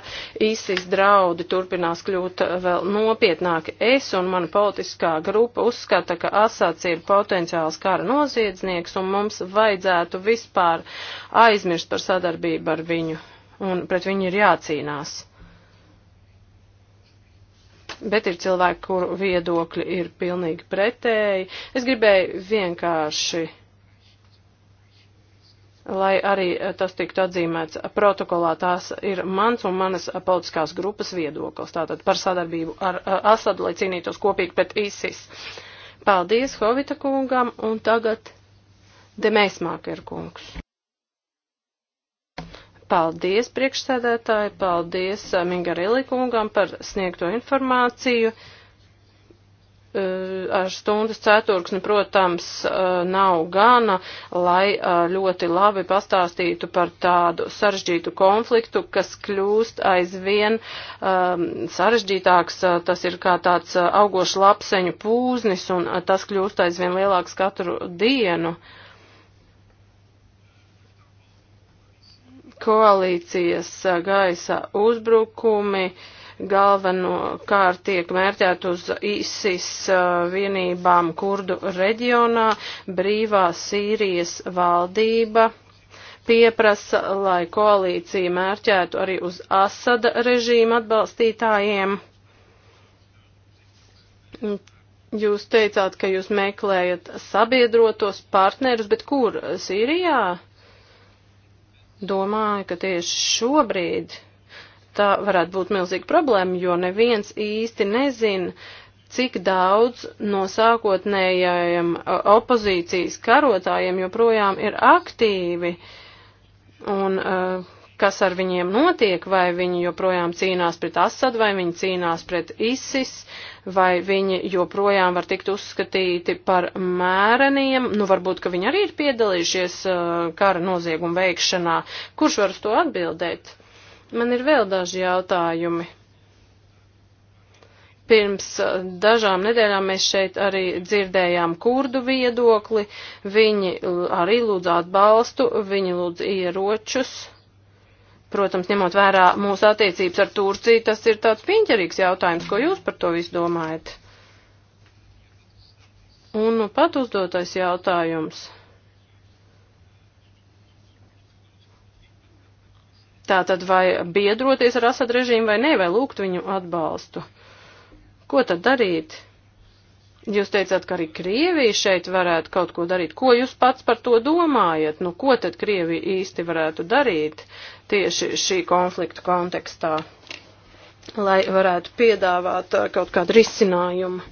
ISIS draudi turpinās kļūt eh, vēl nopietnāki. Es un mana politiskā grupa uzskata, ka Asads ir potenciāls kara noziedznieks un mums vajadzētu vispār aizmirst par sadarbību ar viņu un pret viņu ir jācīnās bet ir cilvēki, kuru viedokļi ir pilnīgi pretēji. Es gribēju vienkārši, lai arī tas tiktu atzīmēts protokolā, tās ir mans un manas politiskās grupas viedoklis, tātad par sadarbību ar Asadu, lai cīnītos kopīgi pret ISIS. Paldies Hovita kungam un tagad Demēsmāker kungs. Paldies priekšsēdētāji, paldies uh, Mingarili kungam par sniegto informāciju. Uh, ar stundas ceturksni, protams, uh, nav gana, lai ļoti labi pastāstītu par tādu sarežģītu konfliktu, kas kļūst aizvien um, sarežģītāks. Tas ir kā tāds augošs lapseņu pūznis, un tas kļūst aizvien lielāks katru dienu. Uh, koalīcijas gaisa uzbrukumi galvenokārt tiek mērķēt uz ISIS vienībām kurdu reģionā, brīvā Sīrijas valdība pieprasa, lai koalīcija mērķētu arī uz Asada režīmu atbalstītājiem. Jūs teicāt, ka jūs meklējat sabiedrotos partnerus, bet kur? Sīrijā? Domāju, ka tieši šobrīd tā varētu būt milzīga problēma, jo neviens īsti nezina, cik daudz no sākotnējajiem opozīcijas karotājiem joprojām ir aktīvi. Un, uh, kas ar viņiem notiek, vai viņi joprojām cīnās pret Asad, vai viņi cīnās pret ISIS, vai viņi joprojām var tikt uzskatīti par mēreniem, nu varbūt, ka viņi arī ir piedalījušies uh, kara nozieguma veikšanā. Kurš var uz to atbildēt? Man ir vēl daži jautājumi. Pirms uh, dažām nedēļām mēs šeit arī dzirdējām kurdu viedokli, viņi uh, arī lūdz atbalstu, viņi lūdz ieročus, Protams, ņemot vērā mūsu attiecības ar Turciju, tas ir tāds piņķerīgs jautājums, ko jūs par to visu domājat. Un nu, pat uzdotais jautājums. Tātad vai biedroties ar Asad režīmu vai nē, vai lūgt viņu atbalstu? Ko tad darīt? Jūs teicāt, ka arī Krievija šeit varētu kaut ko darīt. Ko jūs pats par to domājat? Nu, ko tad Krievija īsti varētu darīt tieši šī konflikta kontekstā, lai varētu piedāvāt uh, kaut kādu risinājumu?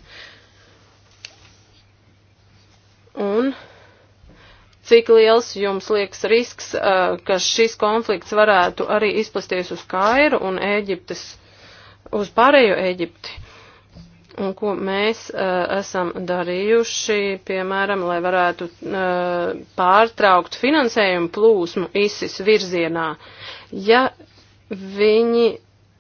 Un cik liels jums liekas risks, uh, ka šis konflikts varētu arī izplasties uz Kairu un Ēģiptes, uz pārējo Ēģipti? un ko mēs uh, esam darījuši, piemēram, lai varētu uh, pārtraukt finansējumu plūsmu ISIS virzienā. Ja viņi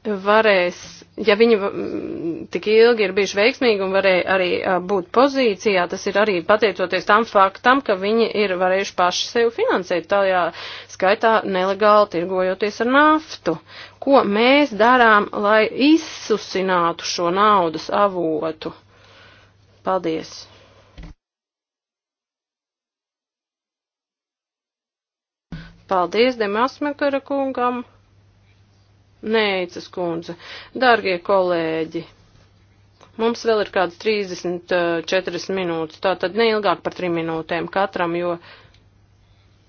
varēs, ja viņi mm, tik ilgi ir bijuši veiksmīgi un varēja arī būt pozīcijā, tas ir arī pateicoties tam faktam, ka viņi ir varējuši paši sev finansēt, tajā skaitā nelegāli tirgojoties ar naftu. Ko mēs darām, lai izsusinātu šo naudas avotu? Paldies! Paldies Demasmekara kungam! Neicas kundze, dārgie kolēģi, mums vēl ir kāds 30-40 eh, minūtes, tā tad neilgāk par 3 minūtēm katram, jo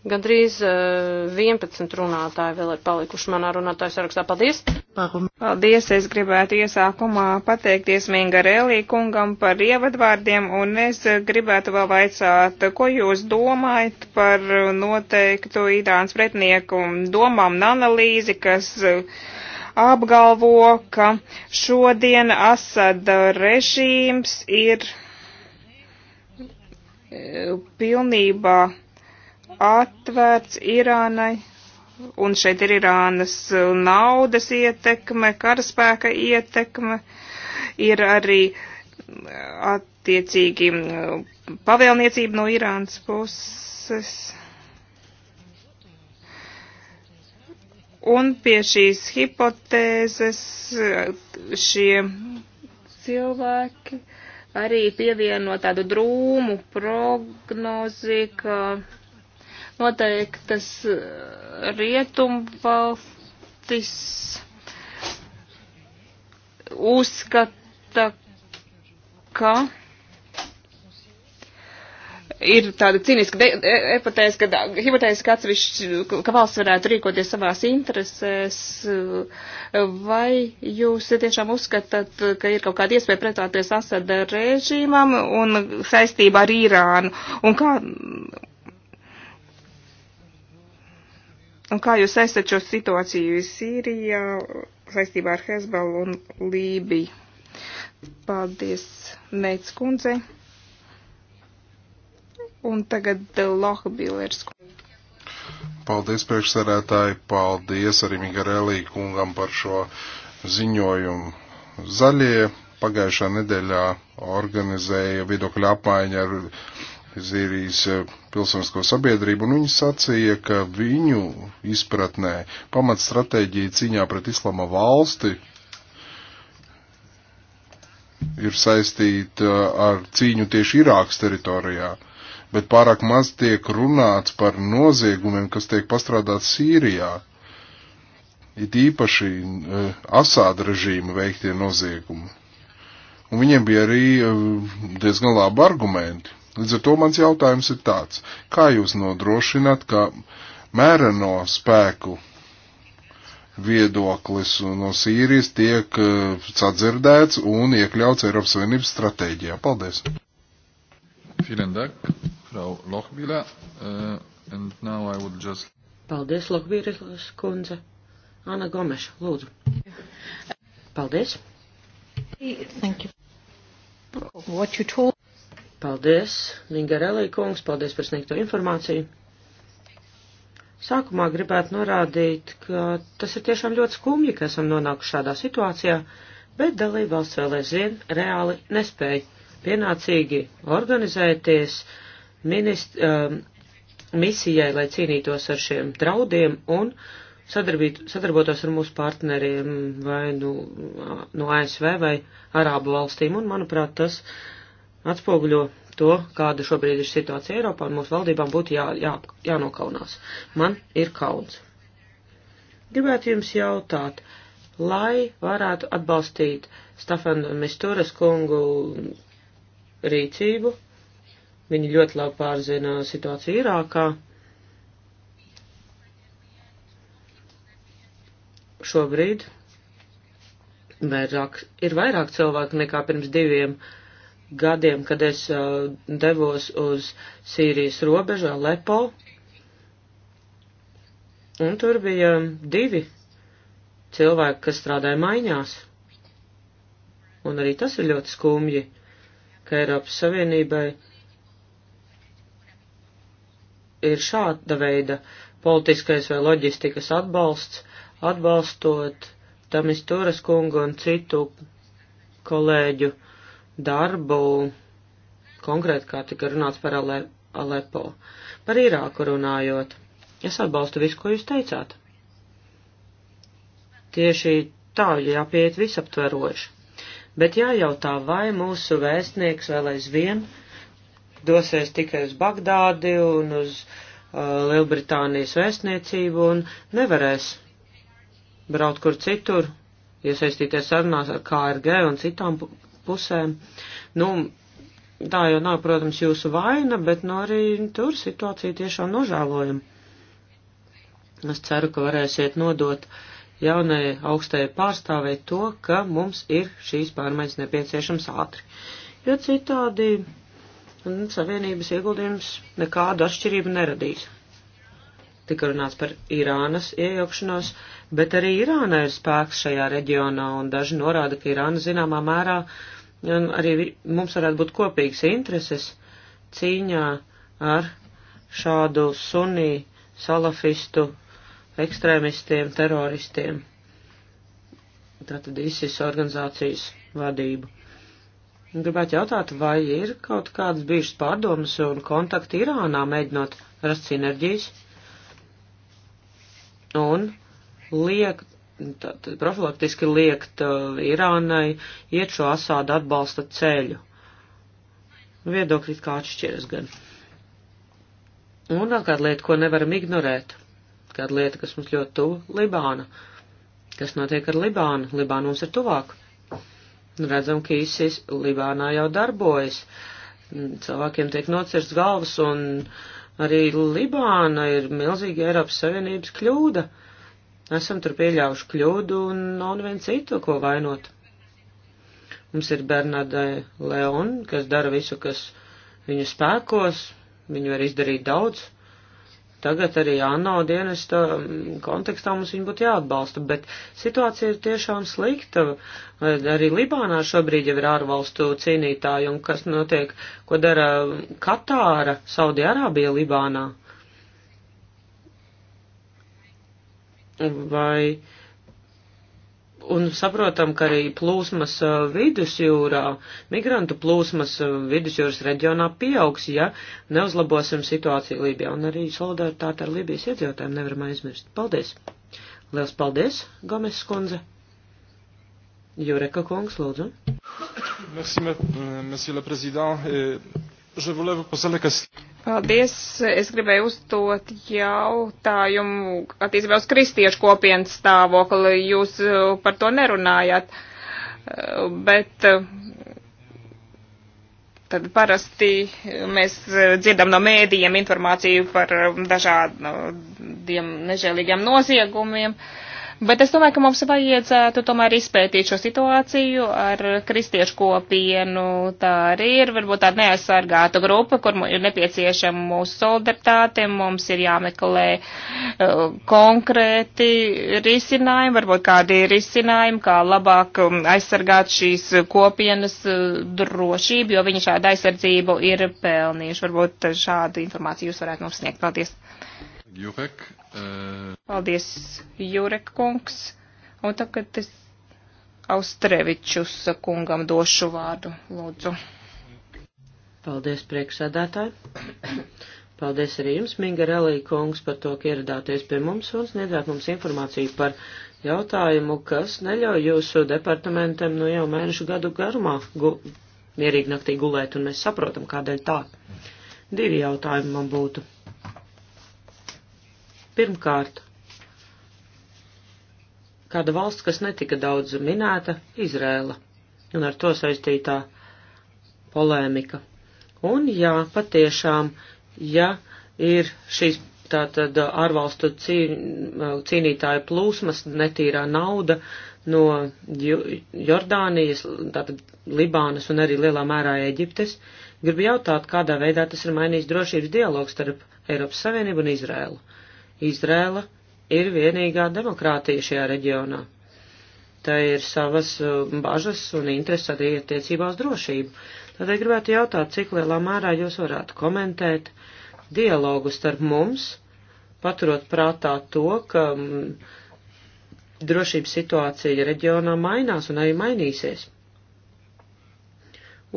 gandrīz 11 eh, runātāji vēl ir palikuši manā runātāju sarakstā. Paldies! Paldies! Es gribētu iesākumā pateikties Mingarelī kungam par ievadvārdiem, un es gribētu vēl vaicāt, ko jūs domājat par noteiktu Irāns pretnieku domām un analīzi, kas uh, apgalvo, ka šodien Asada režīms ir e, pilnībā atvērts Irānai, un šeit ir Irānas naudas ietekme, karaspēka ietekme, ir arī attiecīgi pavēlniecība no Irānas puses Un pie šīs hipotēzes eh, šie cilvēki arī pievieno tādu drūmu prognozi, ka noteiktas eh, rietumvalstis uzskata, ka ir tāda ciniska e, epatēze, ka hipotēze, ka atsevišķi, ka valsts varētu rīkoties savās interesēs, vai jūs tiešām uzskatāt, ka ir kaut kāda iespēja pretāties Asada režīmam un saistībā ar Irānu? Un kā, un kā jūs saistat šo situāciju Sīrijā saistībā ar Hezbollu un Lībiju? Paldies, Neits kundzei. Un tagad eh, Loha Bīlers. Paldies priekšsarētāji, paldies arī Migarelī kungam par šo ziņojumu. Zaļie pagājušā nedēļā organizēja viedokļu apmaiņu ar Zīrijas eh, pilsonisko sabiedrību, un viņi sacīja, ka viņu izpratnē pamatstratēģija cīņā pret islama valsti ir saistīta ar cīņu tieši Irākas teritorijā bet pārāk maz tiek runāts par noziegumiem, kas tiek pastrādāts Sīrijā. It īpaši uh, Asāda režīma veiktie noziegumi. Un viņiem bija arī uh, diezgan labi argumenti. Līdz ar to mans jautājums ir tāds, kā jūs nodrošināt, ka mēreno spēku viedoklis no Sīrijas tiek e, sadzirdēts un iekļauts Eiropas Savienības stratēģijā. Paldies! Vielen Dank. Frau Lohbīlē, uh, and now I would just. Paldies, Lohbīles kundze. Ana Gomeša, lūdzu. Paldies. Thank you. What you told. Paldies, Lingarelī kungs, paldies par sniegto informāciju. Sākumā gribētu norādīt, ka tas ir tiešām ļoti skumji, ka esam nonākuši šādā situācijā, bet dalībvalsts vēl aizvien reāli nespēja pienācīgi organizēties, uh, minist, um, misijai, lai cīnītos ar šiem draudiem un sadarbīt, sadarbotos ar mūsu partneriem vai nu, no ASV vai Arābu valstīm. Un, manuprāt, tas atspoguļo to, kāda šobrīd ir situācija Eiropā un mūsu valdībām būtu jā, jā, jānokaunās. Man ir kauns. Gribētu jums jautāt, lai varētu atbalstīt Stefanu Misturas kungu rīcību, Viņi ļoti labi pārzina situāciju Irākā. Šobrīd vairāk, ir vairāk cilvēku nekā pirms diviem gadiem, kad es uh, devos uz Sīrijas robežu Alepo. Un tur bija divi cilvēki, kas strādāja maiņās. Un arī tas ir ļoti skumji, ka Eiropas Savienībai ir šāda veida politiskais vai loģistikas atbalsts, atbalstot Tamis Turas kungu un citu kolēģu darbu, konkrēti kā tika runāts par Ale Alepo. Par Irāku runājot, es atbalstu visu, ko jūs teicāt. Tieši tā jāpiet visaptveroši. Bet jājautā, vai mūsu vēstnieks vēl aizvien vien dosies tikai uz Bagdādi un uz uh, Lielbritānijas vēstniecību un nevarēs braukt kur citur, iesaistīties sarunās ar KRG un citām pusēm. Nu, tā jau nav, protams, jūsu vaina, bet no nu, arī tur situācija tiešām nožēlojama. Es ceru, ka varēsiet nodot jaunajai augstajai pārstāvēt to, ka mums ir šīs pārmaiņas nepieciešams ātri, jo citādi un Savienības ieguldījums nekādu atšķirību neradīs. Tika runāts par Irānas iejaukšanos, bet arī Irāna ir spēks šajā reģionā, un daži norāda, ka Irāna zināmā mērā arī mums varētu būt kopīgas intereses cīņā ar šādu sunī salafistu ekstrēmistiem, teroristiem, tātad ISIS organizācijas vadību. Gribētu jautāt, vai ir kaut kādas bijušas pārdomas un kontakti Irānā, mēģinot rast sinerģijas un liekt, tātad profilaktiski liekt uh, Irānai iet šo asādu atbalsta ceļu. Viedokļi kā atšķiras gan. Un vēl kāda lieta, ko nevaram ignorēt. Kāda lieta, kas mums ļoti tuva - Libāna. Kas notiek ar Libānu? Libāna mums ir tuvāk. Nu, redzam, ka ISIS Libānā jau darbojas. Mm, cilvēkiem tiek nocirsts galvas un arī Libāna ir milzīga Eiropas Savienības kļūda. Esam tur pieļāvuši kļūdu un nav neviens citu, ko vainot. Mums ir Bernadai Leon, kas dara visu, kas viņu spēkos, viņu var izdarīt daudz. Tagad arī ANO dienesta mm, kontekstā mums viņi būtu jāatbalsta, bet situācija ir tiešām slikta. Arī Libānā šobrīd jau ir ārvalstu cīnītāji, un kas notiek, ko dara Katāra, Saudi-Arābija, Libānā? Vai Un saprotam, ka arī plūsmas uh, vidusjūrā, migrantu plūsmas uh, vidusjūras reģionā pieaugs, ja neuzlabosim situāciju Lībijā. Un arī solidaritāte ar Lībijas iedzīvotājiem nevaram aizmirst. Paldies! Liels paldies, Gomes skundze! Jureka kungs, lūdzu! Merci, euh, monsieur le président. Euh, je voulais vous poser la question. Paldies. Es gribēju uzdot jautājumu attiecībā uz kristiešu kopienas stāvokli. Jūs uh, par to nerunājāt, uh, bet uh, tad parasti mēs dzirdam no mēdījiem informāciju par um, dažādiem nežēlīgiem noziegumiem. Uh, Bet es domāju, ka mums vajadzētu tomēr izpētīt šo situāciju ar kristiešu kopienu. Tā arī ir varbūt tāda neaizsargāta grupa, kur ir nepieciešama mūsu solidaritāte, mums ir jāmeklē uh, konkrēti risinājumi, varbūt kādi ir risinājumi, kā labāk um, aizsargāt šīs kopienas uh, drošību, jo viņi šādu aizsardzību ir pelnījuši. Varbūt šādu informāciju jūs varētu mums sniegt. Paldies! Jurek. Uh, Paldies, Jurek kungs. Un tagad es Austrevičus kungam došu vārdu, lūdzu. Paldies, priekšsēdētāji. Paldies arī jums, Mingarelī kungs, par to, ka ieradāties pie mums un sniedzāt mums informāciju par jautājumu, kas neļauj jūsu departamentam nu jau mēnešu gadu garumā gu mierīgi naktī gulēt, un mēs saprotam, kādēļ tā. Divi jautājumi man būtu. Pirmkārt, kāda valsts, kas netika daudz minēta, Izrēla, un ar to saistītā polēmika. Un jā, patiešām, ja ir šīs tātad ārvalstu cīnītāju plūsmas, netīrā nauda no Jordānijas, tātad Libānas un arī lielā mērā Eģiptes, gribu jautāt, kādā veidā tas ir mainījis drošības dialogu starp Eiropas Savienību un Izrēlu. Izrēla ir vienīgā demokrātija šajā reģionā. Tā ir savas um, bažas un intereses arī attiecībā uz drošību. Tādēļ gribētu jautāt, cik lielā mērā jūs varētu komentēt dialogu starp mums, paturot prātā to, ka m, um, drošības situācija reģionā mainās un arī mainīsies.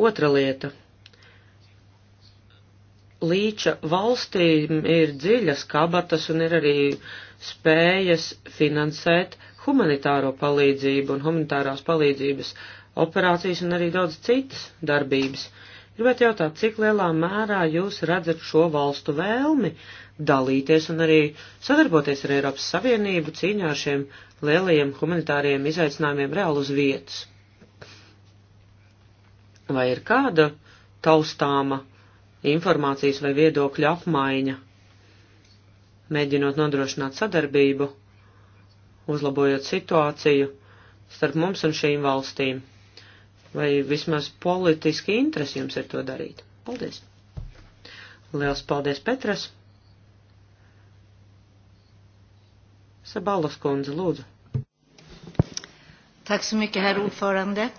Otra lieta līča valstīm ir dziļas kabatas un ir arī spējas finansēt humanitāro palīdzību un humanitārās palīdzības operācijas un arī daudz citas darbības. Gribētu jautāt, cik lielā mērā jūs redzat šo valstu vēlmi dalīties un arī sadarboties ar Eiropas Savienību cīņā ar šiem lielajiem humanitāriem izaicinājumiem reāli uz vietas? Vai ir kāda taustāma informācijas vai viedokļu apmaiņa, mēģinot nodrošināt sadarbību, uzlabojot situāciju starp mums un šīm valstīm. Vai vismaz politiski interesi jums ir to darīt? Paldies! Liels paldies, Petras! Sabalas kundze, lūdzu. Tack så mycket, herr ordförande.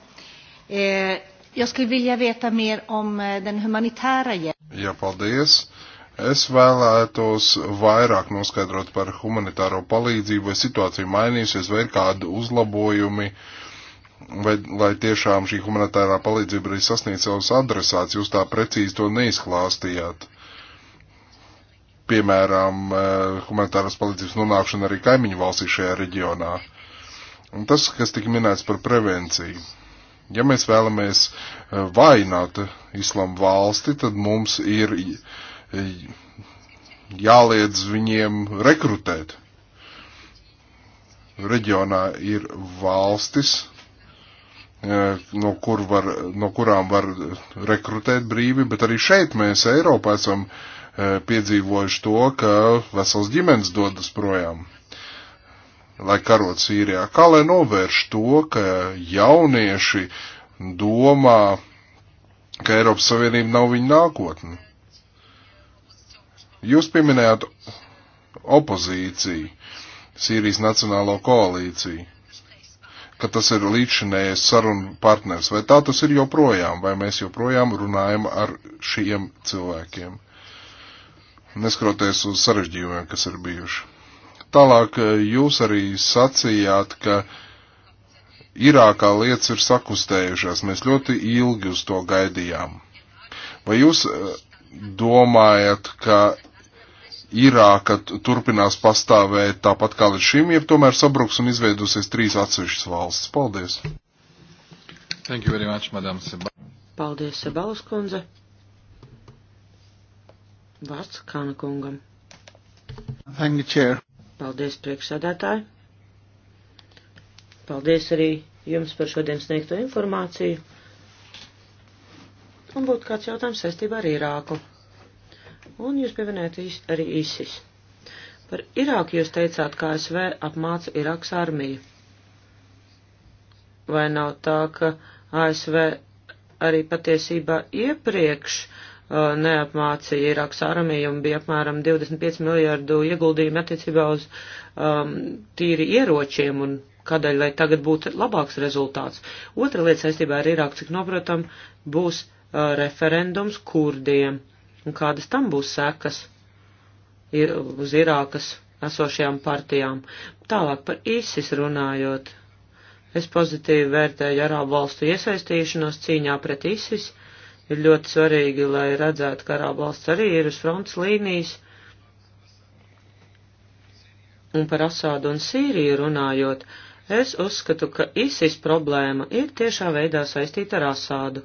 Eh, Jag skulle vilja veta mer om eh, den humanitāra hjälpen. Ja, paldies. Es vēlētos vairāk noskaidrot par humanitāro palīdzību, vai situācija mainīsies, vai ir kādi uzlabojumi, vai lai tiešām šī humanitārā palīdzība arī sasniedz savus adresāts, jūs tā precīzi to neizklāstījāt. Piemēram, eh, humanitāras palīdzības nonākšana arī kaimiņu valstī šajā reģionā. Un tas, kas tika minēts par prevenciju Ja mēs vēlamies eh, vainot islamu valsti, tad mums ir eh, jāliedz viņiem rekrutēt. Reģionā ir valstis, eh, no, kur var, no kurām var rekrutēt brīvi, bet arī šeit mēs Eiropā esam piedzīvojuši to, ka vesels ģimenes dodas projām lai karot Sīrijā, kā lai novērš to, ka jaunieši domā, ka Eiropas Savienība nav viņa nākotne. Jūs pieminējāt opozīciju, Sīrijas Nacionālo koalīciju, ka tas ir līdzinējais sarunu partners. Vai tā tas ir joprojām, vai mēs joprojām runājam ar šiem cilvēkiem, neskroties uz sarežģījumiem, kas ir bijuši? Tālāk eh, jūs arī sacījāt, ka Irākā lietas ir sakustējušās. Mēs ļoti ilgi uz to gaidījām. Vai jūs eh, domājat, ka Irāka turpinās pastāvēt tāpat kā līdz šim, jeb tomēr sabruks un izveidusies trīs atsevišķas valsts? Paldies! Thank you very much, Madam Seba. Paldies, Sebalas kundze. Vārds Kāna kungam. Thank you, Chair. Paldies, priekšsēdētāji. Paldies arī jums par šodien sniegto informāciju. Un būtu kāds jautājums saistībā ar Irāku. Un jūs pieminējat arī ISIS. Par Irāku jūs teicāt, ka ASV apmāca Irākas armiju. Vai nav tā, ka ASV arī patiesībā iepriekš Uh, neapmācīja Irākas armiju un bija apmēram 25 miljardu ieguldījumi attiecībā uz um, tīri ieročiem un kādēļ, lai tagad būtu labāks rezultāts. Otra lieta saistībā ar Irāku, cik noprotam, būs uh, referendums kurdiem un kādas tam būs sekas ir, uz Irākas esošajām partijām. Tālāk par ISIS runājot. Es pozitīvi vērtēju arābu valstu iesaistīšanos cīņā pret ISIS. Uh, ir ļoti svarīgi, lai redzētu, ka Arābu valsts arī ir uz fronts līnijas. Un par Asādu un Sīriju runājot, es uzskatu, ka ISIS problēma ir tiešā veidā saistīta ar Asādu.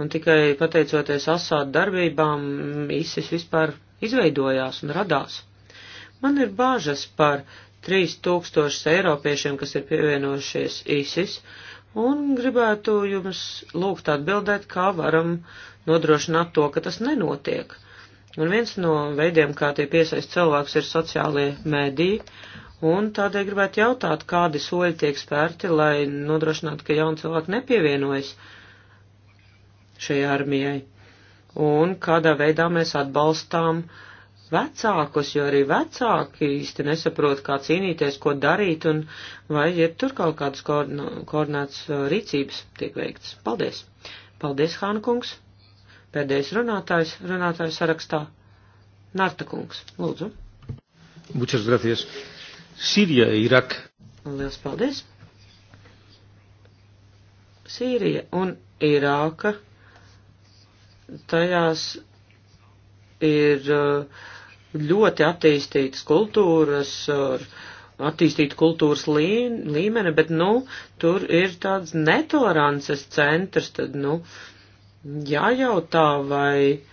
Un tikai pateicoties Asādu darbībām, ISIS vispār izveidojās un radās. Man ir bāžas par 3000 eiropiešiem, kas ir pievienojušies ISIS, un gribētu jums lūgt atbildēt, kā varam nodrošināt to, ka tas nenotiek. Un viens no veidiem, kā tie piesaist cilvēks, ir sociālie mēdī, un tādēļ gribētu jautāt, kādi soļi tiek spērti, lai nodrošinātu, ka jauni cilvēki nepievienojas šai armijai, un kādā veidā mēs atbalstām uh, vecākus, jo arī vecāki īsti nesaprot, kā cīnīties, ko darīt un vai ir tur kaut kādas koordinētas uh, rīcības tiek veikts. Paldies! Paldies, Hānkungs! Pēdējais runātājs, runātājs sarakstā - Narta kungs. Lūdzu! Bučas graties! Sīrija, e Irak! Liels paldies! Sīrija un Irāka tajās ir uh, ļoti attīstītas kultūras, ar attīstītu kultūras lī, līmeni, bet, nu, tur ir tāds netolerances centrs, tad, nu, jājautā, vai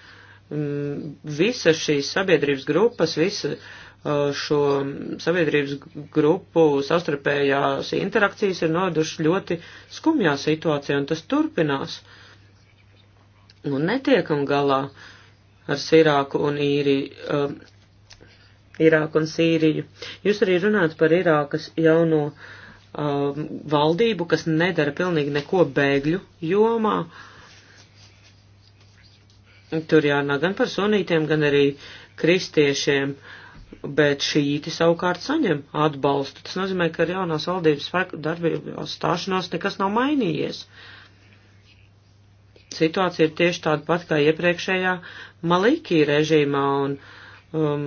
mm, visa šīs sabiedrības grupas, visa šo sabiedrības grupu sastarpējās interakcijas ir noduši ļoti skumjā situācijā, un tas turpinās. Un netiekam galā ar Sirāku un īri. Um, Irāku un Sīriju. Jūs arī runājat par Irākas jauno um, valdību, kas nedara pilnīgi neko bēgļu jomā. Tur jārunā gan par sunītiem, gan arī kristiešiem, bet šīti savukārt saņem atbalstu. Tas nozīmē, ka ar jaunās valdības spēku darbību stāšanos nekas nav mainījies. Situācija ir tieši tāda pat kā iepriekšējā Malīkī režīmā un um,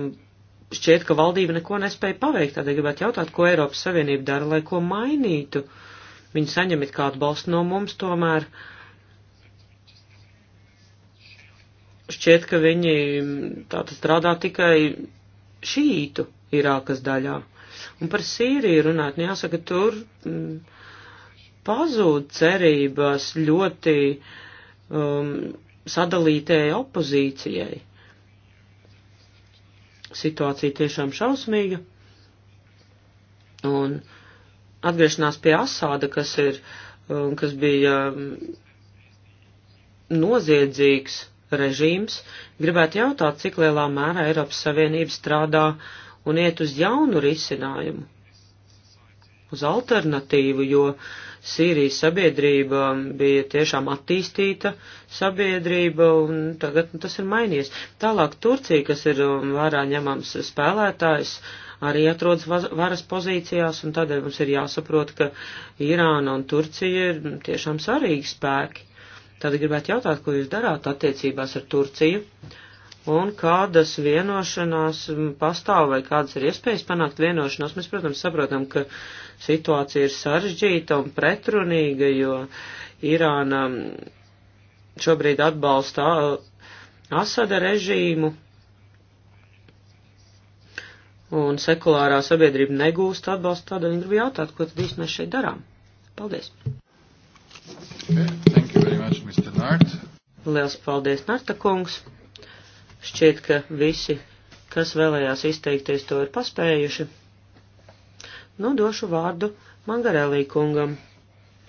šķiet, ka valdība neko nespēja paveikt, tādēļ gribētu jautāt, ko Eiropas Savienība dara, lai ko mainītu. Viņi saņem it kā atbalstu no mums, tomēr šķiet, ka viņi tātad strādā tikai šītu Irākas daļā. Un par Sīriju runāt, nu, jāsaka, tur m, mm, pazūd cerības ļoti um, sadalītēji opozīcijai situācija tiešām šausmīga. Un atgriešanās pie Asāda, kas ir, um, kas bija um, noziedzīgs režīms, gribētu jautāt, cik lielā mērā Eiropas Savienība strādā un iet uz jaunu risinājumu, uz alternatīvu, jo uh, Sīrijas sabiedrība bija tiešām attīstīta sabiedrība, un tagad nu, tas ir mainījies. Tālāk Turcija, kas ir um, vērā ņemams spēlētājs, arī atrodas varas pozīcijās, un tādēļ mums ir jāsaprot, ka Irāna un Turcija ir tiešām svarīgi spēki. Tad gribētu jautāt, ko jūs darāt attiecībās ar Turciju, un kādas vienošanās pastāv, vai kādas ir iespējas panākt vienošanos. Mēs, protams, saprotam, ka uh, situācija ir sarežģīta un pretrunīga, jo Irāna šobrīd atbalsta Asada režīmu, un sekulārā sabiedrība negūst atbalstu, tādēļ viņi grib jautāt, ko tad īsti mēs šeit darām. Paldies! Okay, thank you very much, Mr. Nārt. Liels paldies, Narta kungs. Šķiet, ka visi, kas vēlējās izteikties, to ir paspējuši. Nu, došu vārdu Mangarelī kungam.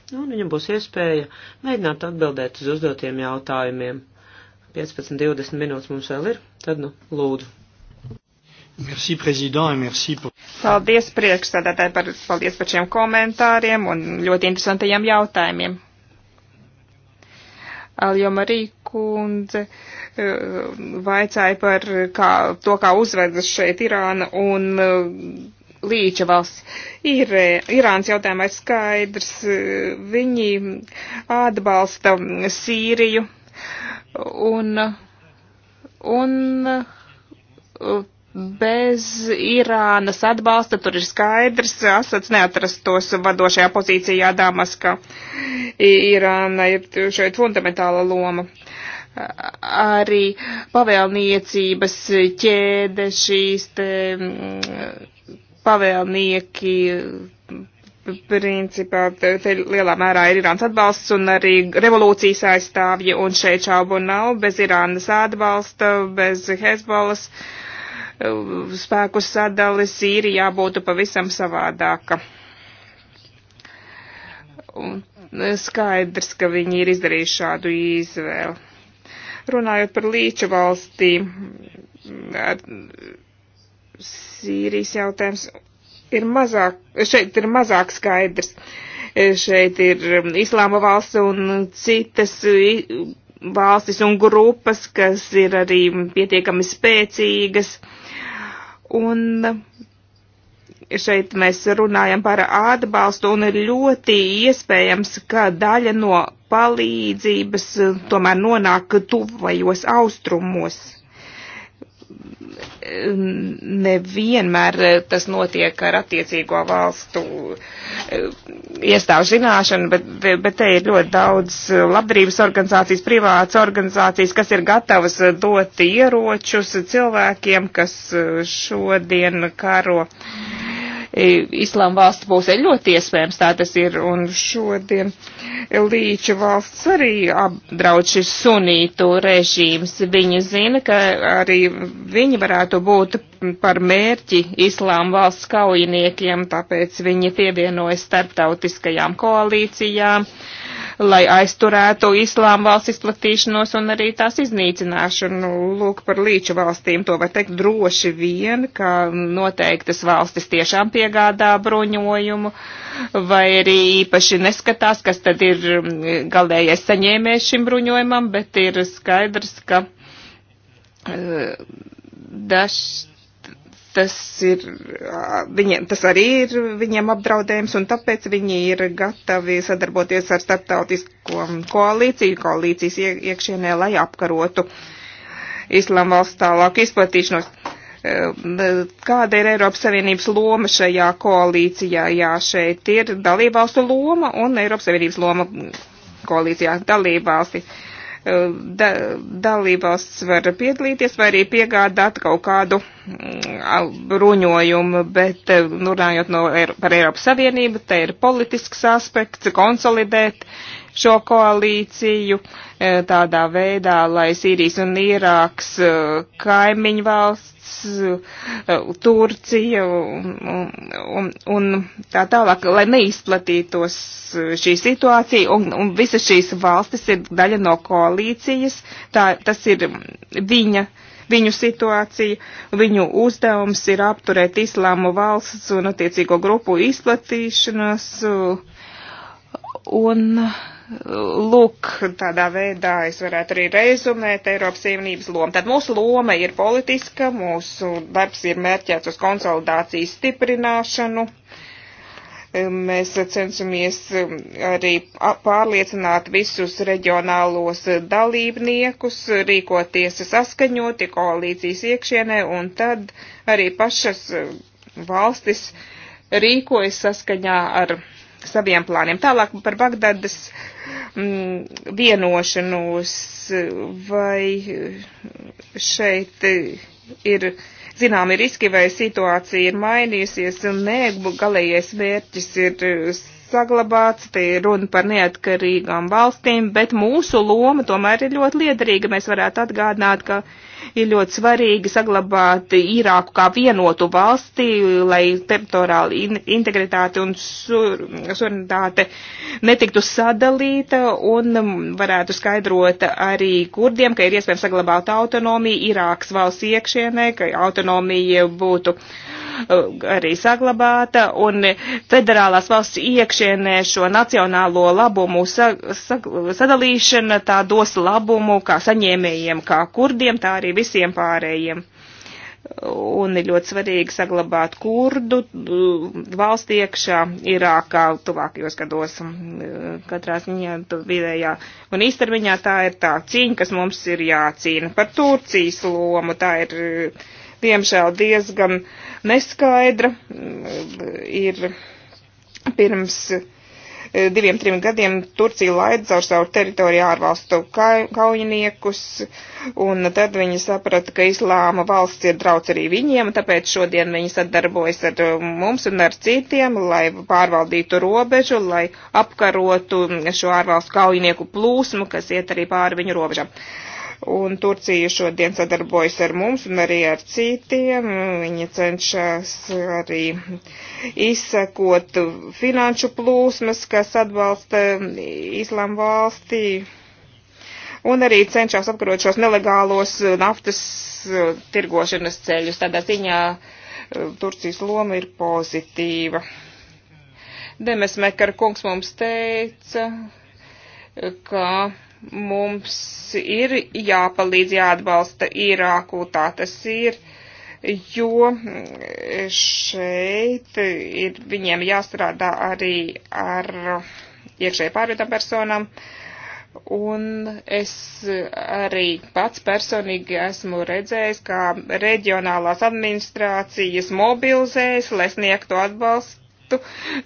Nu, un viņam būs iespēja mēģināt atbildēt uz uzdotiem jautājumiem. 15-20 minūtes mums vēl ir, tad, nu, lūdzu. Merci, prezident, un merci par. Paldies, priekšstādātāji, par, paldies par šiem komentāriem un ļoti interesantajiem jautājumiem. Aljo Marī kundze eh, vaicāja par kā, to, kā uzvedas šeit Irāna un eh, līča valsts. Ir, Irāns jautājumā ir skaidrs, viņi atbalsta Sīriju un, un bez Irānas atbalsta, tur ir skaidrs, Asats neatrastos vadošajā pozīcijā Damaskā. Irāna ir šeit fundamentāla loma. Arī pavēlniecības ķēde šīs te pavēlnieki principā te lielā mērā ir Irānas atbalsts un arī revolūcijas aizstāvji, un šeit šaubu nav bez Irānas atbalsta, bez Hezbollas uh, spēku sadali Sīrijā būtu pavisam savādāka. Un skaidrs, ka viņi ir izdarījuši šādu izvēlu. Runājot par līča valstīm, ar, Sīrijas jautājums ir mazāk, šeit ir mazāk skaidrs. Šeit ir um, Islāma valsts un citas valstis un grupas, kas ir arī pietiekami spēcīgas. Un šeit mēs runājam par atbalstu un ir ļoti iespējams, ka daļa no palīdzības tomēr nonāk tuvajos austrumos nevienmēr eh, tas notiek ar attiecīgo valstu eh, iestāžu zināšanu, bet, bet te ir ļoti daudz eh, labdarības organizācijas, privātas organizācijas, kas ir gatavas dot ieročus cilvēkiem, kas šodien karo. Uh, E, islāma valsts būs ļoti iespējams, tā tas ir, un šodien līča valsts arī apdraud šis sunītu režīms. Viņi zina, ka arī viņi varētu būt par mērķi islāma valsts kaujiniekiem, tāpēc viņi pievienojas starptautiskajām koalīcijām. Uh, lai aizturētu islāma valsts izplatīšanos un arī tās iznīcināšanu. Lūk, par līču valstīm to var teikt droši vien, ka noteiktas valstis tiešām piegādā bruņojumu, vai arī īpaši neskatās, kas tad ir mm, galējais saņēmējs šim bruņojumam, bet ir skaidrs, ka. Uh, dažs tas ir, viņiem, tas arī ir viņiem apdraudējums, un tāpēc viņi ir gatavi sadarboties ar starptautisko koalīciju, koalīcijas iekšienē, lai apkarotu islām valsts tālāku izplatīšanos. Kāda ir Eiropas Savienības loma šajā koalīcijā? Jā, šeit ir dalībvalstu loma un Eiropas Savienības loma koalīcijā dalībvalsti. Uh, Eh, da, dalībvalsts var piedalīties vai arī piegādāt kaut kādu mm, bruņojumu, bet nu, runājot no, par Eiropas Savienību, te ir politisks aspekts konsolidēt šo koalīciju eh, tādā veidā, lai Sīrijas un Irāks kaimiņu valsts Uh, Turcija un, un, un tā tālāk, lai neizplatītos uh, šī situācija, un, un visas šīs valstis ir daļa no koalīcijas, tā, tas ir viņa, viņu situācija, viņu uzdevums ir apturēt islāmu valsts un attiecīgo grupu izplatīšanos, un, un Lūk, tādā veidā es varētu arī rezumēt Eiropas Savienības lomu. Tad mūsu loma ir politiska, mūsu darbs ir mērķēts uz konsolidācijas stiprināšanu. Mēs cenšamies um, arī pārliecināt visus reģionālos dalībniekus, rīkoties saskaņoti koalīcijas iekšienē, un tad arī pašas um, valstis rīkojas saskaņā ar saviem plāniem. Tālāk par Bagdadas uh, Mm, vienošanos, vai šeit ir zināmi riski vai situācija ir mainījusies un nē, galējais mērķis ir saglabāts, te ir runa par neatkarīgām valstīm, bet mūsu loma tomēr ir ļoti liederīga. Mēs varētu atgādināt, ka ir ļoti svarīgi saglabāt Irāku kā vienotu valsti, lai teritoriāla integritāte un suverenitāte netiktu sadalīta un um, varētu skaidrot arī kurdiem, ka ir iespējams saglabāt autonomiju Irākas valsts iekšienē, ka autonomija būtu uh, arī saglabāta, un federālās valsts iekšienē šo nacionālo labumu sa, sa, sadalīšana tā dos labumu kā saņēmējiem, kā kurdiem, tā arī visiem pārējiem un ir ļoti svarīgi saglabāt kurdu valsts iekšā Irākā tuvākajos gados. Katrā ziņā vidējā un īstermiņā tā ir tā cīņa, kas mums ir jācīna par Turcijas lomu. Tā ir, diemžēl, diezgan uh, neskaidra. Ir pirms eh, diviem, trim gadiem Turcija laida caur savu teritoriju ārvalstu kaujiniekus, un tad viņi saprata, ka islāma valsts ir draudz arī viņiem, tāpēc šodien viņi sadarbojas ar eh, mums un ar citiem, lai pārvaldītu robežu, lai apkarotu šo ārvalstu kaujinieku plūsmu, kas iet arī pāri viņu robežām. Uh, un Turcija šodien sadarbojas ar mums un arī ar citiem. Viņi cenšas arī izsekot finanšu plūsmas, kas atbalsta Islām valstī un arī cenšas apkarot šos nelegālos naftas tirgošanas ceļus. Tādā ziņā eh, Turcijas loma ir pozitīva. Demes Mekar kungs mums teica, ka mums ir jāpalīdz jāatbalsta Irāku, tā tas ir, jo mm, šeit ir viņiem jāstrādā arī ar iekšēji pārvietām personām. Un es arī pats personīgi esmu redzējis, kā reģionālās administrācijas mobilizējas, lai sniegtu atbalstu citu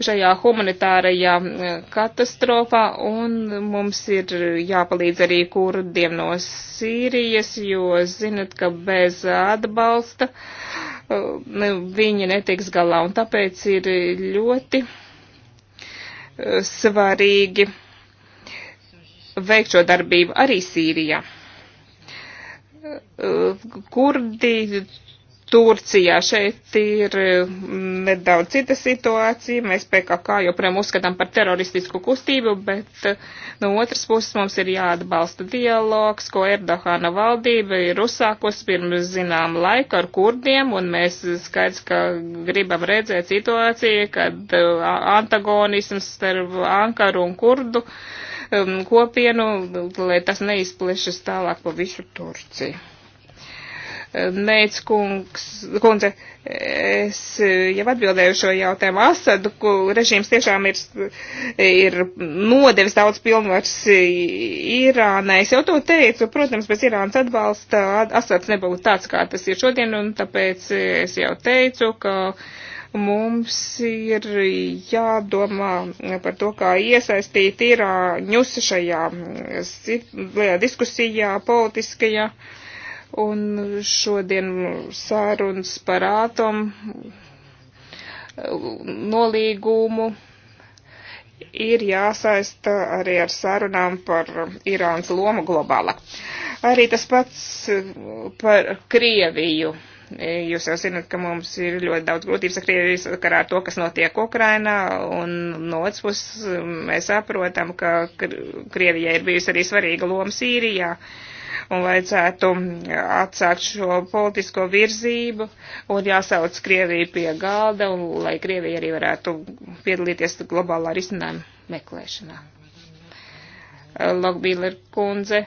šajā humanitārajā eh, katastrofā, un mums ir jāpalīdz arī kurdiem no Sīrijas, jo zinat, ka bez atbalsta eh, viņi netiks galā, un tāpēc ir ļoti eh, svarīgi veikt šo darbību arī Sīrijā. Kurdi Turcijā. Šeit ir mm, nedaudz cita situācija. Mēs PKK joprojām uzskatām par teroristisku kustību, bet eh, no otras puses mums ir jāatbalsta dialogs, ko Erdohana valdība ir uzsākusi pirms zinām laika ar kurdiem, un mēs skaidrs, ka gribam redzēt situāciju, kad eh, antagonisms starp Ankaru un kurdu mm, kopienu, lai tas neizplešas tālāk pa visu Turciju. Neic kungs, kundze, es jau atbildēju šo jautājumu. Asadu režīms tiešām ir, ir nodevis daudz pilnvars Irānai. Es jau to teicu, protams, bez Irānas atbalsta Asads nebūtu tāds, kā tas ir šodien, un tāpēc es jau teicu, ka mums ir jādomā par to, kā iesaistīt Irāņus šajā diskusijā politiskajā. Ja Un šodien sārunas par ātomu nolīgumu ir jāsaista arī ar sarunām par Irānas lomu globālā. Arī tas pats par Krieviju. Jūs jau zinat, ka mums ir ļoti daudz grūtības ar Krieviju sakarā ar to, kas notiek Ukrainā, un no otras puses mēs saprotam, ka Krievijai ir bijusi arī svarīga loma Sīrijā. Uh, un vajadzētu atsākt šo politisko virzību un jāsauc Krieviju pie galda, un lai Krievija arī varētu piedalīties globālā risinājuma meklēšanā. Lokbīler kundze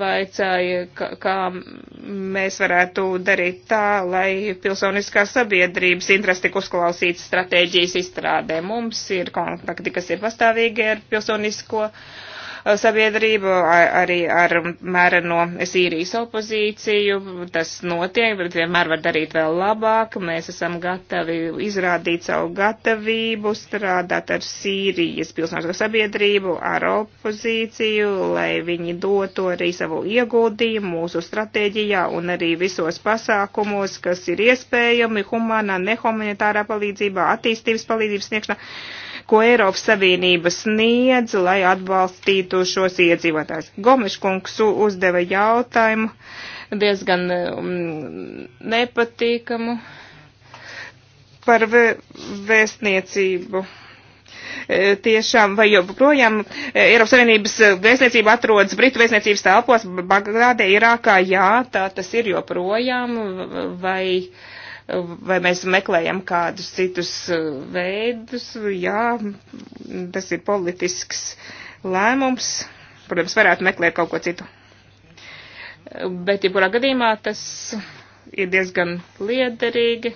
vaicāja, kā mēs varētu darīt tā, lai pilsoniskās sabiedrības interesi tik uzklausītas stratēģijas izstrādē. Mums ir kontakti, kas ir pastāvīgi ar pilsonisko uh, Uh, sabiedrību, arī ar mēreno Sīrijas opozīciju. Tas notiek, bet vienmēr var darīt vēl labāk. Mēs esam gatavi izrādīt savu gatavību, strādāt ar Sīrijas pilsonisko sabiedrību, ar opozīciju, lai viņi dotu arī savu ieguldījumu mūsu stratēģijā un arī visos pasākumos, kas ir iespējami humanā, nehumanitārā palīdzībā, attīstības palīdzības sniegšanā ko Eiropas Savienība sniedz, lai atbalstītu šos iedzīvotājus. Gomeškungs uzdeva jautājumu diezgan um, nepatīkamu par vēstniecību. E, tiešām, vai joprojām e, Eiropas Savienības e, vēstniecība atrodas Britu vēstniecības telpos Bagdādē, Irākā? Jā, tā tas ir joprojām. Vai, uh, vai mēs meklējam kādus citus e, veidus. Jā, tas ir politisks lēmums. Protams, varētu meklēt kaut ko citu. Bet, ja kurā gadījumā tas ir diezgan liederīgi.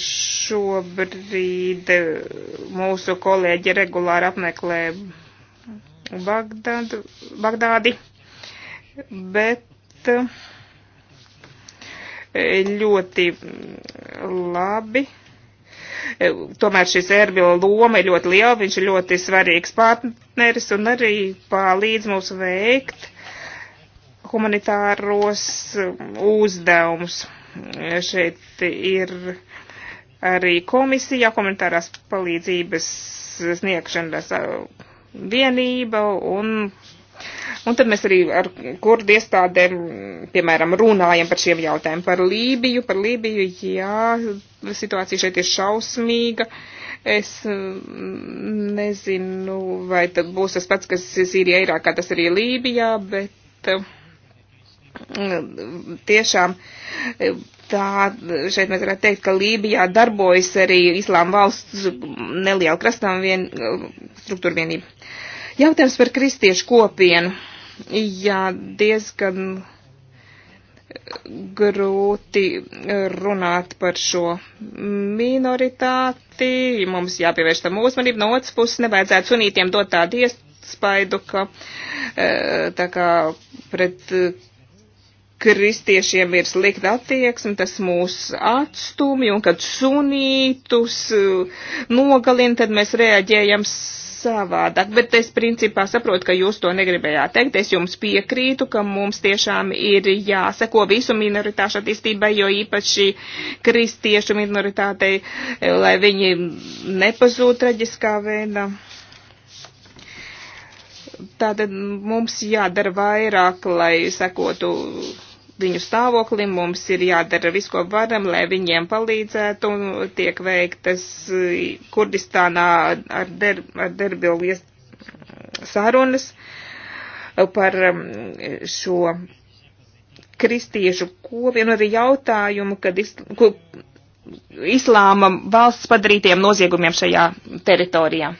Šobrīd mūsu kolēģi regulāri apmeklē Bagdādu, Bagdādi, bet uh, ļoti labi. Tomēr šis Erbila loma ir ļoti liela, viņš ir ļoti svarīgs partneris un arī palīdz mums veikt humanitāros um, uzdevumus. Šeit ir arī komisija, komunitārās palīdzības sniegšanas uh, vienība un Un tad mēs arī ar kurdu iestādēm, piemēram, runājam par šiem jautājumiem. Par Lībiju, par Lībiju, jā, situācija šeit ir šausmīga. Es mm, nezinu, vai tad būs tas pats, kas Sīrijā, Irākā, tas arī Lībijā, bet mm, tiešām tā, šeit mēs varētu teikt, ka Lībijā darbojas arī Islāma valsts neliela krastām vien, struktūra vienība. Jautājums par kristiešu kopienu Jā, diezgan grūti eh, runāt par šo minoritāti. Mums jāpievērš tam uzmanību. No otras puses, nevajadzētu sunītiem dot tādu iespaidu, ka eh, tā kā pret eh, kristiešiem ir slikta attieksme, tas mūs atstumj, un kad sunītus nogalina, tad mēs reaģējam savādāk, bet es principā saprotu, ka jūs to negribējāt teikt. Es jums piekrītu, ka mums tiešām ir jāseko visu minoritāšu attīstībai, jo īpaši kristiešu minoritātei, lai viņi nepazūd traģiskā veidā. Tātad mums jādara vairāk, lai sekotu viņu stāvokli, mums ir jādara viss, ko varam, lai viņiem palīdzētu, un tiek veiktas eh, Kurdistānā ar, der, ar derbilvies sarunas eh, par mm, šo kristiešu kopienu, arī jautājumu, kad is, ko, islāma valsts padarītiem noziegumiem šajā teritorijā.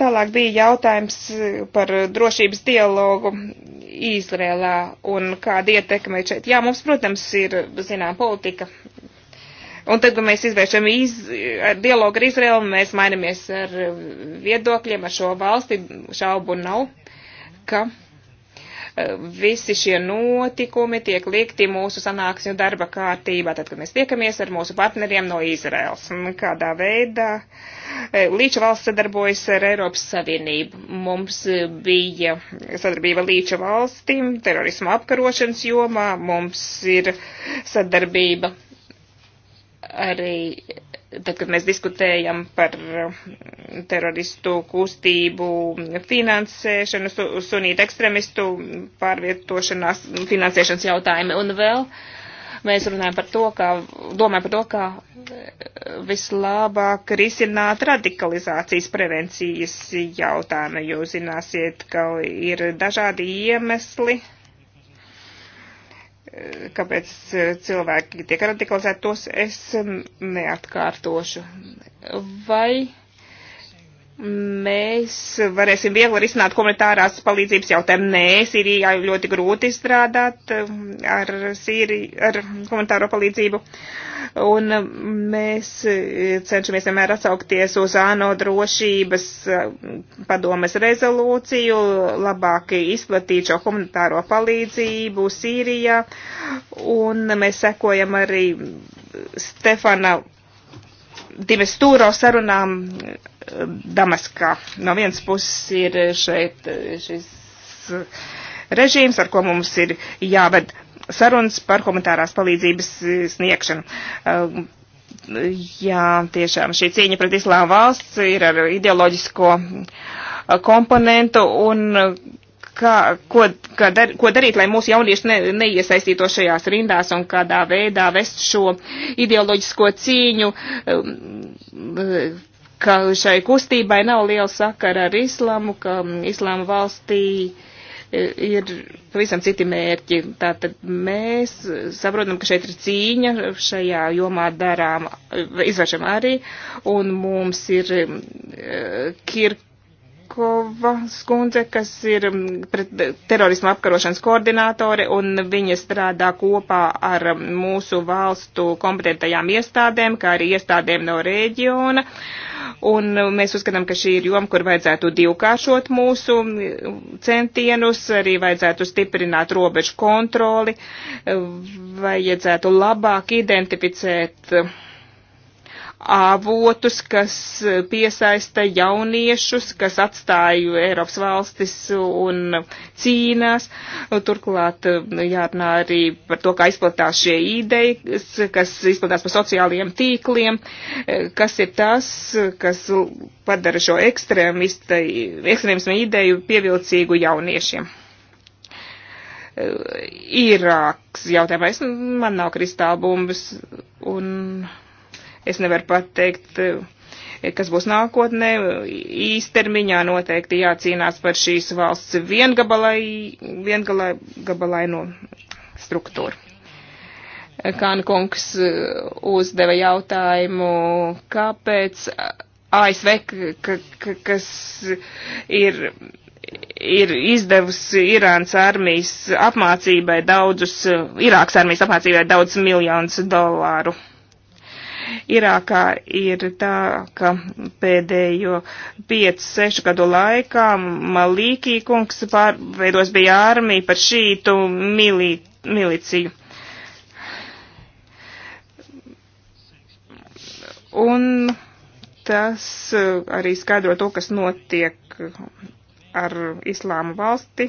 Tālāk bija jautājums eh, par drošības dialogu Izrēlā un kāda ietekme šeit. Jā, mums, protams, ir, zinām, politika. Un tad, kad mēs izvēršam iz, ar dialogu ar Izrēlu, mēs mainamies ar viedokļiem ar šo valsti, šaubu nav, ka visi šie notikumi tiek liekti mūsu sanāksmju darba kārtībā, tad, kad mēs tiekamies ar mūsu partneriem no Izraels. Kādā veidā e, Līča valsts sadarbojas ar Eiropas Savienību. Mums e, bija sadarbība Līča valstīm terorismu apkarošanas jomā, mums ir sadarbība arī tad, kad mēs diskutējam par uh, teroristu kustību finansēšanu, su, sunītu ekstremistu pārvietošanās finansēšanas jautājumu un vēl. Mēs runājam par to, kā, domājam par to, kā uh, vislabāk risināt radikalizācijas prevencijas jautājumu. Jūs zināsiet, ka ir dažādi iemesli, uh, kāpēc eh, cilvēki tiek radikalizēti, tos es neatkārtošu. Vai mēs varēsim viegli risināt komunitārās palīdzības jautājumu. Nē, Sīrijā ļoti grūti strādāt um, ar, Sīri, ar komunitāro palīdzību. Un um, mēs uh, cenšamies vienmēr atsaukties uz ANO drošības uh, padomes rezolūciju, labāk izplatīt šo humanitāro palīdzību Sīrijā. Un mēs sekojam arī Stefana divestūro sarunām um, Damaskā. No vienas puses ir šeit uh, šis uh, režīms, ar ko mums ir jāved sarunas par humanitārās palīdzības uh, sniegšanu. Um, jā, tiešām šī cīņa pret islāma valsts ir ar ideoloģisko komponentu un kā, ko, kā dar, ko darīt, lai mūsu jaunieši ne, neiesaistītos šajās rindās un kādā veidā vest šo ideoloģisko cīņu, um, ka šai kustībai nav liela sakara ar islamu, ka um, islāma valstī e, ir pavisam citi mērķi. Tātad mēs saprotam, ka šeit ir cīņa, šajā jomā darām, izvēršam arī, un mums ir e, kirk Novakova skundze, kas ir mm, pret terorismu apkarošanas koordinātore, un viņa strādā kopā ar mm, mūsu valstu kompetentajām iestādēm, kā arī iestādēm no reģiona. Un mēs uzskatām, ka šī ir joma, kur vajadzētu divkāršot mūsu mm, centienus, arī vajadzētu stiprināt robežu kontroli, vajadzētu labāk identificēt avotus, kas eh, piesaista jauniešus, kas atstāju Eiropas valstis un cīnās. Turklāt eh, jārunā arī par to, kā izplatās šie idejas, kas izplatās par sociālajiem tīkliem, eh, kas ir tas, kas padara šo ekstrēmismu ideju pievilcīgu jauniešiem. Irāks jautājumā, es, man nav kristālbumbas un. Es nevaru pateikt, eh, kas būs nākotnē. Īstermiņā noteikti jācīnās par šīs valsts viengabalai, viengabalaino struktūru. Kāna kungs eh, uzdeva jautājumu, kāpēc ASV, kas ir ir izdevusi Irānas armijas apmācībai daudzus, Irākas armijas apmācībai daudz miljonus dolāru. Irākā ir tā, ka pēdējo 5-6 gadu laikā Malīkī kungs pārveidos bija armija par šītu mili, miliciju. Un tas uh, arī skaidro to, kas notiek ar islāma valsti.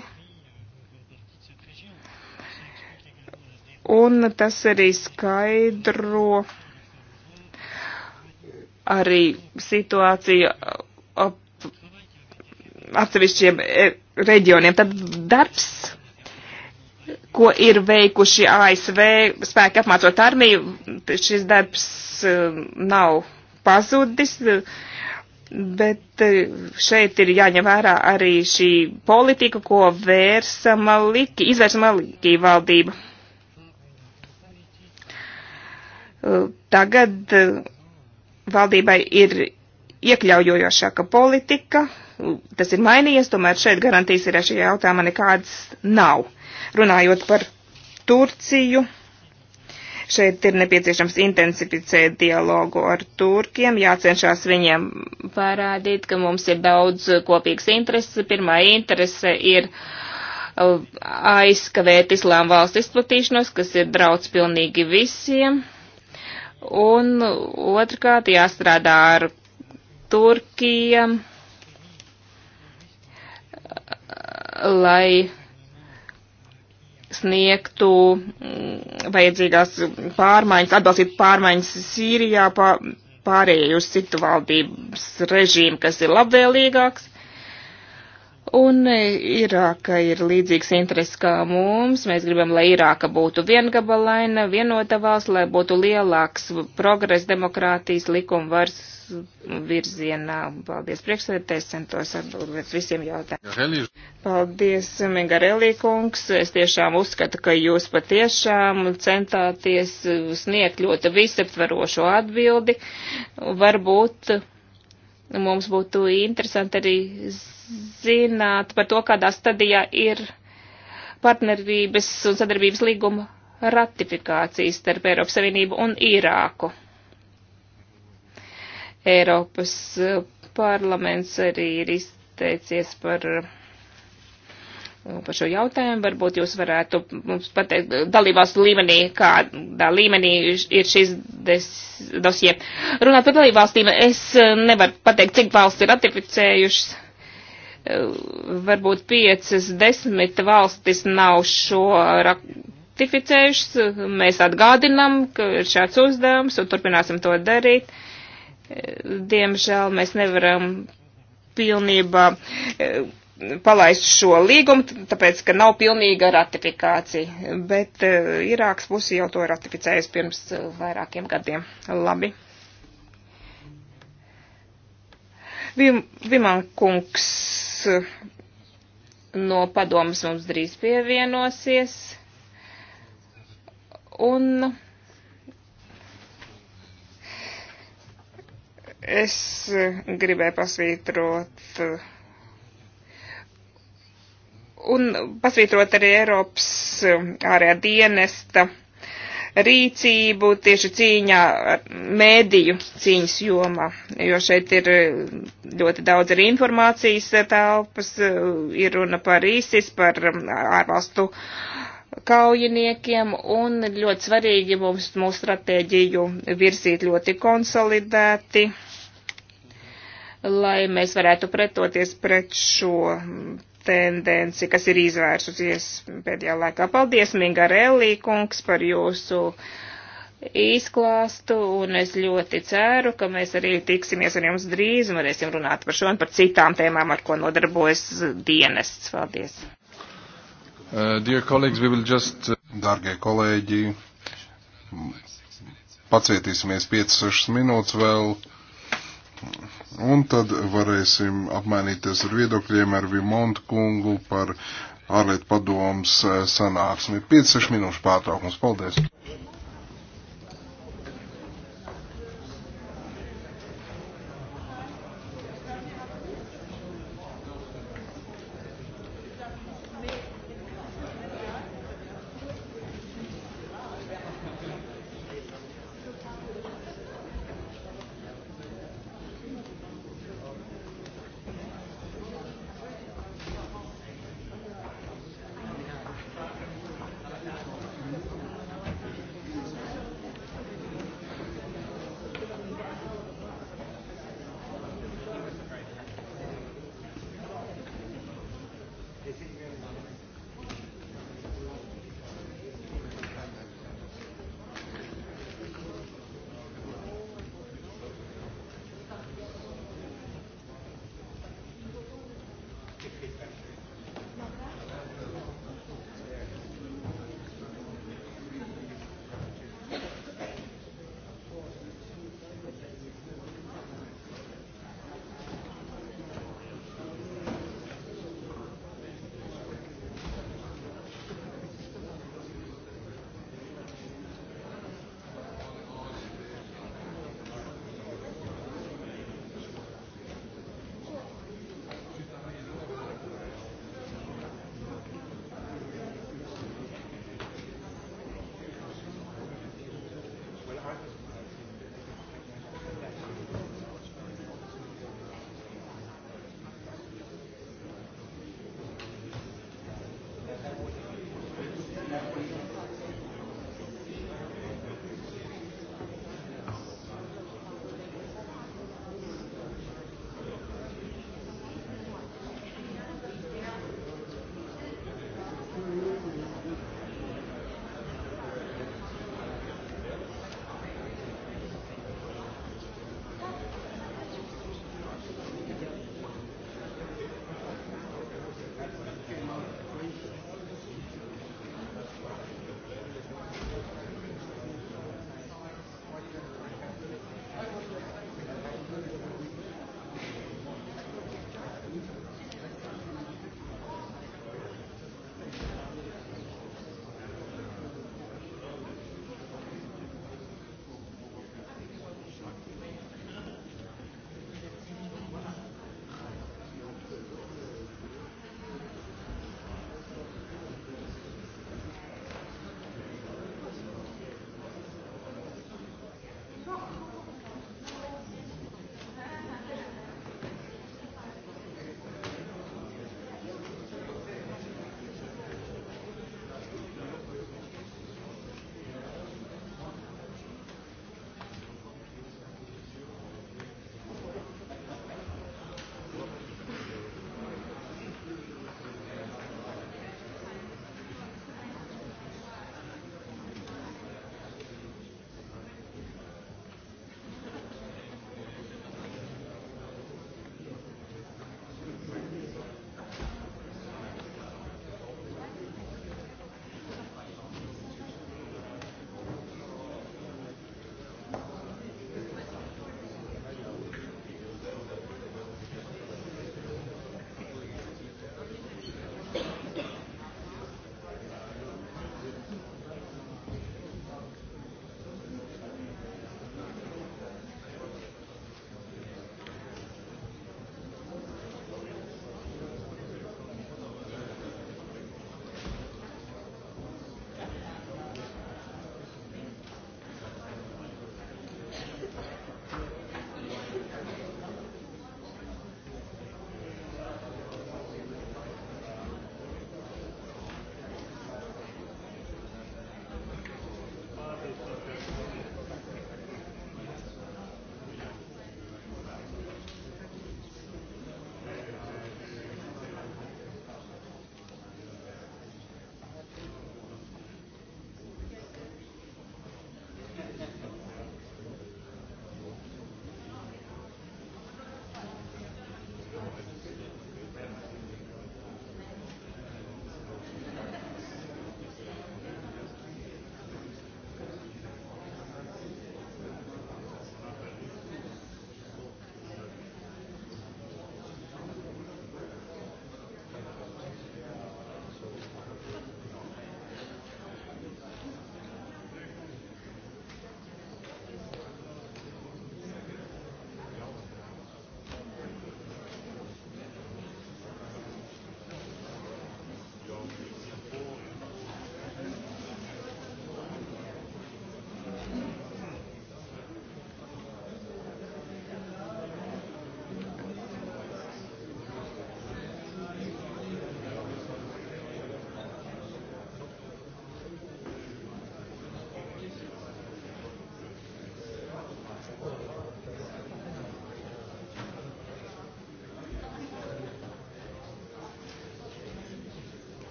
Un tas arī skaidro arī situācija ap, atsevišķiem e, reģioniem. Tad darbs, ko ir veikuši ASV spēki apmācot armiju, šis darbs e, nav pazudis, bet e, šeit ir jāņem vērā arī šī politika, ko vērsa Maliki, izvērsa Maliki valdība. Tagad valdībai ir iekļaujošāka politika, tas ir mainījies, tomēr šeit garantijas ir šajā jautājumā nekādas nav. Runājot par Turciju, šeit ir nepieciešams intensificēt dialogu ar turkiem, jācenšas viņiem parādīt, ka mums ir daudz kopīgas intereses. Pirmā interese ir uh, aizskavēt islām valsts izplatīšanos, kas ir draudz pilnīgi visiem Un otrkārt jāstrādā ar Turkijam, lai sniegtu mm, vajadzīgās pārmaiņas, atbalstītu pārmaiņas Sīrijā, pārējai uz citu valdības režīmu, kas ir labvēlīgāks. Un e, Irāka ir līdzīgs interesi kā mums. Mēs gribam, lai Irāka būtu viengabalaina, vienota valsts, lai būtu lielāks progress demokrātijas likumvars virzienā. Paldies priekšsēdētājs, centos atbildēt visiem jautājumiem. Paldies, Mingarelī kungs. Es tiešām uzskatu, ka jūs patiešām centāties sniegt ļoti visaptverošu atbildi. Varbūt mums būtu interesanti arī zināt par to, kādā stadijā ir partnerības un sadarbības līguma ratifikācijas starp Eiropas Savienību un Irāku. Eiropas eh, parlaments arī ir izteicies par, eh, par šo jautājumu. Varbūt jūs varētu mums pateikt dalībās līmenī, kādā līmenī ir šis dosie. Runāt par dalībvalstīm, es eh, nevaru pateikt, cik valsts ir ratificējušas Eh, varbūt piecas, desmit valstis nav šo ratificējušas. Mēs atgādinām, ka ir šāds uzdevums un turpināsim to darīt. Eh, diemžēl mēs nevaram pilnībā eh, palaist šo līgumu, tāpēc, ka nav pilnīga ratifikācija. Bet Irāks pusi jau to ratificējas pirms vairākiem gadiem. Labi. Vim, Vimankungs no padomas mums drīz pievienosies. Un es gribēju pasvītrot un pasvītrot arī Eiropas ārējā dienesta rīcību tieši cīņā ar mēdīju cīņas jomā, jo šeit ir eh, ļoti daudz arī informācijas telpas, eh, ir runa par īsis, par um, ārvalstu kaujiniekiem, un ļoti svarīgi mums mūsu stratēģiju virzīt ļoti konsolidēti, lai mēs varētu pretoties pret šo tendenci, kas ir izvērsusies pēdējā laikā. Paldies, Minga Relī kungs, par jūsu izklāstu, un es ļoti ceru, ka mēs arī tiksimies ar jums drīz un varēsim runāt par šo un par citām tēmām, ar ko nodarbojas dienests. Paldies. Uh, dear colleagues, we will just, uh, dargie kolēģi, pacietīsimies 5-6 minūtes vēl. Un tad varēsim apmainīties ar viedokļiem ar Vimontu kungu par ārlietu padomus eh, sanāksmi. 5-6 minūšu pārtraukums. Paldies!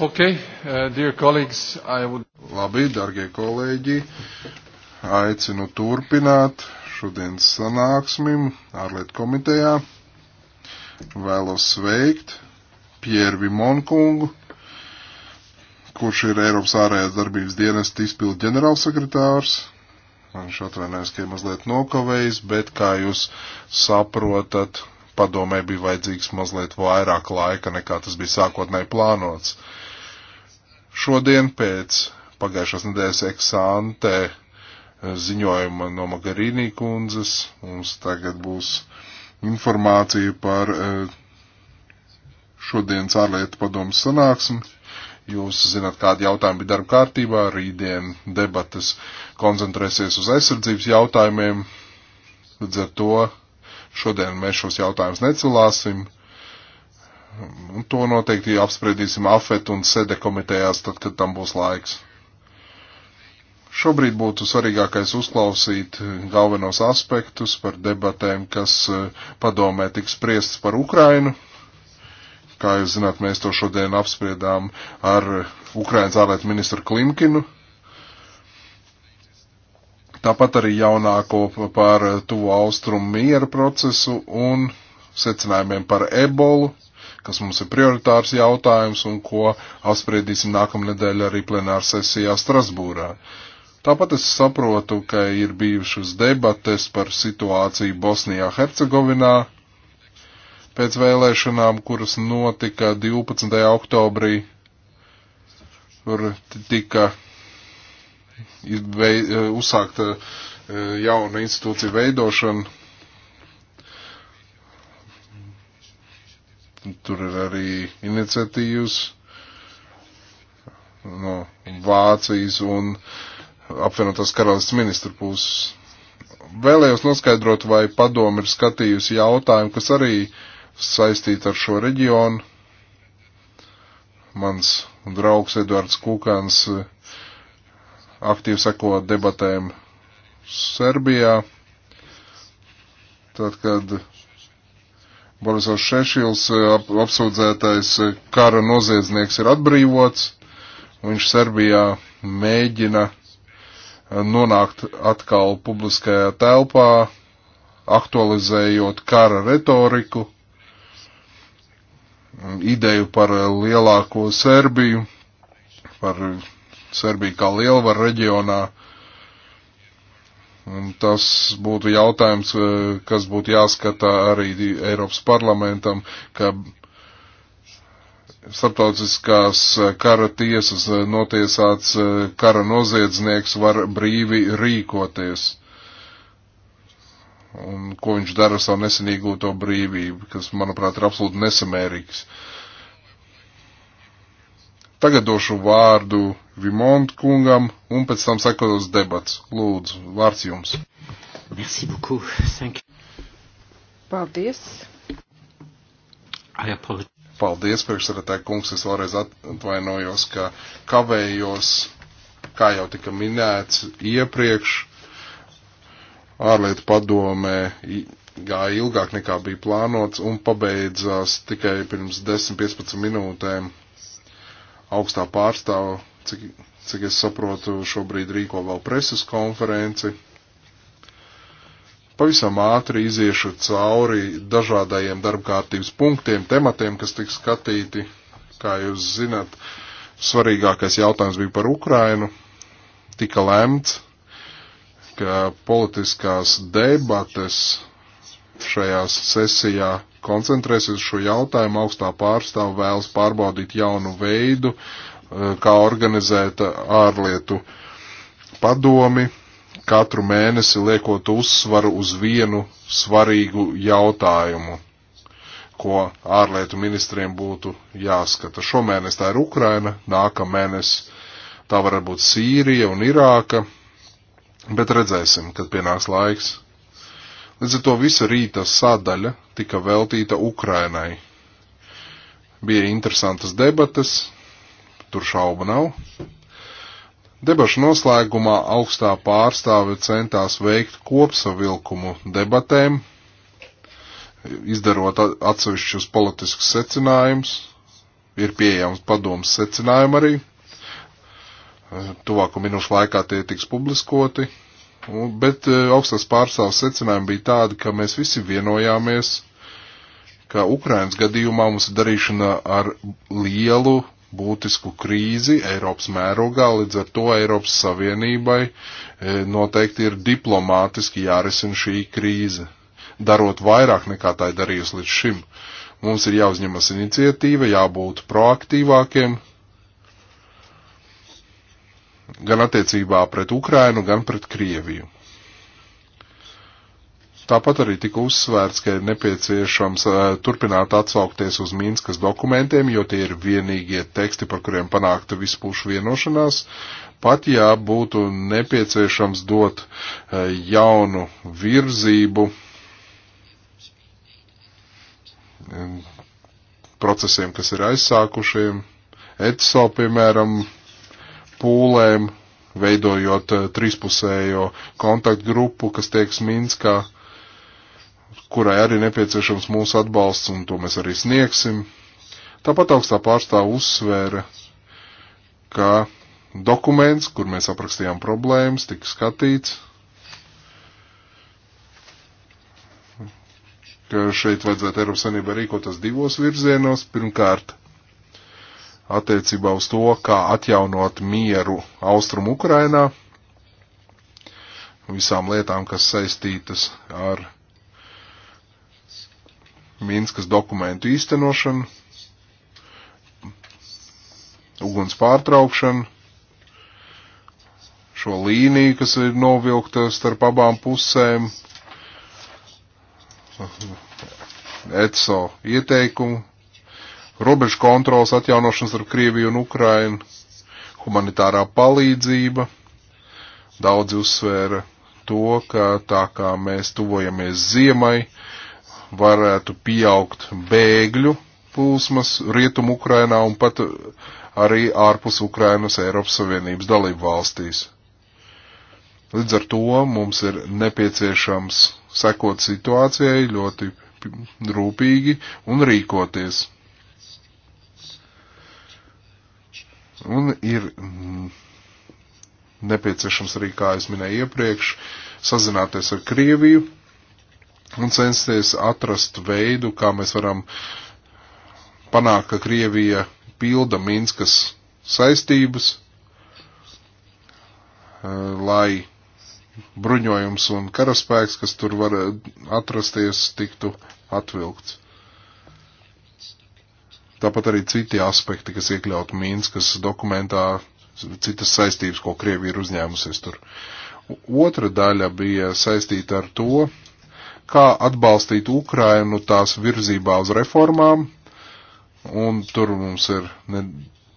Okay, uh, would... Labi, darbie kolēģi, aicinu turpināt šodienas sanāksmim ārlietu komitejā. Vēlos sveikt Pieru Vimonkungu, kurš ir Eiropas ārējās darbības dienesta izpildu ģenerālsekretārs. Man šeit atvainojas, ka ir mazliet nokavējis, bet kā jūs saprotat, padomē bija vajadzīgs mazliet vairāk laika, nekā tas bija sākotnēji plānots. Šodien pēc pagājušās nedēļas eksāntē eh, ziņojuma no Magarīnī kundzes mums tagad būs informācija par eh, šodienas ārlietu padomu sanāksmi. Jūs zināt, kādi jautājumi bija darba kārtībā, rītdien debatas koncentrēsies uz aizsardzības jautājumiem, līdz ar to šodien mēs šos jautājumus necelāsim. Un to noteikti apspriedīsim AFET un SEDE komitejās, tad, kad tam būs laiks. Šobrīd būtu svarīgākais uzklausīt galvenos aspektus par debatēm, kas eh, padomē tiks priestas par Ukrainu. Kā jūs zināt, mēs to šodien apspriedām ar Ukrainas ārlietu ministru Klimkinu. Tāpat arī jaunāko par tuvu austrumu miera procesu un secinājumiem par ebolu kas mums ir prioritārs jautājums un ko apspriedīsim nākamnedēļ arī plenāra sesijā Strasbūrā. Tāpat es saprotu, ka ir bijušas debates par situāciju Bosnijā-Hercegovinā pēc vēlēšanām, kuras notika 12. oktobrī, kur tika uzsākta eh, jauna institūcija veidošana Tur ir arī iniciatīvas no Vācijas un apvienotās karalistas ministra puses. Vēlējos noskaidrot, vai padomi ir skatījusi jautājumu, kas arī saistīta ar šo reģionu. Mans draugs Eduards Kūkans eh, aktīvi seko debatēm Serbijā. Tad, kad Borisovs Šešils, eh, ap, apsūdzētais eh, kara noziedznieks, ir atbrīvots. Viņš Serbijā mēģina eh, nonākt atkal publiskajā telpā, aktualizējot kara retoriku, ideju par lielāko Serbiju, par Serbiju kā lielvaru reģionā Un tas būtu jautājums, eh, kas būtu jāskatā arī Eiropas parlamentam, ka starptautiskās eh, kara tiesas eh, notiesāts kara noziedznieks var brīvi rīkoties. Un ko viņš dara savu nesenīgūto brīvību, kas, manuprāt, ir absolūti nesamērīgs. Uh, Tagad došu vārdu Vimont kungam un pēc tam sekos debats. Lūdzu, vārds jums. Merci beaucoup. Thank you. Paldies. Paldies, priekšsarētāji kungs. Es vēlreiz atvainojos, ka kavējos, kā jau tika minēts iepriekš, ārlietu padomē gāja ilgāk nekā bija plānots un pabeidzās tikai pirms 10-15 minūtēm augstā pārstāva, cik, cik es saprotu, šobrīd rīko vēl preses konferenci. Pavisam ātri iziešu cauri dažādajiem darbkārtības punktiem, tematiem, kas tiks skatīti. Kā jūs zināt, svarīgākais jautājums bija par Ukrainu. Tika lemts, ka politiskās debates šajā sesijā koncentrēsies uz šo jautājumu. Augstā pārstāva vēlas pārbaudīt jaunu veidu, eh, kā organizēt ārlietu padomi, katru mēnesi liekot uzsvaru uz vienu svarīgu jautājumu, ko ārlietu ministriem būtu jāskata. Šomēnes tā ir Ukraina, nākamēnes tā varētu būt Sīrija un Irāka, bet redzēsim, kad pienāks laiks. Līdz ar to visa rīta sadaļa tika veltīta Ukrainai. Bija interesantas debatas, tur šauba nav. Debašu noslēgumā augstā pārstāve centās veikt kopsavilkumu debatēm, izdarot atsevišķus politiskus secinājumus, ir pieejams padoms secinājumi arī. Tuvāku minūšu laikā tie tiks publiskoti. Bet eh, augstās pārstāvs secinājumi bija tādi, ka mēs visi vienojāmies, ka Ukrainas gadījumā mums ir darīšana ar lielu būtisku krīzi Eiropas mērogā, līdz ar to Eiropas Savienībai eh, noteikti ir diplomātiski jārisina šī krīze, darot vairāk nekā tā ir darījusi līdz šim. Mums ir jāuzņemas iniciatīva, jābūt proaktīvākiem, gan attiecībā pret Ukrainu, gan pret Krieviju. Tāpat arī tika uzsvērts, ka ir nepieciešams uh, turpināt atsaukties uz Minskas dokumentiem, jo tie ir vienīgie teksti, par kuriem panākta vispūšu vienošanās, pat ja būtu nepieciešams dot uh, jaunu virzību eh, procesiem, kas ir aizsākušiem. ETSO, piemēram, pūlēm, veidojot eh, trispusējo kontaktgrupu, kas tieks Minskā, kurai arī nepieciešams mūsu atbalsts, un to mēs arī sniegsim. Tāpat augstā pārstāv uzsvēra, ka dokuments, kur mēs aprakstījām problēmas, tika skatīts, ka šeit vajadzētu Eiropas Sanībai rīkoties divos virzienos. Pirmkārt, attiecībā uz to, kā atjaunot mieru Austrum Ukrainā, visām lietām, kas saistītas ar Minskas dokumentu īstenošanu, uguns pārtraukšanu, šo līniju, kas ir novilkta starp abām pusēm, ECO ieteikumu robežu kontrolas atjaunošanas ar Krieviju un Ukrainu, humanitārā palīdzība. Daudzi uzsvēra to, ka tā kā mēs tuvojamies ziemai, varētu pieaugt bēgļu plūsmas rietumu Ukrainā un pat arī ārpus Ukrainas Eiropas Savienības dalību valstīs. Līdz ar to mums ir nepieciešams sekot situācijai ļoti rūpīgi un rīkoties. Un ir mm, nepieciešams arī, kā es minēju iepriekš, sazināties ar Krieviju un censties atrast veidu, kā mēs varam panākt, ka Krievija pilda Minskas saistības, eh, lai bruņojums un karaspēks, kas tur var eh, atrasties, tiktu atvilkts. Tāpat arī citi aspekti, kas iekļauti Mīnskas dokumentā, citas saistības, ko Krievija ir uzņēmusies tur. Otra daļa bija saistīta ar to, kā atbalstīt Ukrainu tās virzībā uz reformām, un tur mums ir ne,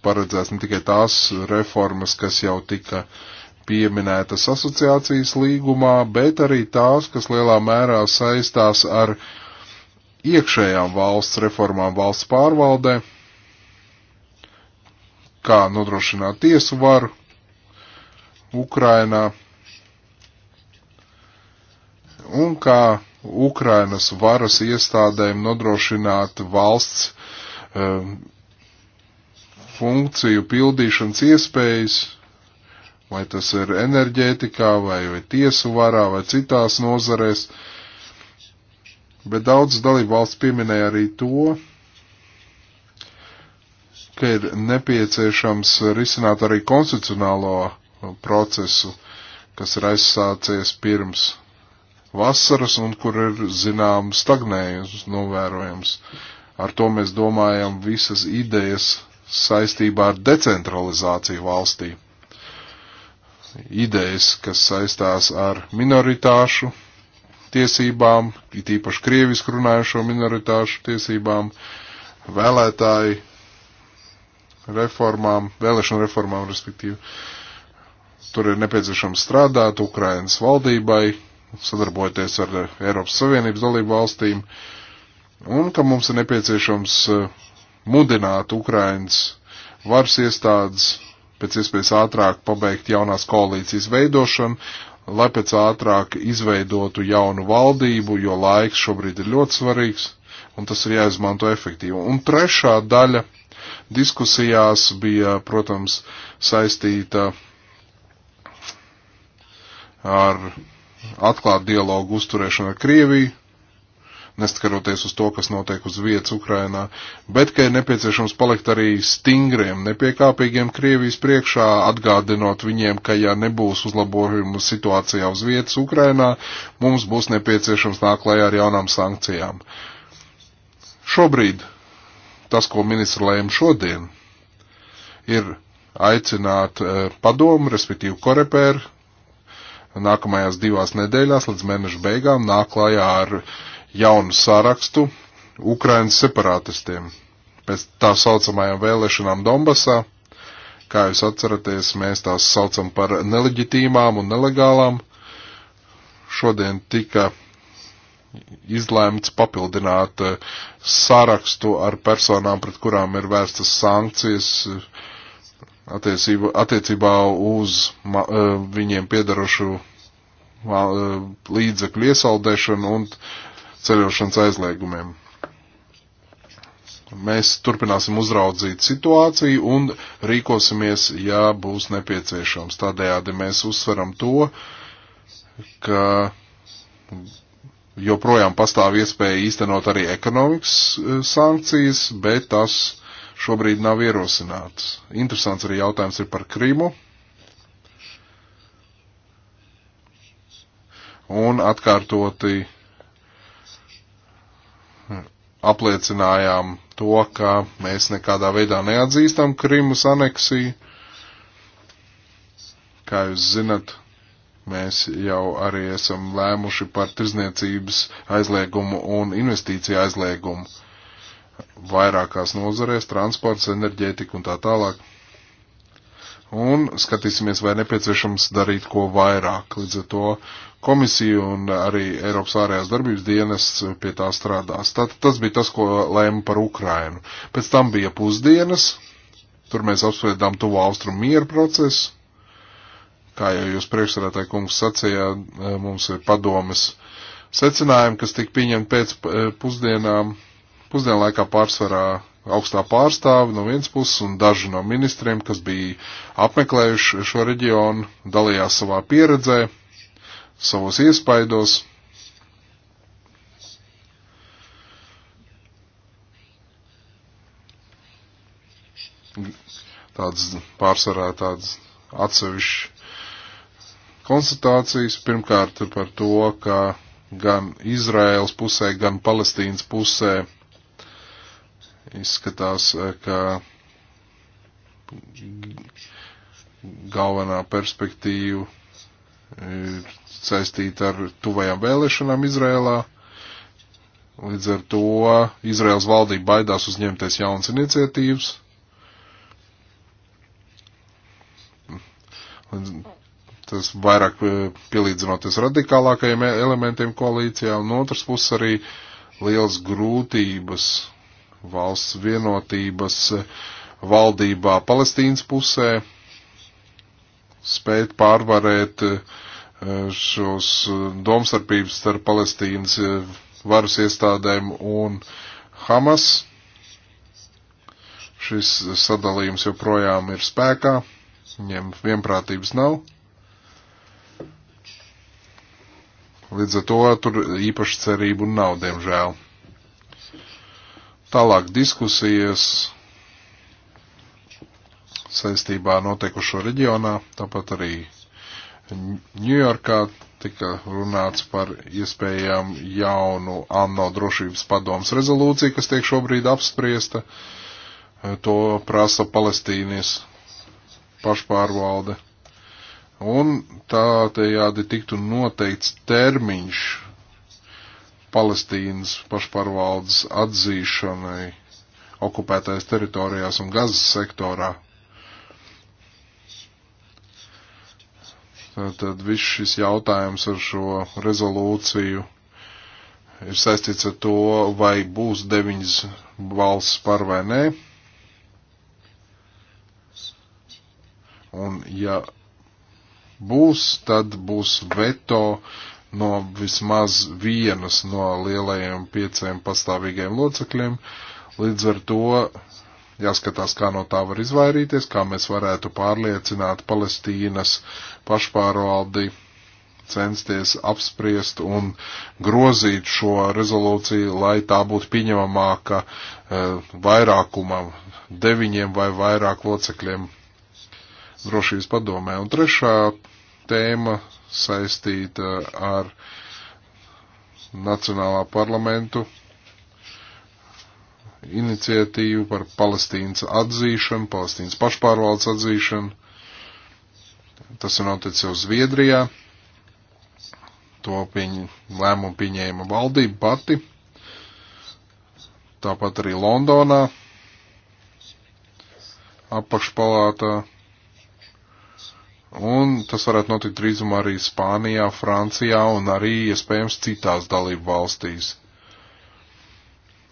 paredzēts ne tikai tās reformas, kas jau tika pieminētas asociācijas līgumā, bet arī tās, kas lielā mērā saistās ar uh, iekšējām valsts reformām valsts pārvaldē, kā nodrošināt tiesu varu Ukrainā un kā Ukrainas varas iestādēm nodrošināt valsts um, funkciju pildīšanas iespējas, vai tas ir enerģētikā, vai, vai tiesu varā, vai citās nozarēs. Uh, Bet daudz dalību valsts pieminēja arī to, ka ir nepieciešams risināt arī konstitucionālo procesu, kas ir aizsācies pirms vasaras un kur ir zinām stagnējums novērojams. Ar to mēs domājam visas idejas saistībā ar decentralizāciju valstī. Idejas, kas saistās ar minoritāšu tiesībām, it īpaši krievisku runājušo minoritāšu tiesībām, vēlētāju reformām, vēlēšanu reformām, respektīvi. Tur ir nepieciešams strādāt Ukrainas valdībai, sadarbojoties ar Eiropas Savienības dalību valstīm, un ka mums ir nepieciešams eh, mudināt Ukrainas varas iestādes pēc iespējas ātrāk pabeigt jaunās koalīcijas veidošanu, lai pēc ātrāk izveidotu jaunu valdību, jo laiks šobrīd ir ļoti svarīgs, un tas ir jāizmanto efektīvi. Un trešā daļa diskusijās bija, protams, saistīta ar atklātu dialogu uzturēšanu ar Krieviju, neskaroties uz to, kas notiek uz vietas Ukrainā, bet ka ir nepieciešams palikt arī stingriem, nepiekāpīgiem Krievijas priekšā, atgādinot viņiem, ka ja nebūs uzlabojumu situācijā uz vietas Ukrainā, mums būs nepieciešams nāk klajā ar jaunām sankcijām. Šobrīd tas, ko ministra lēma šodien, ir aicināt eh, padomu, respektīvi korepēru, nākamajās divās nedēļās līdz mēneša beigām nāk klājā ar jaunu sarakstu Ukrainas separātistiem pēc tā saucamajām vēlēšanām Donbasā. Kā jūs atceraties, mēs tās saucam par neleģitīmām un nelegālām. Šodien tika izlēmts papildināt eh, sārakstu ar personām, pret kurām ir vērstas sankcijas attiecībā, attiecībā uz ma, eh, viņiem piedarošu eh, līdzekļu iesaldēšanu un uh, ceļošanas aizliegumiem. Mēs turpināsim uzraudzīt situāciju un rīkosimies, ja būs nepieciešams. Tādējādi mēs uzsveram to, ka joprojām pastāv iespēja īstenot arī ekonomikas eh, sankcijas, bet tas šobrīd nav ierosināts. Interesants arī jautājums ir par Krimu. Un atkārtoti apliecinājām to, ka mēs nekādā veidā neatzīstam Krimas aneksiju. Kā jūs zinat, mēs jau arī esam lēmuši par tirzniecības aizliegumu un investīciju aizliegumu vairākās nozarēs, transports, enerģētika un tā tālāk. Un skatīsimies, vai nepieciešams darīt ko vairāk. Līdz ar to Komisija un arī Eiropas ārējās darbības dienests pie tā strādās. Tātad tas bija tas, ko lēma par Ukrainu. Pēc tam bija pusdienas, tur mēs apspriedām tuvu austrumu mieru procesu. Kā jau jūs priekšsarētāji kungs sacījāt, mums ir padomas secinājumi, kas tika pieņemti pēc eh, pusdienām. Pusdienu laikā pārsvarā augstā pārstāve no vienas puses un daži no ministriem, kas bija apmeklējuši šo reģionu, dalījās savā pieredzē savos iespaidos. Tāds pārsvarā tāds atsevišķi konstatācijas. Pirmkārt par to, ka gan Izraēlas pusē, gan Palestīnas pusē izskatās, eh, ka galvenā perspektīva saistīta ar tuvajām vēlēšanām Izrēlā. Līdz ar to Izraels valdība baidās uzņemties jaunas iniciatīvas. Tas vairāk eh, pielīdzinoties radikālākajiem e-, elementiem koalīcijā, un otrs puses arī liels grūtības valsts vienotības eh, valdībā Palestīnas pusē spēt pārvarēt eh, šos eh, domstarpības starp Palestīnas eh, varas iestādēm un Hamas. Šis sadalījums joprojām ir spēkā, viņiem vienprātības nav. Līdz ar to tur īpaši cerību nav, diemžēl. Tālāk diskusijas saistībā ar notikušo reģionā, tāpat arī Ņujorkā tika runāts par iespējām jaunu ANO drošības padomas rezolūciju, kas tiek šobrīd apspriesta. To prasa Palestīnas pašpārvalde. Un tādējādi tiktu noteikts termiņš Palestīnas pašpārvaldes atzīšanai okupētais teritorijās un gazas sektorā. Tad viss šis jautājums ar šo rezolūciju ir saistīts ar to, vai būs deviņas balss par vai nē. Un ja būs, tad būs veto no vismaz vienas no lielajiem pieciem pastāvīgiem locekļiem. Līdz ar to Jāskatās, kā no tā var izvairīties, kā mēs varētu pārliecināt Palestīnas pašpārvaldi, censties apspriest un grozīt šo rezolūciju, lai tā būtu pieņemamāka e, vairākumam, deviņiem vai vairāk locekļiem drošības padomē. Un trešā tēma saistīta ar Nacionālā parlamentu iniciatīvu par Palestīnas atzīšanu, Palestīnas pašpārvaldes atzīšanu. Tas ir noticis jau Zviedrijā. To pieņ, lēmumu pieņēma valdība pati. Tāpat arī Londonā apakšpalātā. Un tas varētu notikt drīzumā arī Spānijā, Francijā un arī, iespējams, citās dalību valstīs.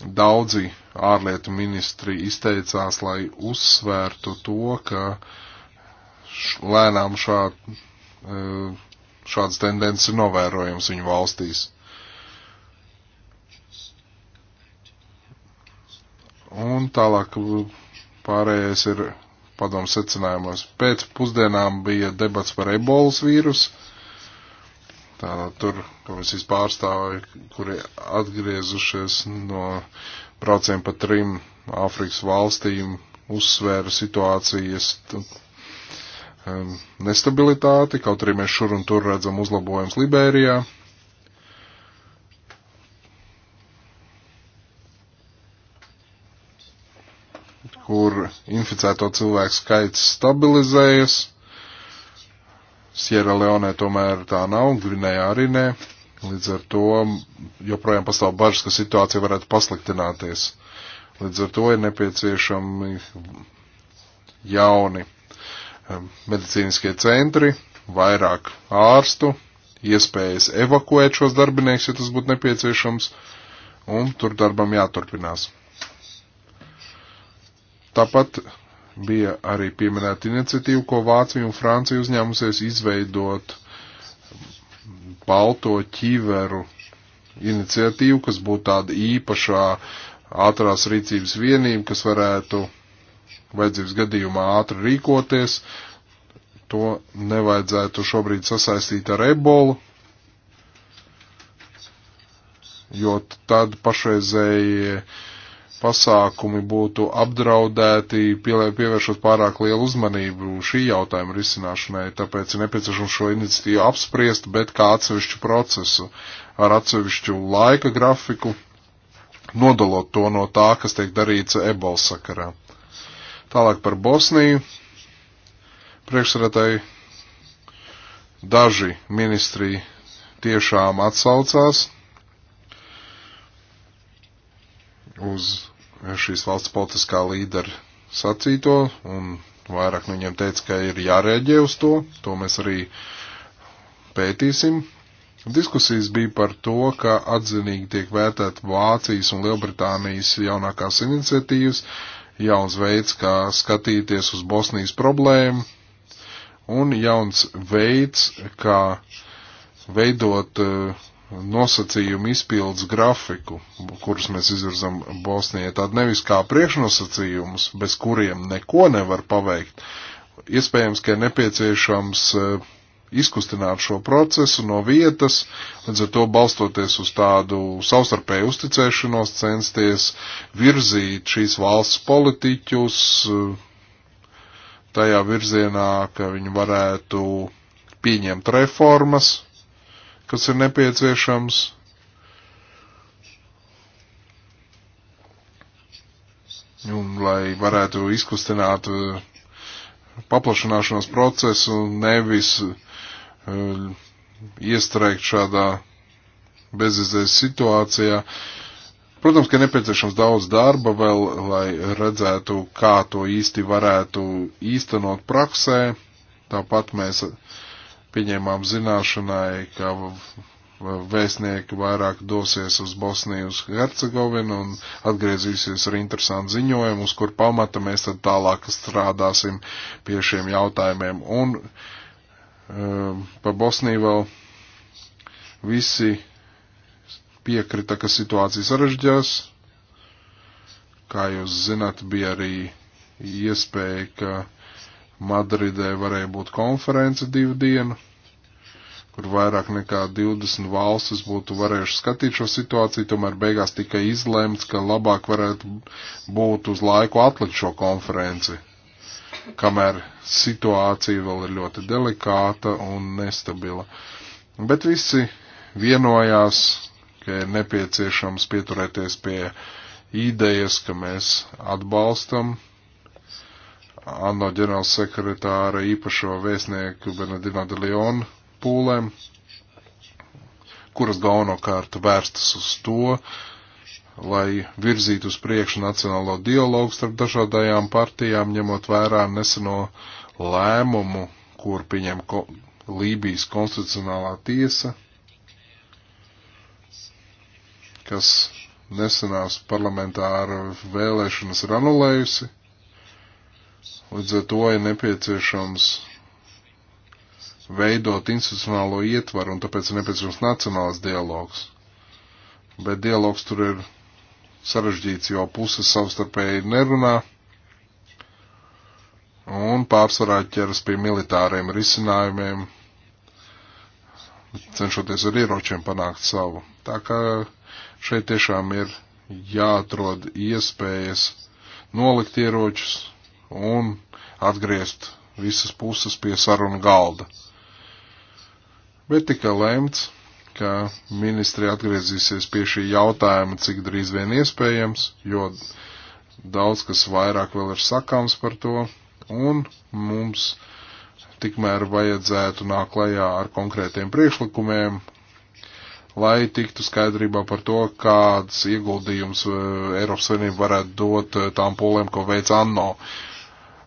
Daudzi ārlietu ministri izteicās, lai uzsvērtu to, ka lēnām šā, e, šāds tendences ir novērojams viņu valstīs. Un tālāk pārējais ir padomu secinājumos. Pēc pusdienām bija debats par ebolas vīrusu Tā, tur komisijas pārstāvi, kuri atgriezušies no brauciena pa trim Āfrikas valstīm, uzsvēra situācijas um, nestabilitāti, kaut arī mēs šur un tur redzam uzlabojums Liberijā. kur inficēto cilvēku skaits stabilizējas Sierra Leone tomēr tā nav, Gvinējā arī nē. Līdz ar to joprojām pastāv bažas, ka situācija varētu pasliktināties. Līdz ar to ir nepieciešami jauni eh, medicīniskie centri, vairāk ārstu, iespējas evakuēt šos darbiniekus, ja tas būtu nepieciešams, un tur darbam jāturpinās. Tāpat Bija arī pieminēta iniciatīva, ko Vācija un Francija uzņēmusies izveidot balto ķiveru iniciatīvu, kas būtu tāda īpašā ātrās rīcības vienība, kas varētu vajadzības gadījumā ātri rīkoties. To nevajadzētu šobrīd sasaistīt ar ebolu, jo tad pašreizēji pasākumi būtu apdraudēti, pievēršot pārāk lielu uzmanību šī jautājuma risināšanai, tāpēc ir nepieciešams šo iniciatīvu apspriest, bet kā atsevišķu procesu ar atsevišķu laika grafiku, nodalot to no tā, kas tiek darīts ebol sakarā. Tālāk par Bosniju. Priekšsarētai daži ministri tiešām atsaucās uz šīs valsts politiskā līdera sacīto, un vairāk no viņiem teica, ka ir jārēģē uz to, to mēs arī pētīsim. Diskusijas bija par to, ka atzinīgi tiek vērtēt Vācijas un Lielbritānijas jaunākās iniciatīvas, jauns veids, kā skatīties uz Bosnijas problēmu, un jauns veids, kā veidot uh, nosacījumu izpildes grafiku, kurus mēs izvirzam Bosnijai, tādu nevis kā priekšnosacījumus, bez kuriem neko nevar paveikt. Iespējams, ka ir nepieciešams e, izkustināt šo procesu no vietas, līdz ar to balstoties uz tādu savstarpēju uzticēšanos, censties virzīt šīs valsts politiķus e, tajā virzienā, ka viņi varētu pieņemt reformas, kas ir nepieciešams. Un, lai varētu izkustināt eh, paplašanāšanās procesu, nevis uh, iestrēgt šādā bezizējas situācijā. Protams, ka nepieciešams daudz darba vēl, lai redzētu, kā to īsti varētu īstenot praksē. Tāpat mēs uh, pieņēmām zināšanai, ka vēstnieki vairāk dosies uz Bosniju, uz Hercegovinu un atgriezīsies ar interesantu ziņojumu, uz kur pamata mēs tad tālāk strādāsim pie šiem jautājumiem. Un um, pa Bosniju vēl visi piekrita, ka situācija sarežģās. Kā jūs zināt, bija arī iespēja, ka Madridē varēja būt konference divu dienu, kur vairāk nekā 20 valstis būtu varējuši skatīt šo situāciju, tomēr beigās tika izlēmts, ka labāk varētu būt uz laiku atlikt šo konferenci, kamēr situācija vēl ir ļoti delikāta un nestabila. Bet visi vienojās, ka ir nepieciešams pieturēties pie idejas, ka mēs atbalstam ANO ģenerāls sekretāra īpašo vēstnieku Benedina de Leon pūlēm, kuras galvenokārt vērstas uz to, lai virzītu uz priekšu nacionālo dialogu starp dažādajām partijām, ņemot vērā neseno lēmumu, kur pieņem ko Lībijas konstitucionālā tiesa, kas nesenās parlamentāra vēlēšanas ir anulējusi. Līdz ar to ir nepieciešams veidot institucionālo ietvaru, un tāpēc ir nepieciešams nacionāls dialogs. Bet dialogs tur ir sarežģīts, jo puses savstarpēji nerunā un pārsvarā ķeras pie militāriem risinājumiem, cenšoties ar ieročiem panākt savu. Tā kā šeit tiešām ir jāatrod iespējas nolikt ieročus un atgriezt visas puses pie saruna galda. Bet tika lemts, ka ministri atgriezīsies pie šī jautājuma cik drīz vien iespējams, jo daudz kas vairāk vēl ir sakāms par to, un mums tikmēr vajadzētu nāk klajā ar konkrētiem priekšlikumiem, lai tiktu skaidrībā par to, kāds ieguldījums eh, Eiropas Savienība varētu dot eh, tām polēm, ko veic ANO. Uh,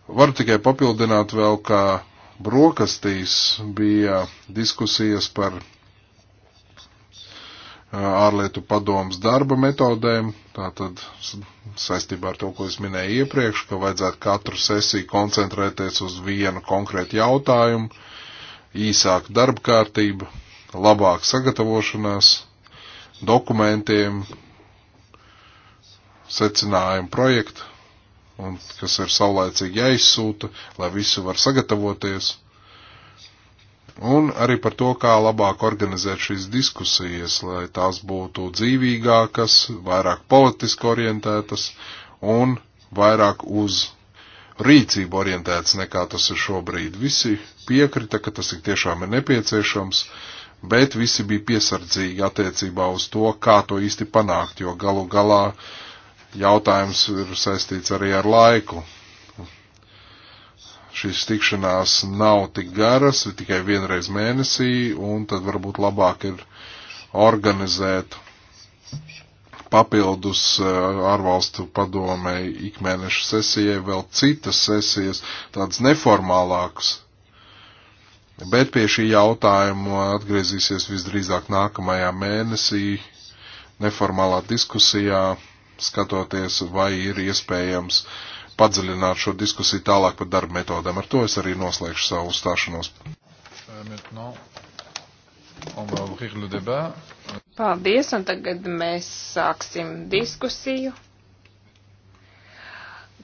Varu tikai papildināt vēl, ka brokastīs bija diskusijas par ārlietu padomas darba metodēm, tātad saistībā ar to, ko es minēju iepriekš, ka vajadzētu katru sesiju koncentrēties uz vienu konkrētu jautājumu, īsāku darba kārtību, labāku sagatavošanās dokumentiem, secinājumu projektu un kas ir saulēcīgi jāizsūta, lai visi var sagatavoties. Un arī par to, kā labāk organizēt šīs diskusijas, lai tās būtu dzīvīgākas, vairāk politiski orientētas un vairāk uz rīcību orientētas nekā tas ir šobrīd. Visi piekrita, ka tas ir tiešām ir nepieciešams, bet visi bija piesardzīgi attiecībā uz to, kā to īsti panākt, jo galu galā uh, jautājums ir saistīts arī ar laiku. Šīs tikšanās nav tik garas, tikai vienreiz mēnesī, un tad varbūt labāk ir organizēt papildus eh, ārvalstu padomei ikmēneša sesijai vēl citas sesijas, tādas neformālākas. Bet pie šī jautājuma atgriezīsies visdrīzāk nākamajā mēnesī neformālā diskusijā skatoties, vai ir iespējams padziļināt šo diskusiju tālāk par darba metodēm. Ar to es arī noslēgšu savu uzstāšanos. Euh, Paldies, un tagad mēs sāksim diskusiju.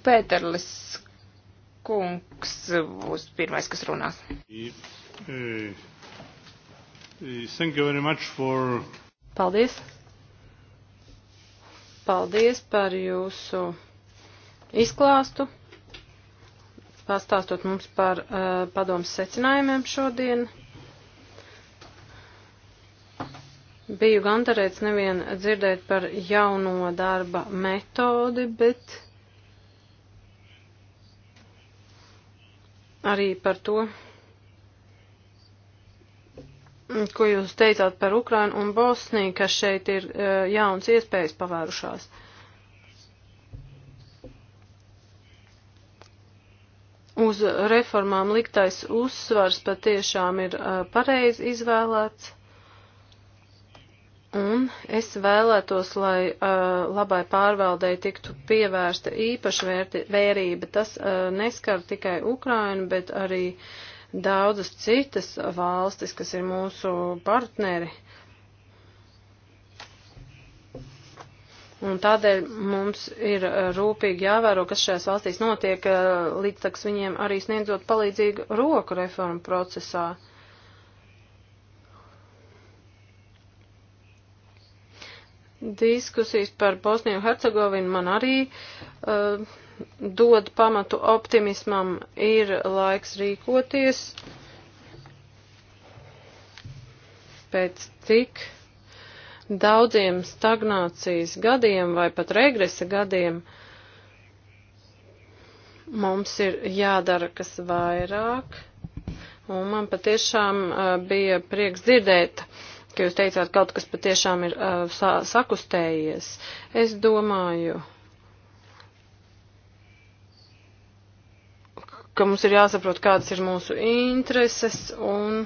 Pēterlis kungs būs pirmais, kas runās. Eh, eh, Paldies paldies par jūsu izklāstu, pastāstot mums par uh, padomas secinājumiem šodien. Biju gandarēts nevien dzirdēt par jauno darba metodi, bet arī par to, Mm, ko jūs teicāt par Ukrainu un Bosniju, ka šeit ir eh, jauns iespējas pavērušās. Uz reformām liktais uzsvars patiešām ir eh, pareizi izvēlēts. Un es vēlētos, lai uh, labai pārvaldei tiktu pievērsta īpaša vērība. Tas uh, neskar tikai Ukrainu, bet arī uh, daudzas citas valstis, kas ir mūsu partneri. Un tādēļ mums ir eh, rūpīgi jāvēro, kas šajās valstīs notiek, eh, līdz taks viņiem arī sniedzot palīdzīgu roku reformu procesā. Diskusijas par Bosniju un Hercegovinu man arī uh, dod pamatu optimismam, ir laiks rīkoties pēc tik daudziem stagnācijas gadiem vai pat regresa gadiem. Mums ir jādara kas vairāk, un man patiešām uh, bija prieks dzirdēt ka jūs teicāt, kaut kas patiešām ir uh, sā, sakustējies. Es domāju, ka mums ir jāsaprot, kādas ir mūsu intereses un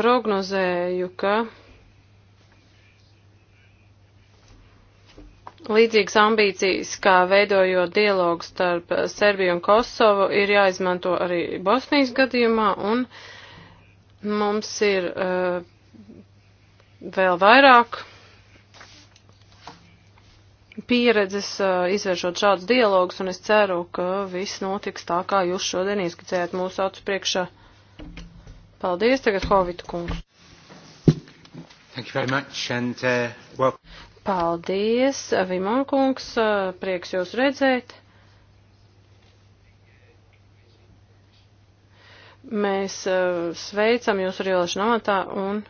prognozēju, ka Līdzīgas ambīcijas, kā veidojot dialogu starp Serbiju un Kosovu, ir jāizmanto arī Bosnijas gadījumā, un mums ir uh, vēl vairāk pieredzes izvēršot šādus dialogus, un es ceru, ka viss notiks tā, kā jūs šodien ieskicējāt mūsu acu priekšā. Paldies, tagad Hovita kungs. Thank you very much and uh, well. Paldies, Vimon kungs, prieks jūs redzēt. Mēs uh, sveicam jūs arī ielašanā un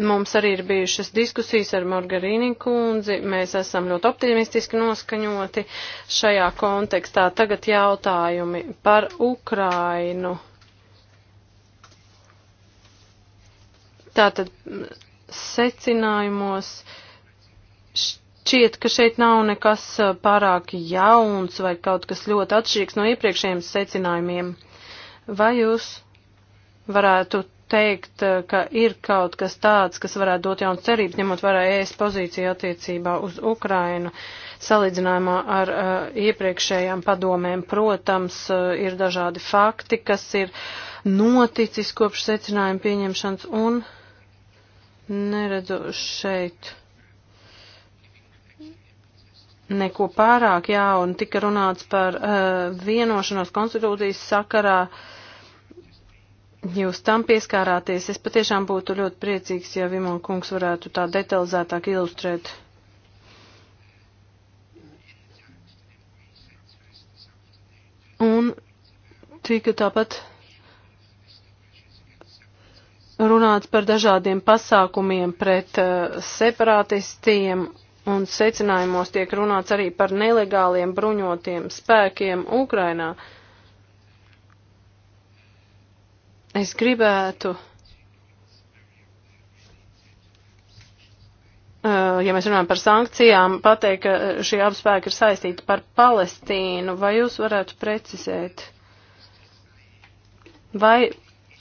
Mums arī ir bijušas diskusijas ar Margarīnu kundzi. Mēs esam ļoti optimistiski noskaņoti šajā kontekstā. Tagad jautājumi par Ukrainu. Tātad secinājumos šķiet, ka šeit nav nekas eh, pārāk jauns vai kaut kas ļoti atšķirīgs no iepriekšējiem secinājumiem. Vai jūs varētu teikt, eh, ka ir kaut kas tāds, kas varētu dot jaunas cerības, ņemot vērā ES pozīciju attiecībā uz Ukrainu, salīdzinājumā ar uh, iepriekšējām padomēm. Protams, uh, ir dažādi fakti, kas ir noticis kopš secinājuma pieņemšanas un neredzu šeit neko pārāk jaunu. Tika runāts par uh, vienošanos konstitūcijas sakarā. Uh, jūs tam pieskārāties. Es patiešām būtu ļoti priecīgs, ja Vimon kungs varētu tā detalizētāk ilustrēt. Un tika tāpat runāts par dažādiem pasākumiem pret uh, separātistiem un secinājumos tiek runāts arī par nelegāliem bruņotiem spēkiem Ukrainā. Uh, Es gribētu. Eh, ja mēs runājam par sankcijām, pateikt, ka eh, šie abi spēki ir saistīti par Palestīnu, vai jūs varētu precizēt? Vai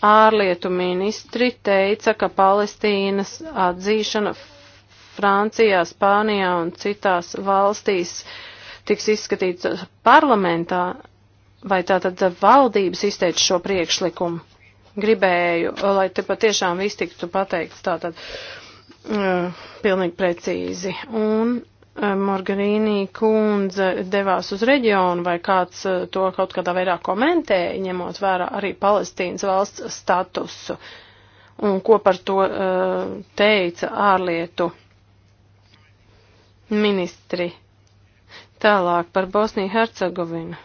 ārlietu ministri teica, ka Palestīnas atzīšana Francijā, Spānijā un citās valstīs tiks izskatīta parlamentā, vai tātad valdības izteica šo priekšlikumu? gribēju, lai te patiešām viss tiktu pateikts tātad uh, pilnīgi precīzi. Un uh, eh, Morgarīnī kundze devās uz reģionu, vai kāds uh, to kaut kādā veidā komentēja, ņemot vērā arī Palestīnas valsts statusu. Un ko par to teica ārlietu ministri. Tālāk par Bosniju Hercegovinu.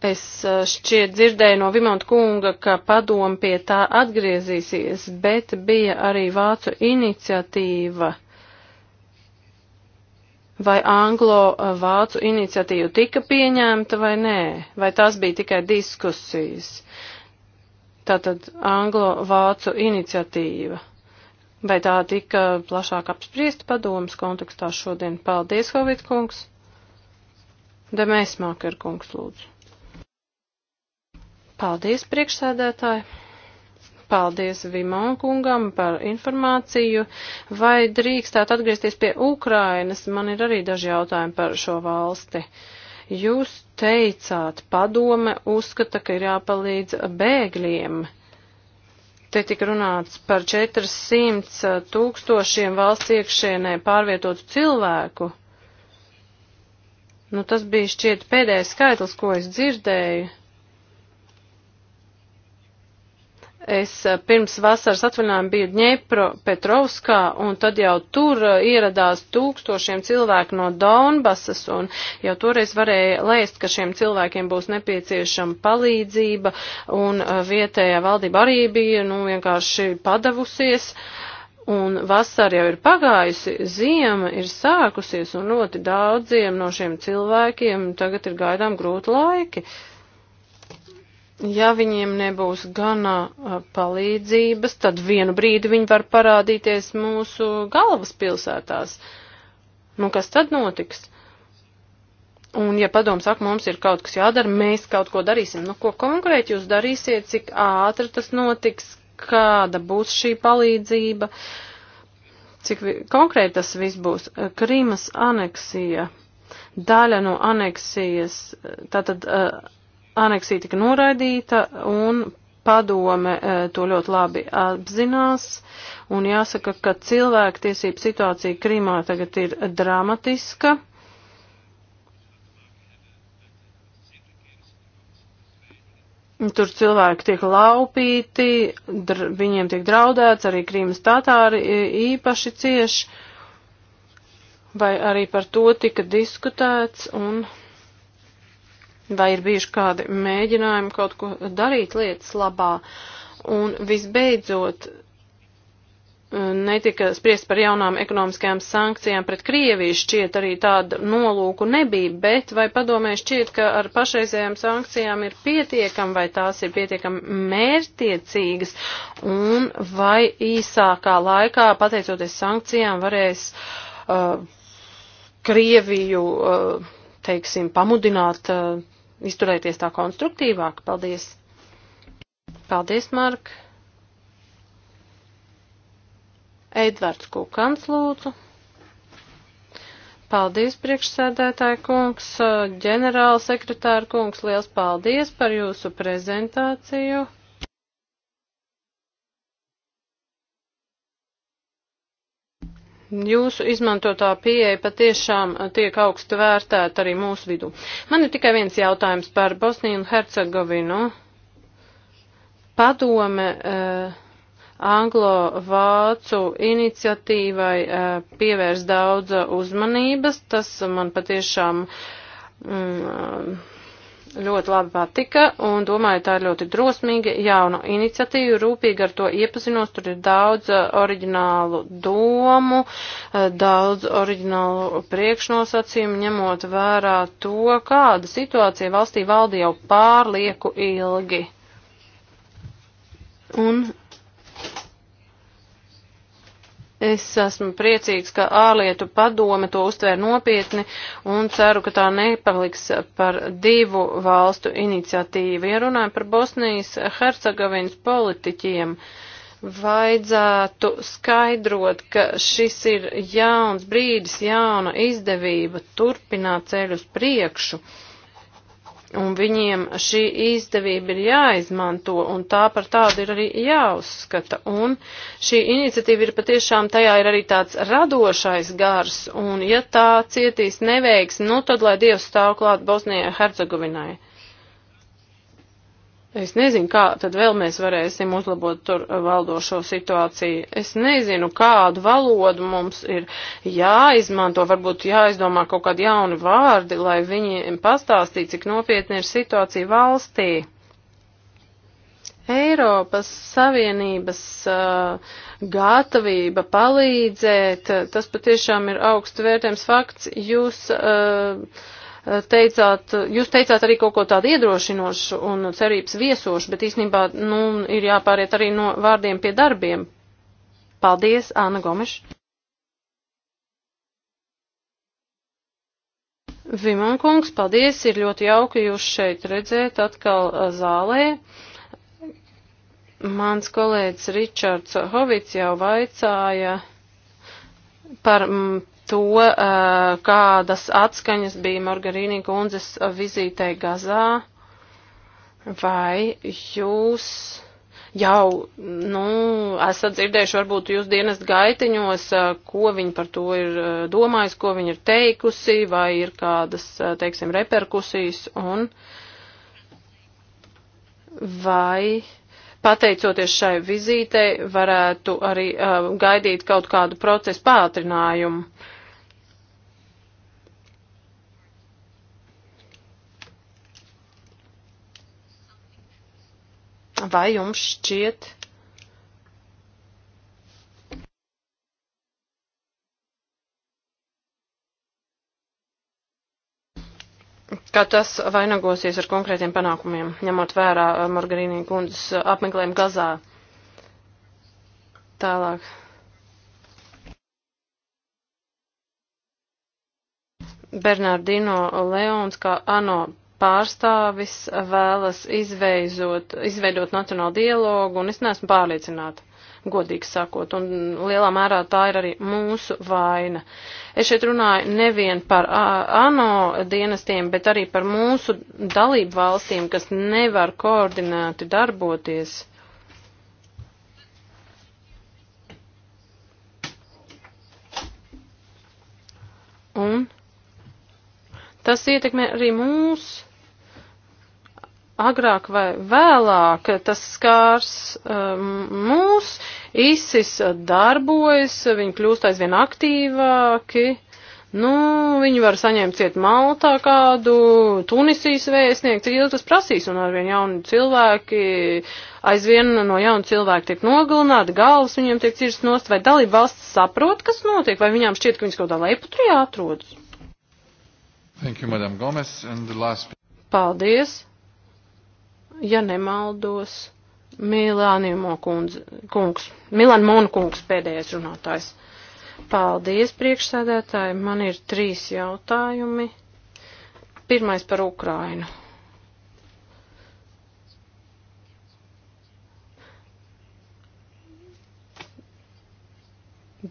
Es eh, šķiet dzirdēju no Vimonta kunga, ka padomu pie tā atgriezīsies, bet bija arī vācu iniciatīva. Vai anglo-vācu eh, iniciatīva tika pieņemta vai nē? Vai tās bija tikai diskusijas? Tātad anglo-vācu iniciatīva. Vai tā tika plašāk apspriesta padomas kontekstā šodien? Paldies, Hovit kungs. Demēs Māker kungs, lūdzu. Paldies, priekšsēdētāji! Paldies Vimon kungam par informāciju. Vai drīkstāt atgriezties pie Ukrainas? Man ir arī daži jautājumi par šo valsti. Jūs teicāt, padome uzskata, ka ir jāpalīdz bēgļiem. Te tika runāts par 400 tūkstošiem valsts iekšienē pārvietotu cilvēku. Nu, tas bija šķiet pēdējais skaitlis, ko es dzirdēju. Es eh, pirms vasaras atvaļinājuma biju Dņepro Petrovskā, un tad jau tur eh, ieradās tūkstošiem cilvēku no Donbasas, un jau toreiz varēja lēst, ka šiem cilvēkiem būs nepieciešama palīdzība, un eh, vietējā valdība arī bija, nu, vienkārši padavusies. Uh, un vasara jau ir pagājusi, ziema ir sākusies, un ļoti daudziem no šiem cilvēkiem tagad ir gaidām grūti laiki. Uh, ja viņiem nebūs gana palīdzības, tad vienu brīdi viņi var parādīties mūsu galvaspilsētās. Nu, kas tad notiks? Un, ja padoms saka, mums ir kaut kas jādara, mēs kaut ko darīsim. Nu, ko konkrēti jūs darīsiet, cik ātri tas notiks, kāda būs šī palīdzība, cik konkrēti tas viss būs. Krīmas aneksija, daļa no aneksijas, tātad. Uh, aneksija tika noraidīta un padome eh, to ļoti labi apzinās. Un jāsaka, ka cilvēktiesība situācija Krīmā tagad ir dramatiska. Tur cilvēki tiek laupīti, dr viņiem tiek draudēts, arī Krīmas tatāri īpaši cieši, vai arī par to tika diskutēts, un vai ir bijuši kādi mēģinājumi kaut ko darīt lietas labā. Un visbeidzot, netika spriest par jaunām ekonomiskajām sankcijām pret Krieviju, šķiet arī tāda nolūku nebija, bet vai padomē šķiet, ka ar pašreizējām sankcijām ir pietiekam, vai tās ir pietiekam mērtiecīgas, un vai īsākā laikā, pateicoties sankcijām, varēs uh, Krieviju, uh, teiksim, pamudināt uh, izturēties tā konstruktīvāk. Paldies! Paldies, Mark! Edvards Kukans lūdzu. Paldies, priekšsēdētāja kungs, ģenerāla sekretāra kungs, liels paldies par jūsu prezentāciju. Jūsu izmantotā pieeja patiešām eh, tiek augstu vērtēta arī mūsu vidū. Man ir tikai viens jautājums par Bosniju un Hercegovinu. Padome eh, anglo-vācu iniciatīvai eh, pievērs daudz uzmanības. Tas man patiešām. Mm, ļoti labi patika un domāju, tā ir ļoti drosmīga jauna iniciatīva, rūpīgi ar to iepazinos, tur ir daudz eh, oriģinālu domu, eh, daudz oriģinālu priekšnosacījumu, ņemot vērā to, kāda situācija valstī valda jau pārlieku ilgi. Un Es esmu priecīgs, ka ārlietu padome to uztvēr nopietni un ceru, ka tā nepaliks par divu valstu iniciatīvu. Ja runājam par Bosnijas Hercegovinas politiķiem, vajadzētu skaidrot, ka šis ir jauns brīdis, jauna izdevība turpināt ceļu uz priekšu. Uh, Un viņiem šī izdevība ir jāizmanto, un tā par tādu ir arī jāuzskata. Un šī iniciatīva ir patiešām, tajā ir arī tāds radošais gars, un ja tā cietīs neveiks, nu tad lai Dievs stāv klāt Bosnijai Hercegovinai. Es nezinu, kā tad vēl mēs varēsim uzlabot tur valdošo situāciju. Es nezinu, kādu valodu mums ir jāizmanto, varbūt jāizdomā kaut kādi jauni vārdi, lai viņiem pastāstītu, cik nopietni ir situācija valstī. Eiropas Savienības uh, gatavība palīdzēt, tas patiešām ir augstu vērtējums fakts. Jūs uh, teicāt, jūs teicāt arī kaut ko tādu iedrošinošu un cerības viesošu, bet īstenībā, nu, ir jāpāriet arī no vārdiem pie darbiem. Paldies, Āna Gomeša. Vimankungs, paldies, ir ļoti jauki jūs šeit redzēt atkal uh, zālē. Mans kolēģis Ričards Hovics jau vaicāja par mm, to, uh, kādas atskaņas bija Margarīnī kundzes vizītē Gazā, vai jūs jau, nu, esat dzirdējuši varbūt jūs dienas gaitiņos, uh, ko viņi par to ir uh, domājis, ko viņi ir teikusi, vai ir kādas, teiksim, reperkusijas, un vai pateicoties šai vizītei varētu arī uh, gaidīt kaut kādu procesu pātrinājumu. Uh, Vai jums šķiet? ka tas vainagosies ar konkrētiem panākumiem, ņemot vērā eh, Margarīnī kundzes eh, apmeklējumu Gazā. Tālāk. Bernardino Leons, kā ANO pārstāvis vēlas izveizot, izveidot nacionālu dialogu, un es neesmu pārliecināta, godīgi sakot, un lielā mērā tā ir arī mūsu vaina. Es šeit runāju nevien par ANO dienestiem, bet arī par mūsu dalību valstīm, kas nevar koordinēti darboties. Un tas ietekmē arī mūsu agrāk vai vēlāk tas skārs um, mūs, ISIS darbojas, viņi kļūst aizvien aktīvāki. Nu, viņi var saņemt ciet Maltā kādu, Tunisijas vēstnieku, cik ilgi tas prasīs, un arvien jauni cilvēki, aizvien no jaunu cilvēku tiek nogalināti, galvas viņiem tiek cirst nost, vai dalība valsts saprot, kas notiek, vai viņām šķiet, ka viņas kaut kādā leiputrijā atrodas. Thank you, Madam Gomez, and the last... Paldies ja nemaldos, Milānimo kundz, kungs, Milan Monu kungs pēdējais runātājs. Paldies, priekšsēdētāji. Man ir trīs jautājumi. Pirmais par Ukrainu.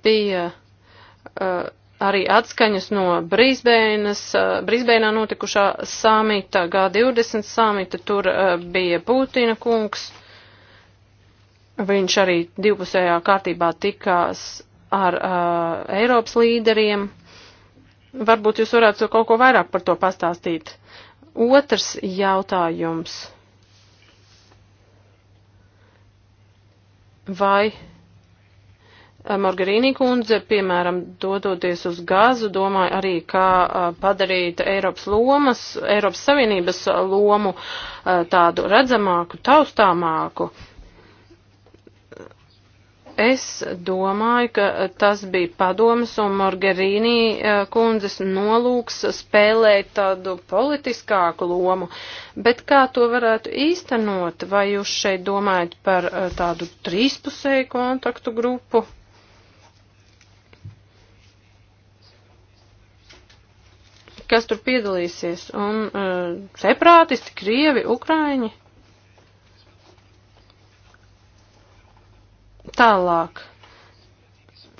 Bija uh, arī atskaņas no Brisbēnas, eh, Brisbēnā notikušā samita, G20 samita, tur eh, bija Putina kungs. Viņš arī divpusējā kārtībā tikās ar uh, Eiropas līderiem. Varbūt jūs varētu kaut ko vairāk par to pastāstīt. Otrs jautājums. Vai Morgarīnī kundze, piemēram, dodoties uz gazu, domāja arī, kā padarīt Eiropas lomas, Eiropas Savienības lomu tādu redzamāku, taustāmāku. Es domāju, ka tas bija padomas un Morgarīnī kundzes nolūks spēlēt tādu politiskāku lomu, bet kā to varētu īstenot, vai jūs šeit domājat par tādu trīspusēju kontaktu grupu? kas tur piedalīsies. Un uh, separātisti, krievi, ukraini. Tālāk.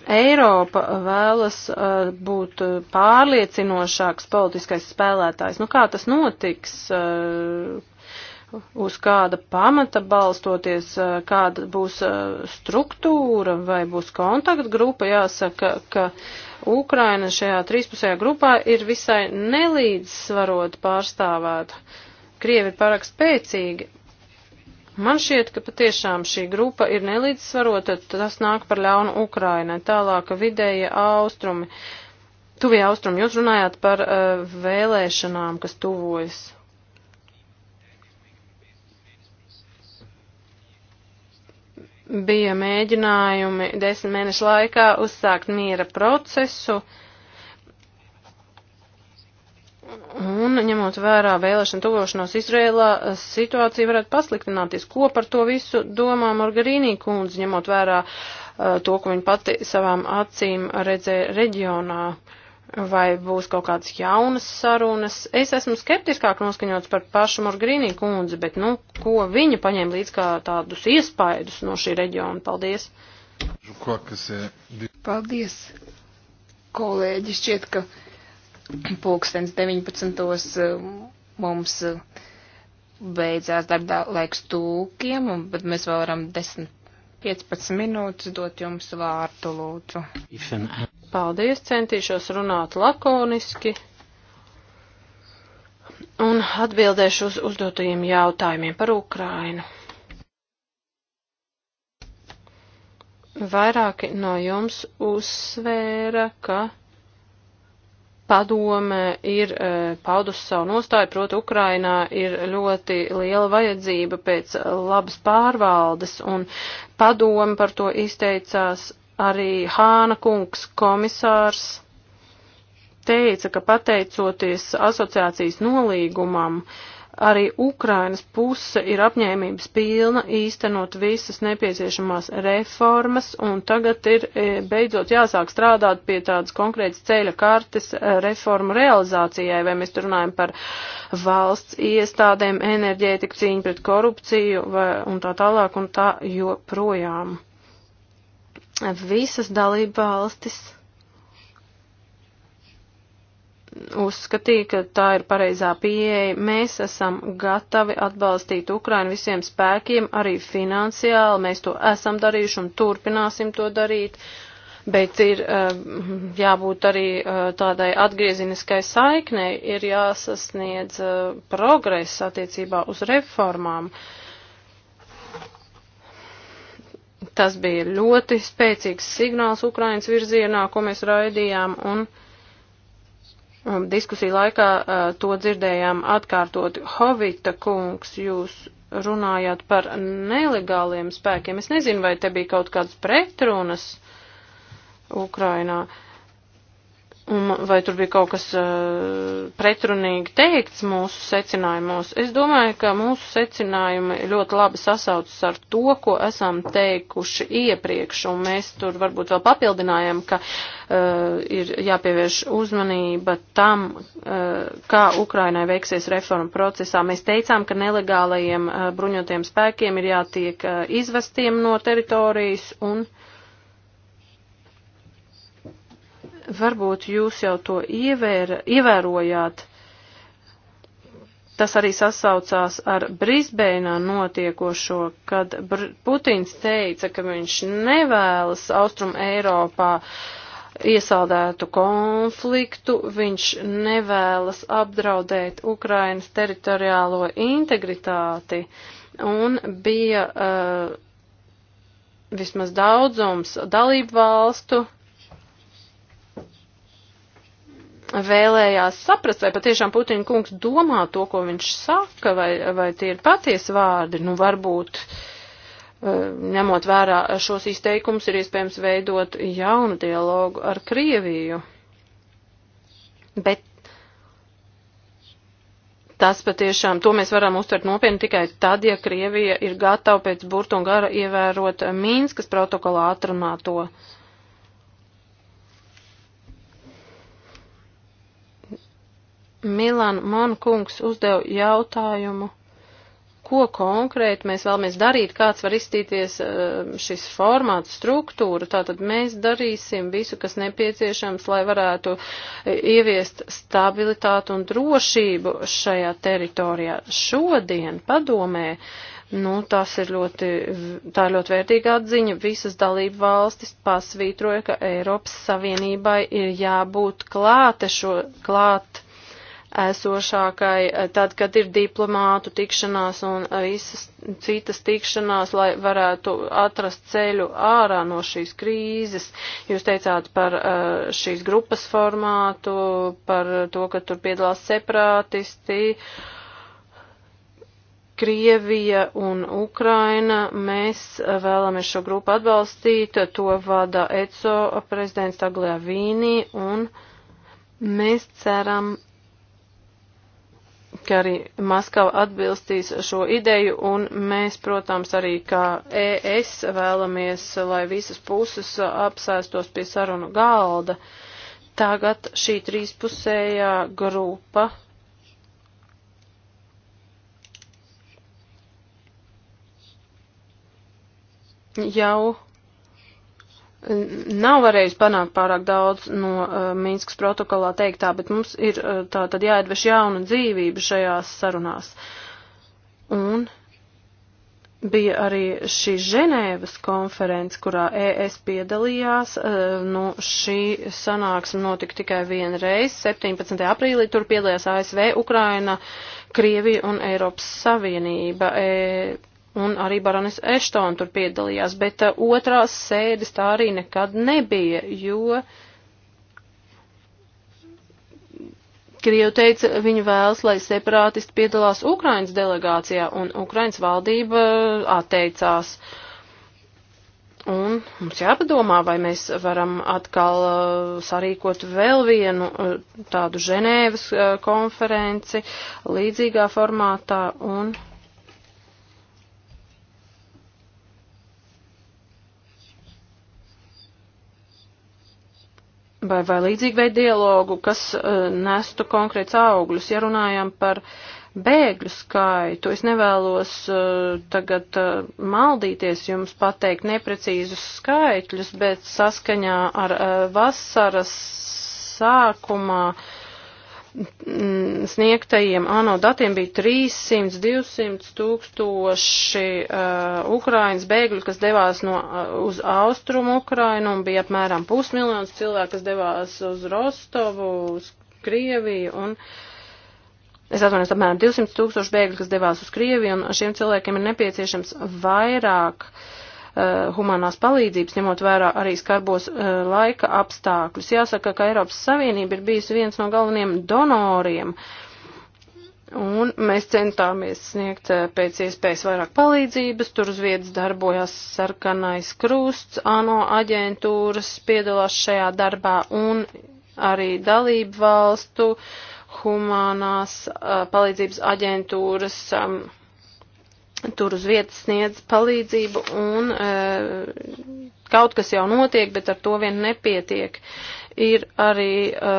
Eiropa vēlas uh, būt pārliecinošāks politiskais spēlētājs. Nu kā tas notiks? Uh, uz kāda pamata balstoties, eh, kāda būs eh, struktūra vai būs kontaktgrupa, jāsaka, ka Ukraina šajā trīspusējā grupā ir visai nelīdzsvarot pārstāvēta. Krievi ir pārāk spēcīgi. Man šķiet, ka patiešām šī grupa ir nelīdzsvarota, tas nāk par ļaunu Ukrainai, tālāk vidēja austrumi. Tuvie austrumi, jūs runājāt par uh, vēlēšanām, kas tuvojas. bija mēģinājumi desmit mēnešu laikā uzsākt miera procesu. Un, ņemot vērā vēlēšanu tuvošanos Izrēlā, situācija varētu pasliktināties. Ko par to visu domā Margarīnī kundze, ņemot vērā uh, to, ko viņa pati savām acīm redzēja reģionā? Uh, vai būs kaut kādas jaunas sarunas. Es esmu skeptiskāk noskaņots par pašu Morgrīnī kundzi, bet, nu, ko viņa paņēma līdz kā tādus iespaidus no šī reģiona. Paldies! Paldies, kolēģi! Šķiet, ka pulkstens 19. Eh, mums eh, beidzās darbā laiks tūkiem, bet mēs vēl varam 10 15 minūtes dot jums vārdu, lūdzu. Paldies, centīšos runāt lakoniski un atbildēšu uz uzdotajiem jautājumiem par Ukrainu. Vairāki no jums uzsvēra, ka padome ir e, paudusi savu nostāju, proti Ukrainā ir ļoti liela vajadzība pēc labas pārvaldes, un padome par to izteicās arī Hāna kungs komisārs teica, ka pateicoties asociācijas nolīgumam, uh, Arī Ukrainas puse ir apņēmības pilna īstenot visas nepieciešamās reformas, un tagad ir e, beidzot jāsāk strādāt pie tādas konkrētas ceļa kartes e, reformu realizācijai, vai mēs runājam par valsts iestādēm, enerģētiku, cīņu pret korupciju vai, un tā tālāk un tā joprojām. Visas dalība valstis uzskatīja, ka tā ir pareizā pieeja. Mēs esam gatavi atbalstīt Ukrainu visiem spēkiem, arī finansiāli. Mēs to esam darījuši un turpināsim to darīt. Bet ir eh, jābūt arī eh, tādai atgrieziniskai saiknei, ir jāsasniedz eh, progress attiecībā uz reformām. Tas bija ļoti spēcīgs signāls Ukrainas virzienā, ko mēs raidījām, un uh, Um, diskusiju laikā uh, to dzirdējām atkārtot. Hovita kungs, jūs runājāt par nelegāliem spēkiem. Es nezinu, vai te bija kaut kādas pretrunas Ukrainā. Uh, Un vai tur bija kaut kas uh, pretrunīgi teikts mūsu secinājumos? Es domāju, ka mūsu secinājumi ļoti labi sasaucas ar to, ko esam teikuši iepriekš, un mēs tur varbūt vēl papildinājam, ka uh, ir jāpievērš uzmanība tam, uh, kā Ukrainai veiksies reforma procesā. Mēs teicām, ka nelegālajiem uh, bruņotiem spēkiem ir jātiek uh, izvestiem no teritorijas un. Uh, Varbūt jūs jau to ievēra, ievērojāt. Tas arī sasaucās ar Brisbēnā notiekošo, kad Br Putins teica, ka viņš nevēlas Austrum Eiropā iesaldētu konfliktu, viņš nevēlas apdraudēt Ukrainas teritoriālo integritāti un bija uh, vismaz daudzums dalību valstu vēlējās saprast, vai patiešām Putina kungs domā to, ko viņš saka, vai, vai tie ir patiesi vārdi. Nu, varbūt, eh, ņemot vērā šos izteikumus, ir iespējams veidot jaunu dialogu ar Krieviju. Bet tas patiešām, to mēs varam uztvert nopietni tikai tad, ja Krievija ir gatava pēc burtu un gara ievērot Mīnskas protokolā atrunāto to Milan Monkungs uzdeva jautājumu, ko konkrēti mēs vēlamies darīt, kāds var izstīties eh, šis formāts, struktūra. Tātad mēs darīsim visu, kas nepieciešams, lai varētu eh, ieviest stabilitātu un drošību šajā teritorijā. Šodien padomē. Nu, tas ir ļoti, tā ir ļoti vērtīga atziņa. Visas dalību valstis pasvītroja, ka Eiropas Savienībai ir jābūt klāte šo klāt esošākai, eh, tad, kad ir diplomātu tikšanās un eh, visas citas tikšanās, lai varētu atrast ceļu ārā no šīs krīzes. Jūs teicāt par eh, šīs grupas formātu, par to, ka tur piedalās separātisti. Krievija un Ukraina, mēs vēlamies šo grupu atbalstīt, to vada ECO prezidents Taglajā Vīnī un mēs ceram ka arī Maskava atbilstīs šo ideju, un mēs, protams, arī kā ES vēlamies, lai visas puses apsēstos pie sarunu galda. Tagad šī trīspusējā grupa jau nav varējusi panākt pārāk daudz no uh, Mīnskas protokolā teiktā, bet mums ir uh, tā tad jāiedveš jauna dzīvība šajās sarunās. Un bija arī šī Ženēvas konference, kurā ES piedalījās. Uh, nu, šī sanāksme notika tikai vienu reizi, 17. aprīlī. Tur piedalījās ASV, Ukraina, Krievija un Eiropas Savienība. E un arī Baronis Eštona tur piedalījās, bet uh, otrās sēdes tā arī nekad nebija, jo Krievi teica, viņi vēlas, lai separātisti piedalās Ukrainas delegācijā, un Ukrainas valdība uh, atteicās. Un mums jāpadomā, vai mēs varam atkal uh, sarīkot vēl vienu uh, tādu Ženēvas uh, konferenci līdzīgā formātā un. vai, vai līdzīgu veidu dialogu, kas uh, nestu konkrēts augļus. Ja runājam par bēgļu skaitu, es nevēlos uh, tagad uh, maldīties jums pateikt neprecīzus skaitļus, bet saskaņā ar uh, vasaras sākumā uh, Mm, sniegtajiem ANO datiem bija 300, 200 tūkstoši uh, Ukrainas bēgļu, kas devās no, uh, uz austrumu Ukrainu, un bija apmēram pusmiljons cilvēku, kas devās uz Rostovu, uz Krieviju, un es atvainojos, apmēram 200 tūkstoši bēgļu, kas devās uz Krieviju, un šiem cilvēkiem ir nepieciešams vairāk uh, Uh, humanās palīdzības, ņemot vērā arī skarbos uh, laika apstākļus. Jāsaka, ka Eiropas Savienība ir bijusi viens no galvenajiem donoriem. Un mēs centāmies sniegt uh, pēc iespējas vairāk palīdzības, tur uz vietas darbojās sarkanais krusts, ANO aģentūras piedalās šajā darbā un arī dalību valstu humānās palīdzības aģentūras. Um, tur uz vietas sniedz palīdzību un e, kaut kas jau notiek, bet ar to vien nepietiek. Ir arī e,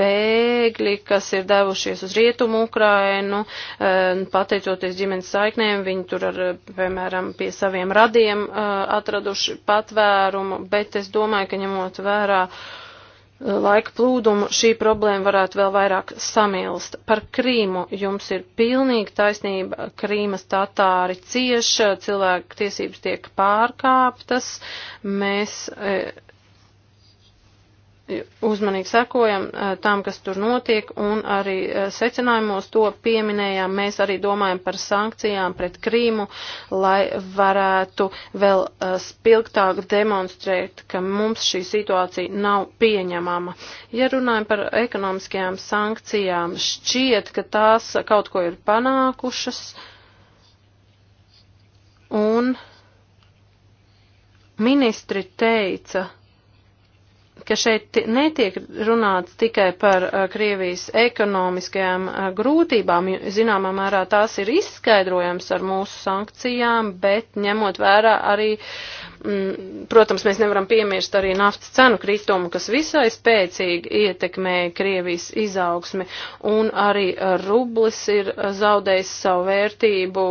bēgļi, kas ir devušies uz rietumu Ukrainu, e, pateicoties ģimenes saiknēm, viņi tur ar, piemēram, pie saviem radiem e, atraduši patvērumu, bet es domāju, ka ņemot vērā e, laika plūdumu šī problēma varētu vēl vairāk samilst. Par Krīmu jums ir pilnīgi taisnība, Krīmas tatāri cieš, cilvēku tiesības tiek pārkāptas, mēs. E, uzmanīgi sekojam eh, tam, kas tur notiek, un arī eh, secinājumos to pieminējām. Mēs arī domājam par sankcijām pret Krīmu, lai varētu vēl eh, spilgtāk demonstrēt, ka mums šī situācija nav pieņemama. Ja runājam par ekonomiskajām sankcijām, šķiet, ka tās kaut ko ir panākušas. Un ministri teica, ka šeit netiek runāts tikai par uh, Krievijas ekonomiskajām uh, grūtībām, zināmā mērā tās ir izskaidrojams ar mūsu sankcijām, bet ņemot vērā arī, mm, protams, mēs nevaram piemirst arī naftas cenu kritumu, kas visai spēcīgi ietekmē Krievijas izaugsmi, un arī rublis ir zaudējis savu vērtību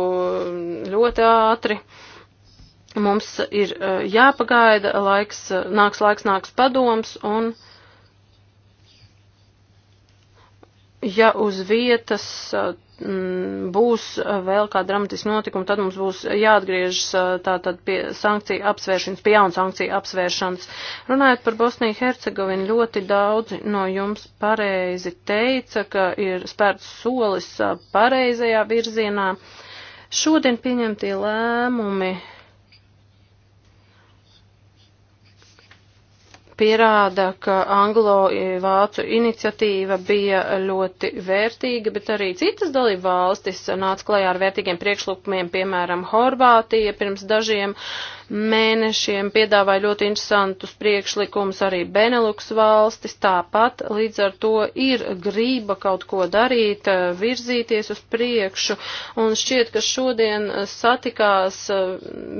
ļoti ātri. Uh, Mums ir e, jāpagaida, laiks, e, nāks laiks, nāks padoms, un ja uz vietas e, būs vēl kā dramatiski notikumi, tad mums būs jāatgriežas tātad pie sankciju apsvēršanas, pie jaunu sankciju apsvēršanas. Runājot par Bosniju Hercegovinu, ļoti daudzi no jums pareizi teica, ka ir spērts solis pareizajā virzienā. Šodien pieņemtie lēmumi pierāda, ka anglo-vācu e, iniciatīva bija ļoti vērtīga, bet arī citas dalību valstis nāca klajā ar vērtīgiem priekšlikumiem, piemēram, Horvātija pirms dažiem uh, mēnešiem piedāvāja ļoti interesantus priekšlikumus arī Benelux valstis, tāpat līdz ar to ir grība kaut ko darīt, eh, virzīties uz priekšu, un šķiet, ka šodien eh, satikās eh,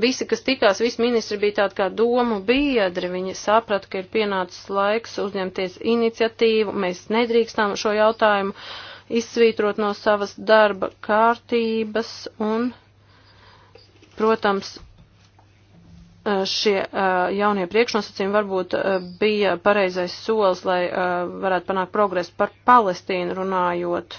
visi, kas tikās, visi ministri bija tādi kā domu biedri, viņi saprata, ka ir pienācis laiks uzņemties iniciatīvu, mēs nedrīkstam šo jautājumu izsvītrot no savas darba kārtības un, protams, Eh, šie eh, jaunie priekšnosacījumi varbūt eh, bija pareizais solis, lai varētu panākt progresu par Palestīnu runājot.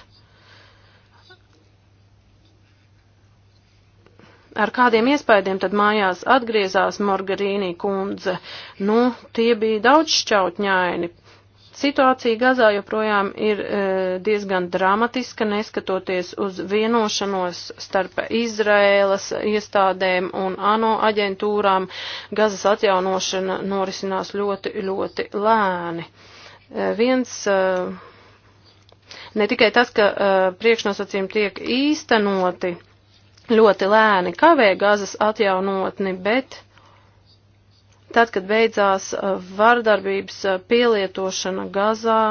Ar kādiem iespējām tad mājās atgriezās Margarīnī kundze? Nu, tie bija daudz šķautņaini. Situācija Gazā joprojām ir e, diezgan dramatiska, neskatoties uz vienošanos starp Izraēlas iestādēm un ANO aģentūrām. Gazas atjaunošana norisinās ļoti, ļoti lēni. E, viens, e, ne tikai tas, ka e, priekšnosacījumi tiek īstenoti ļoti lēni, kavē Gazas atjaunotni, bet Tad, kad beidzās uh, vardarbības uh, pielietošana Gazā,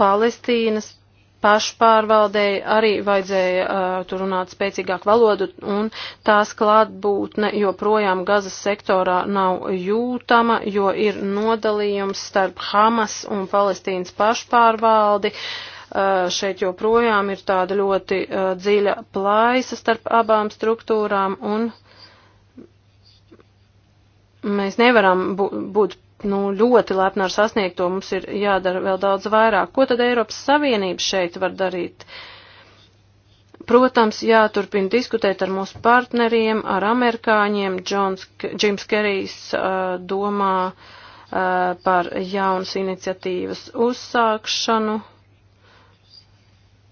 Palestīnas pašpārvaldēji arī vajadzēja uh, tur runāt spēcīgāk valodu, un tās klātbūtne joprojām Gazas sektorā nav jūtama, jo ir nodalījums starp Hamas un Palestīnas pašpārvaldi. Uh, šeit joprojām ir tāda ļoti uh, dziļa plaisa starp abām struktūrām, un uh, mēs nevaram būt nu, ļoti lepni ar sasniegto, mums ir jādara vēl daudz vairāk. Ko tad Eiropas Savienība šeit var darīt? Protams, jāturpina diskutēt ar mūsu partneriem, ar amerikāņiem. Džons, Džims Kerijs uh, domā uh, par jaunas iniciatīvas uzsākšanu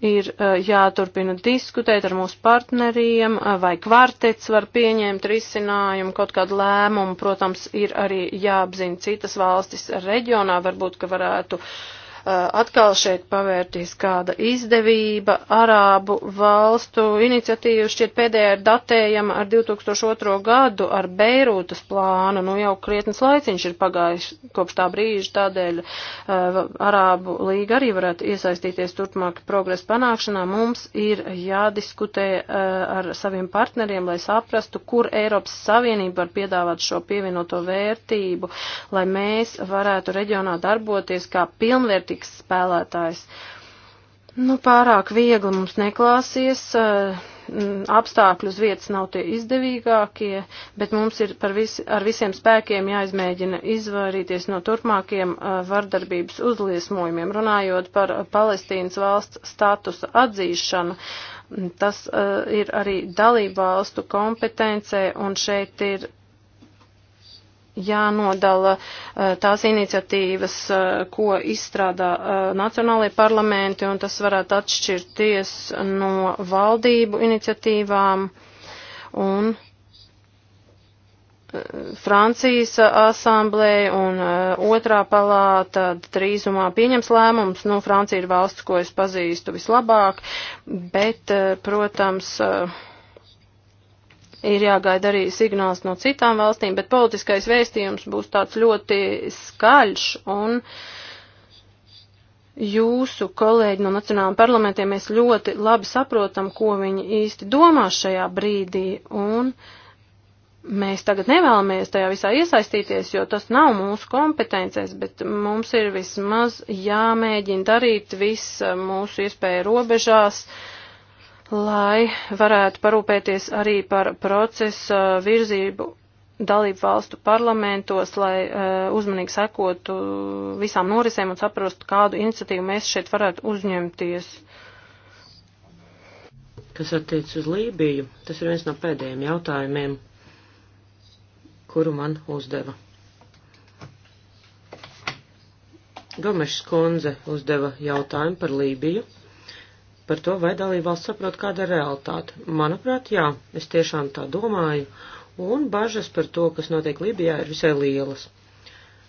ir eh, jāturpina diskutēt ar mūsu partneriem, eh, vai kvartets var pieņemt risinājumu, kaut kādu lēmumu, protams, ir arī jāapzina citas valstis reģionā, varbūt, ka varētu uh, Eh, atkal šeit pavērtīs kāda izdevība. Arābu valstu iniciatīva šķiet pēdējā ir datējama ar 2002. gadu ar Beirūtas plānu. Nu jau krietnes laiciņš ir pagājis kopš tā brīža, tādēļ eh, Arābu līga arī varētu iesaistīties turpmāk progresa panākšanā. Mums ir jādiskutē eh, ar saviem partneriem, lai saprastu, kur Eiropas Savienība var piedāvāt šo pievienoto vērtību, lai mēs varētu reģionā darboties kā pilnvērtīgi politikas spēlētājs. Nu, pārāk viegli mums neklāsies, eh, apstākļi uz vietas nav tie izdevīgākie, bet mums ir vis, ar visiem spēkiem jāizmēģina izvairīties no turpmākiem eh, vardarbības uzliesmojumiem. Runājot par Palestīnas valsts statusa atzīšanu, tas eh, ir arī dalībvalstu kompetencē, un šeit ir jānodala eh, tās iniciatīvas, eh, ko izstrādā eh, nacionālajie parlamenti, un tas varētu atšķirties no valdību iniciatīvām. Un Francijas asamblēja un otrā palāta drīzumā pieņems lēmums. Nu, Francija ir valsts, ko es pazīstu vislabāk, bet, protams, uh, ir jāgaida arī signāls no citām valstīm, bet politiskais vēstījums būs tāds ļoti skaļš un jūsu kolēģi no nacionālajiem parlamentiem mēs ļoti labi saprotam, ko viņi īsti domā šajā brīdī un mēs tagad nevēlamies tajā visā iesaistīties, jo tas nav mūsu kompetencēs, bet mums ir vismaz jāmēģina darīt viss mūsu iespēja robežās. Uh, lai varētu parūpēties arī par procesa virzību dalību valstu parlamentos, lai uh, uzmanīgi sekotu visām norisēm un saprastu, kādu iniciatīvu mēs šeit varētu uzņemties. Kas attiec uz Lībiju, tas ir viens no pēdējiem jautājumiem, kuru man uzdeva. Gomešs kundze uzdeva jautājumu par Lībiju par to, vai dalībvalsts saprot, kāda ir realitāte. Manuprāt, jā, es tiešām tā domāju, un bažas par to, kas notiek Libijā, ir visai lielas.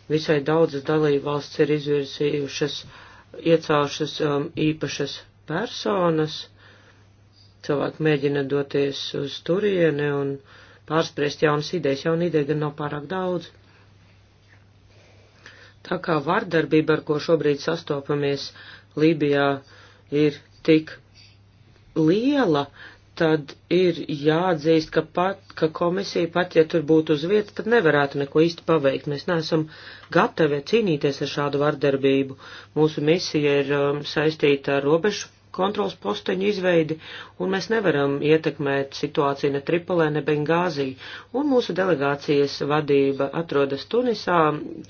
Visai daudzas dalībvalsts ir izvirzījušas, iecaušas um, īpašas personas, cilvēki mēģina doties uz turieni un pārspriest jaunas idejas, jauna ideja gan nav pārāk daudz. Tā kā vardarbība, ar ko šobrīd sastopamies Lībijā, ir tik liela, tad ir jāatzīst, ka, pat, ka komisija pat, ja tur būtu uz vietas, tad nevarētu neko īsti paveikt. Mēs neesam gatavi cīnīties ar šādu vardarbību. Mūsu misija ir um, saistīta ar robežu kontrols posteņu izveidi, un mēs nevaram ietekmēt situāciju ne Tripolē, ne Bengāzī. Un mūsu delegācijas vadība atrodas Tunisā,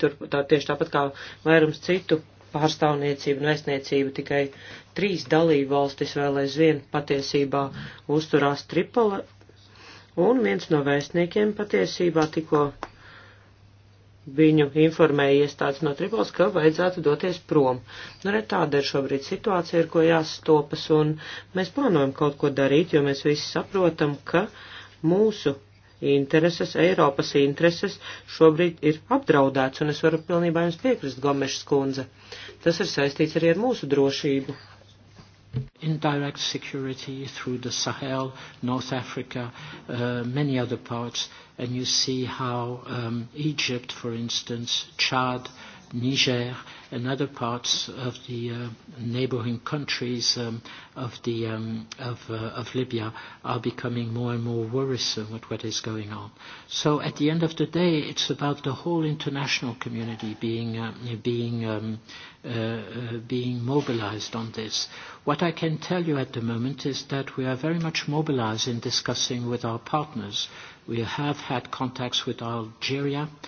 tur tā, tieši tāpat kā vairums citu pārstāvniecību un aizniecību tikai trīs dalību valstis vēl aizvien patiesībā uzturās Tripoli, un viens no vēstniekiem patiesībā tikko viņu informēja iestādes no Tripolis, ka vajadzētu doties prom. Nu, re, tāda ir šobrīd situācija, ar ko jāstopas, un mēs plānojam kaut ko darīt, jo mēs visi saprotam, ka mūsu intereses, Eiropas intereses šobrīd ir apdraudēts, un es varu pilnībā jums piekrist, Gomešs kundze. Tas ir saistīts arī ar mūsu drošību. Indirect security through the Sahel, North Africa, uh, many other parts, and you see how um, Egypt, for instance, Chad, uh, Niger and other parts of the uh, neighboring countries um, of, the, um, of, uh, of Libya are becoming more and more worrisome with what is going on. So at the end of the day, it's about the whole international community being, uh, being, um, uh, uh, being mobilized on this. What I can tell you at the moment is that we are very much mobilized in discussing with our partners. We have had contacts with Algeria. Uh,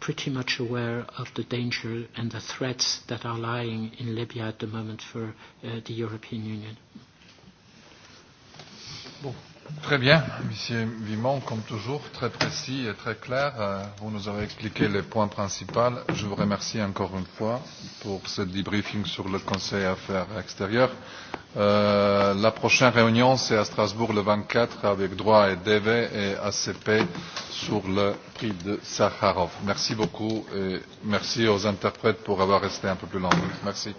pretty much aware of the danger and the threats that are lying in Libya at the moment for uh, the European Union. Bon. Très bien, Monsieur Vimon, comme toujours, très précis et très clair. Euh, vous nous avez expliqué les points principaux. Je vous remercie encore une fois pour ce debriefing sur le Conseil Affaires extérieures. Euh, la prochaine réunion, c'est à Strasbourg le 24 avec droit et DV et ACP sur le prix de Sakharov. Merci beaucoup et merci aux interprètes pour avoir resté un peu plus longtemps. Merci.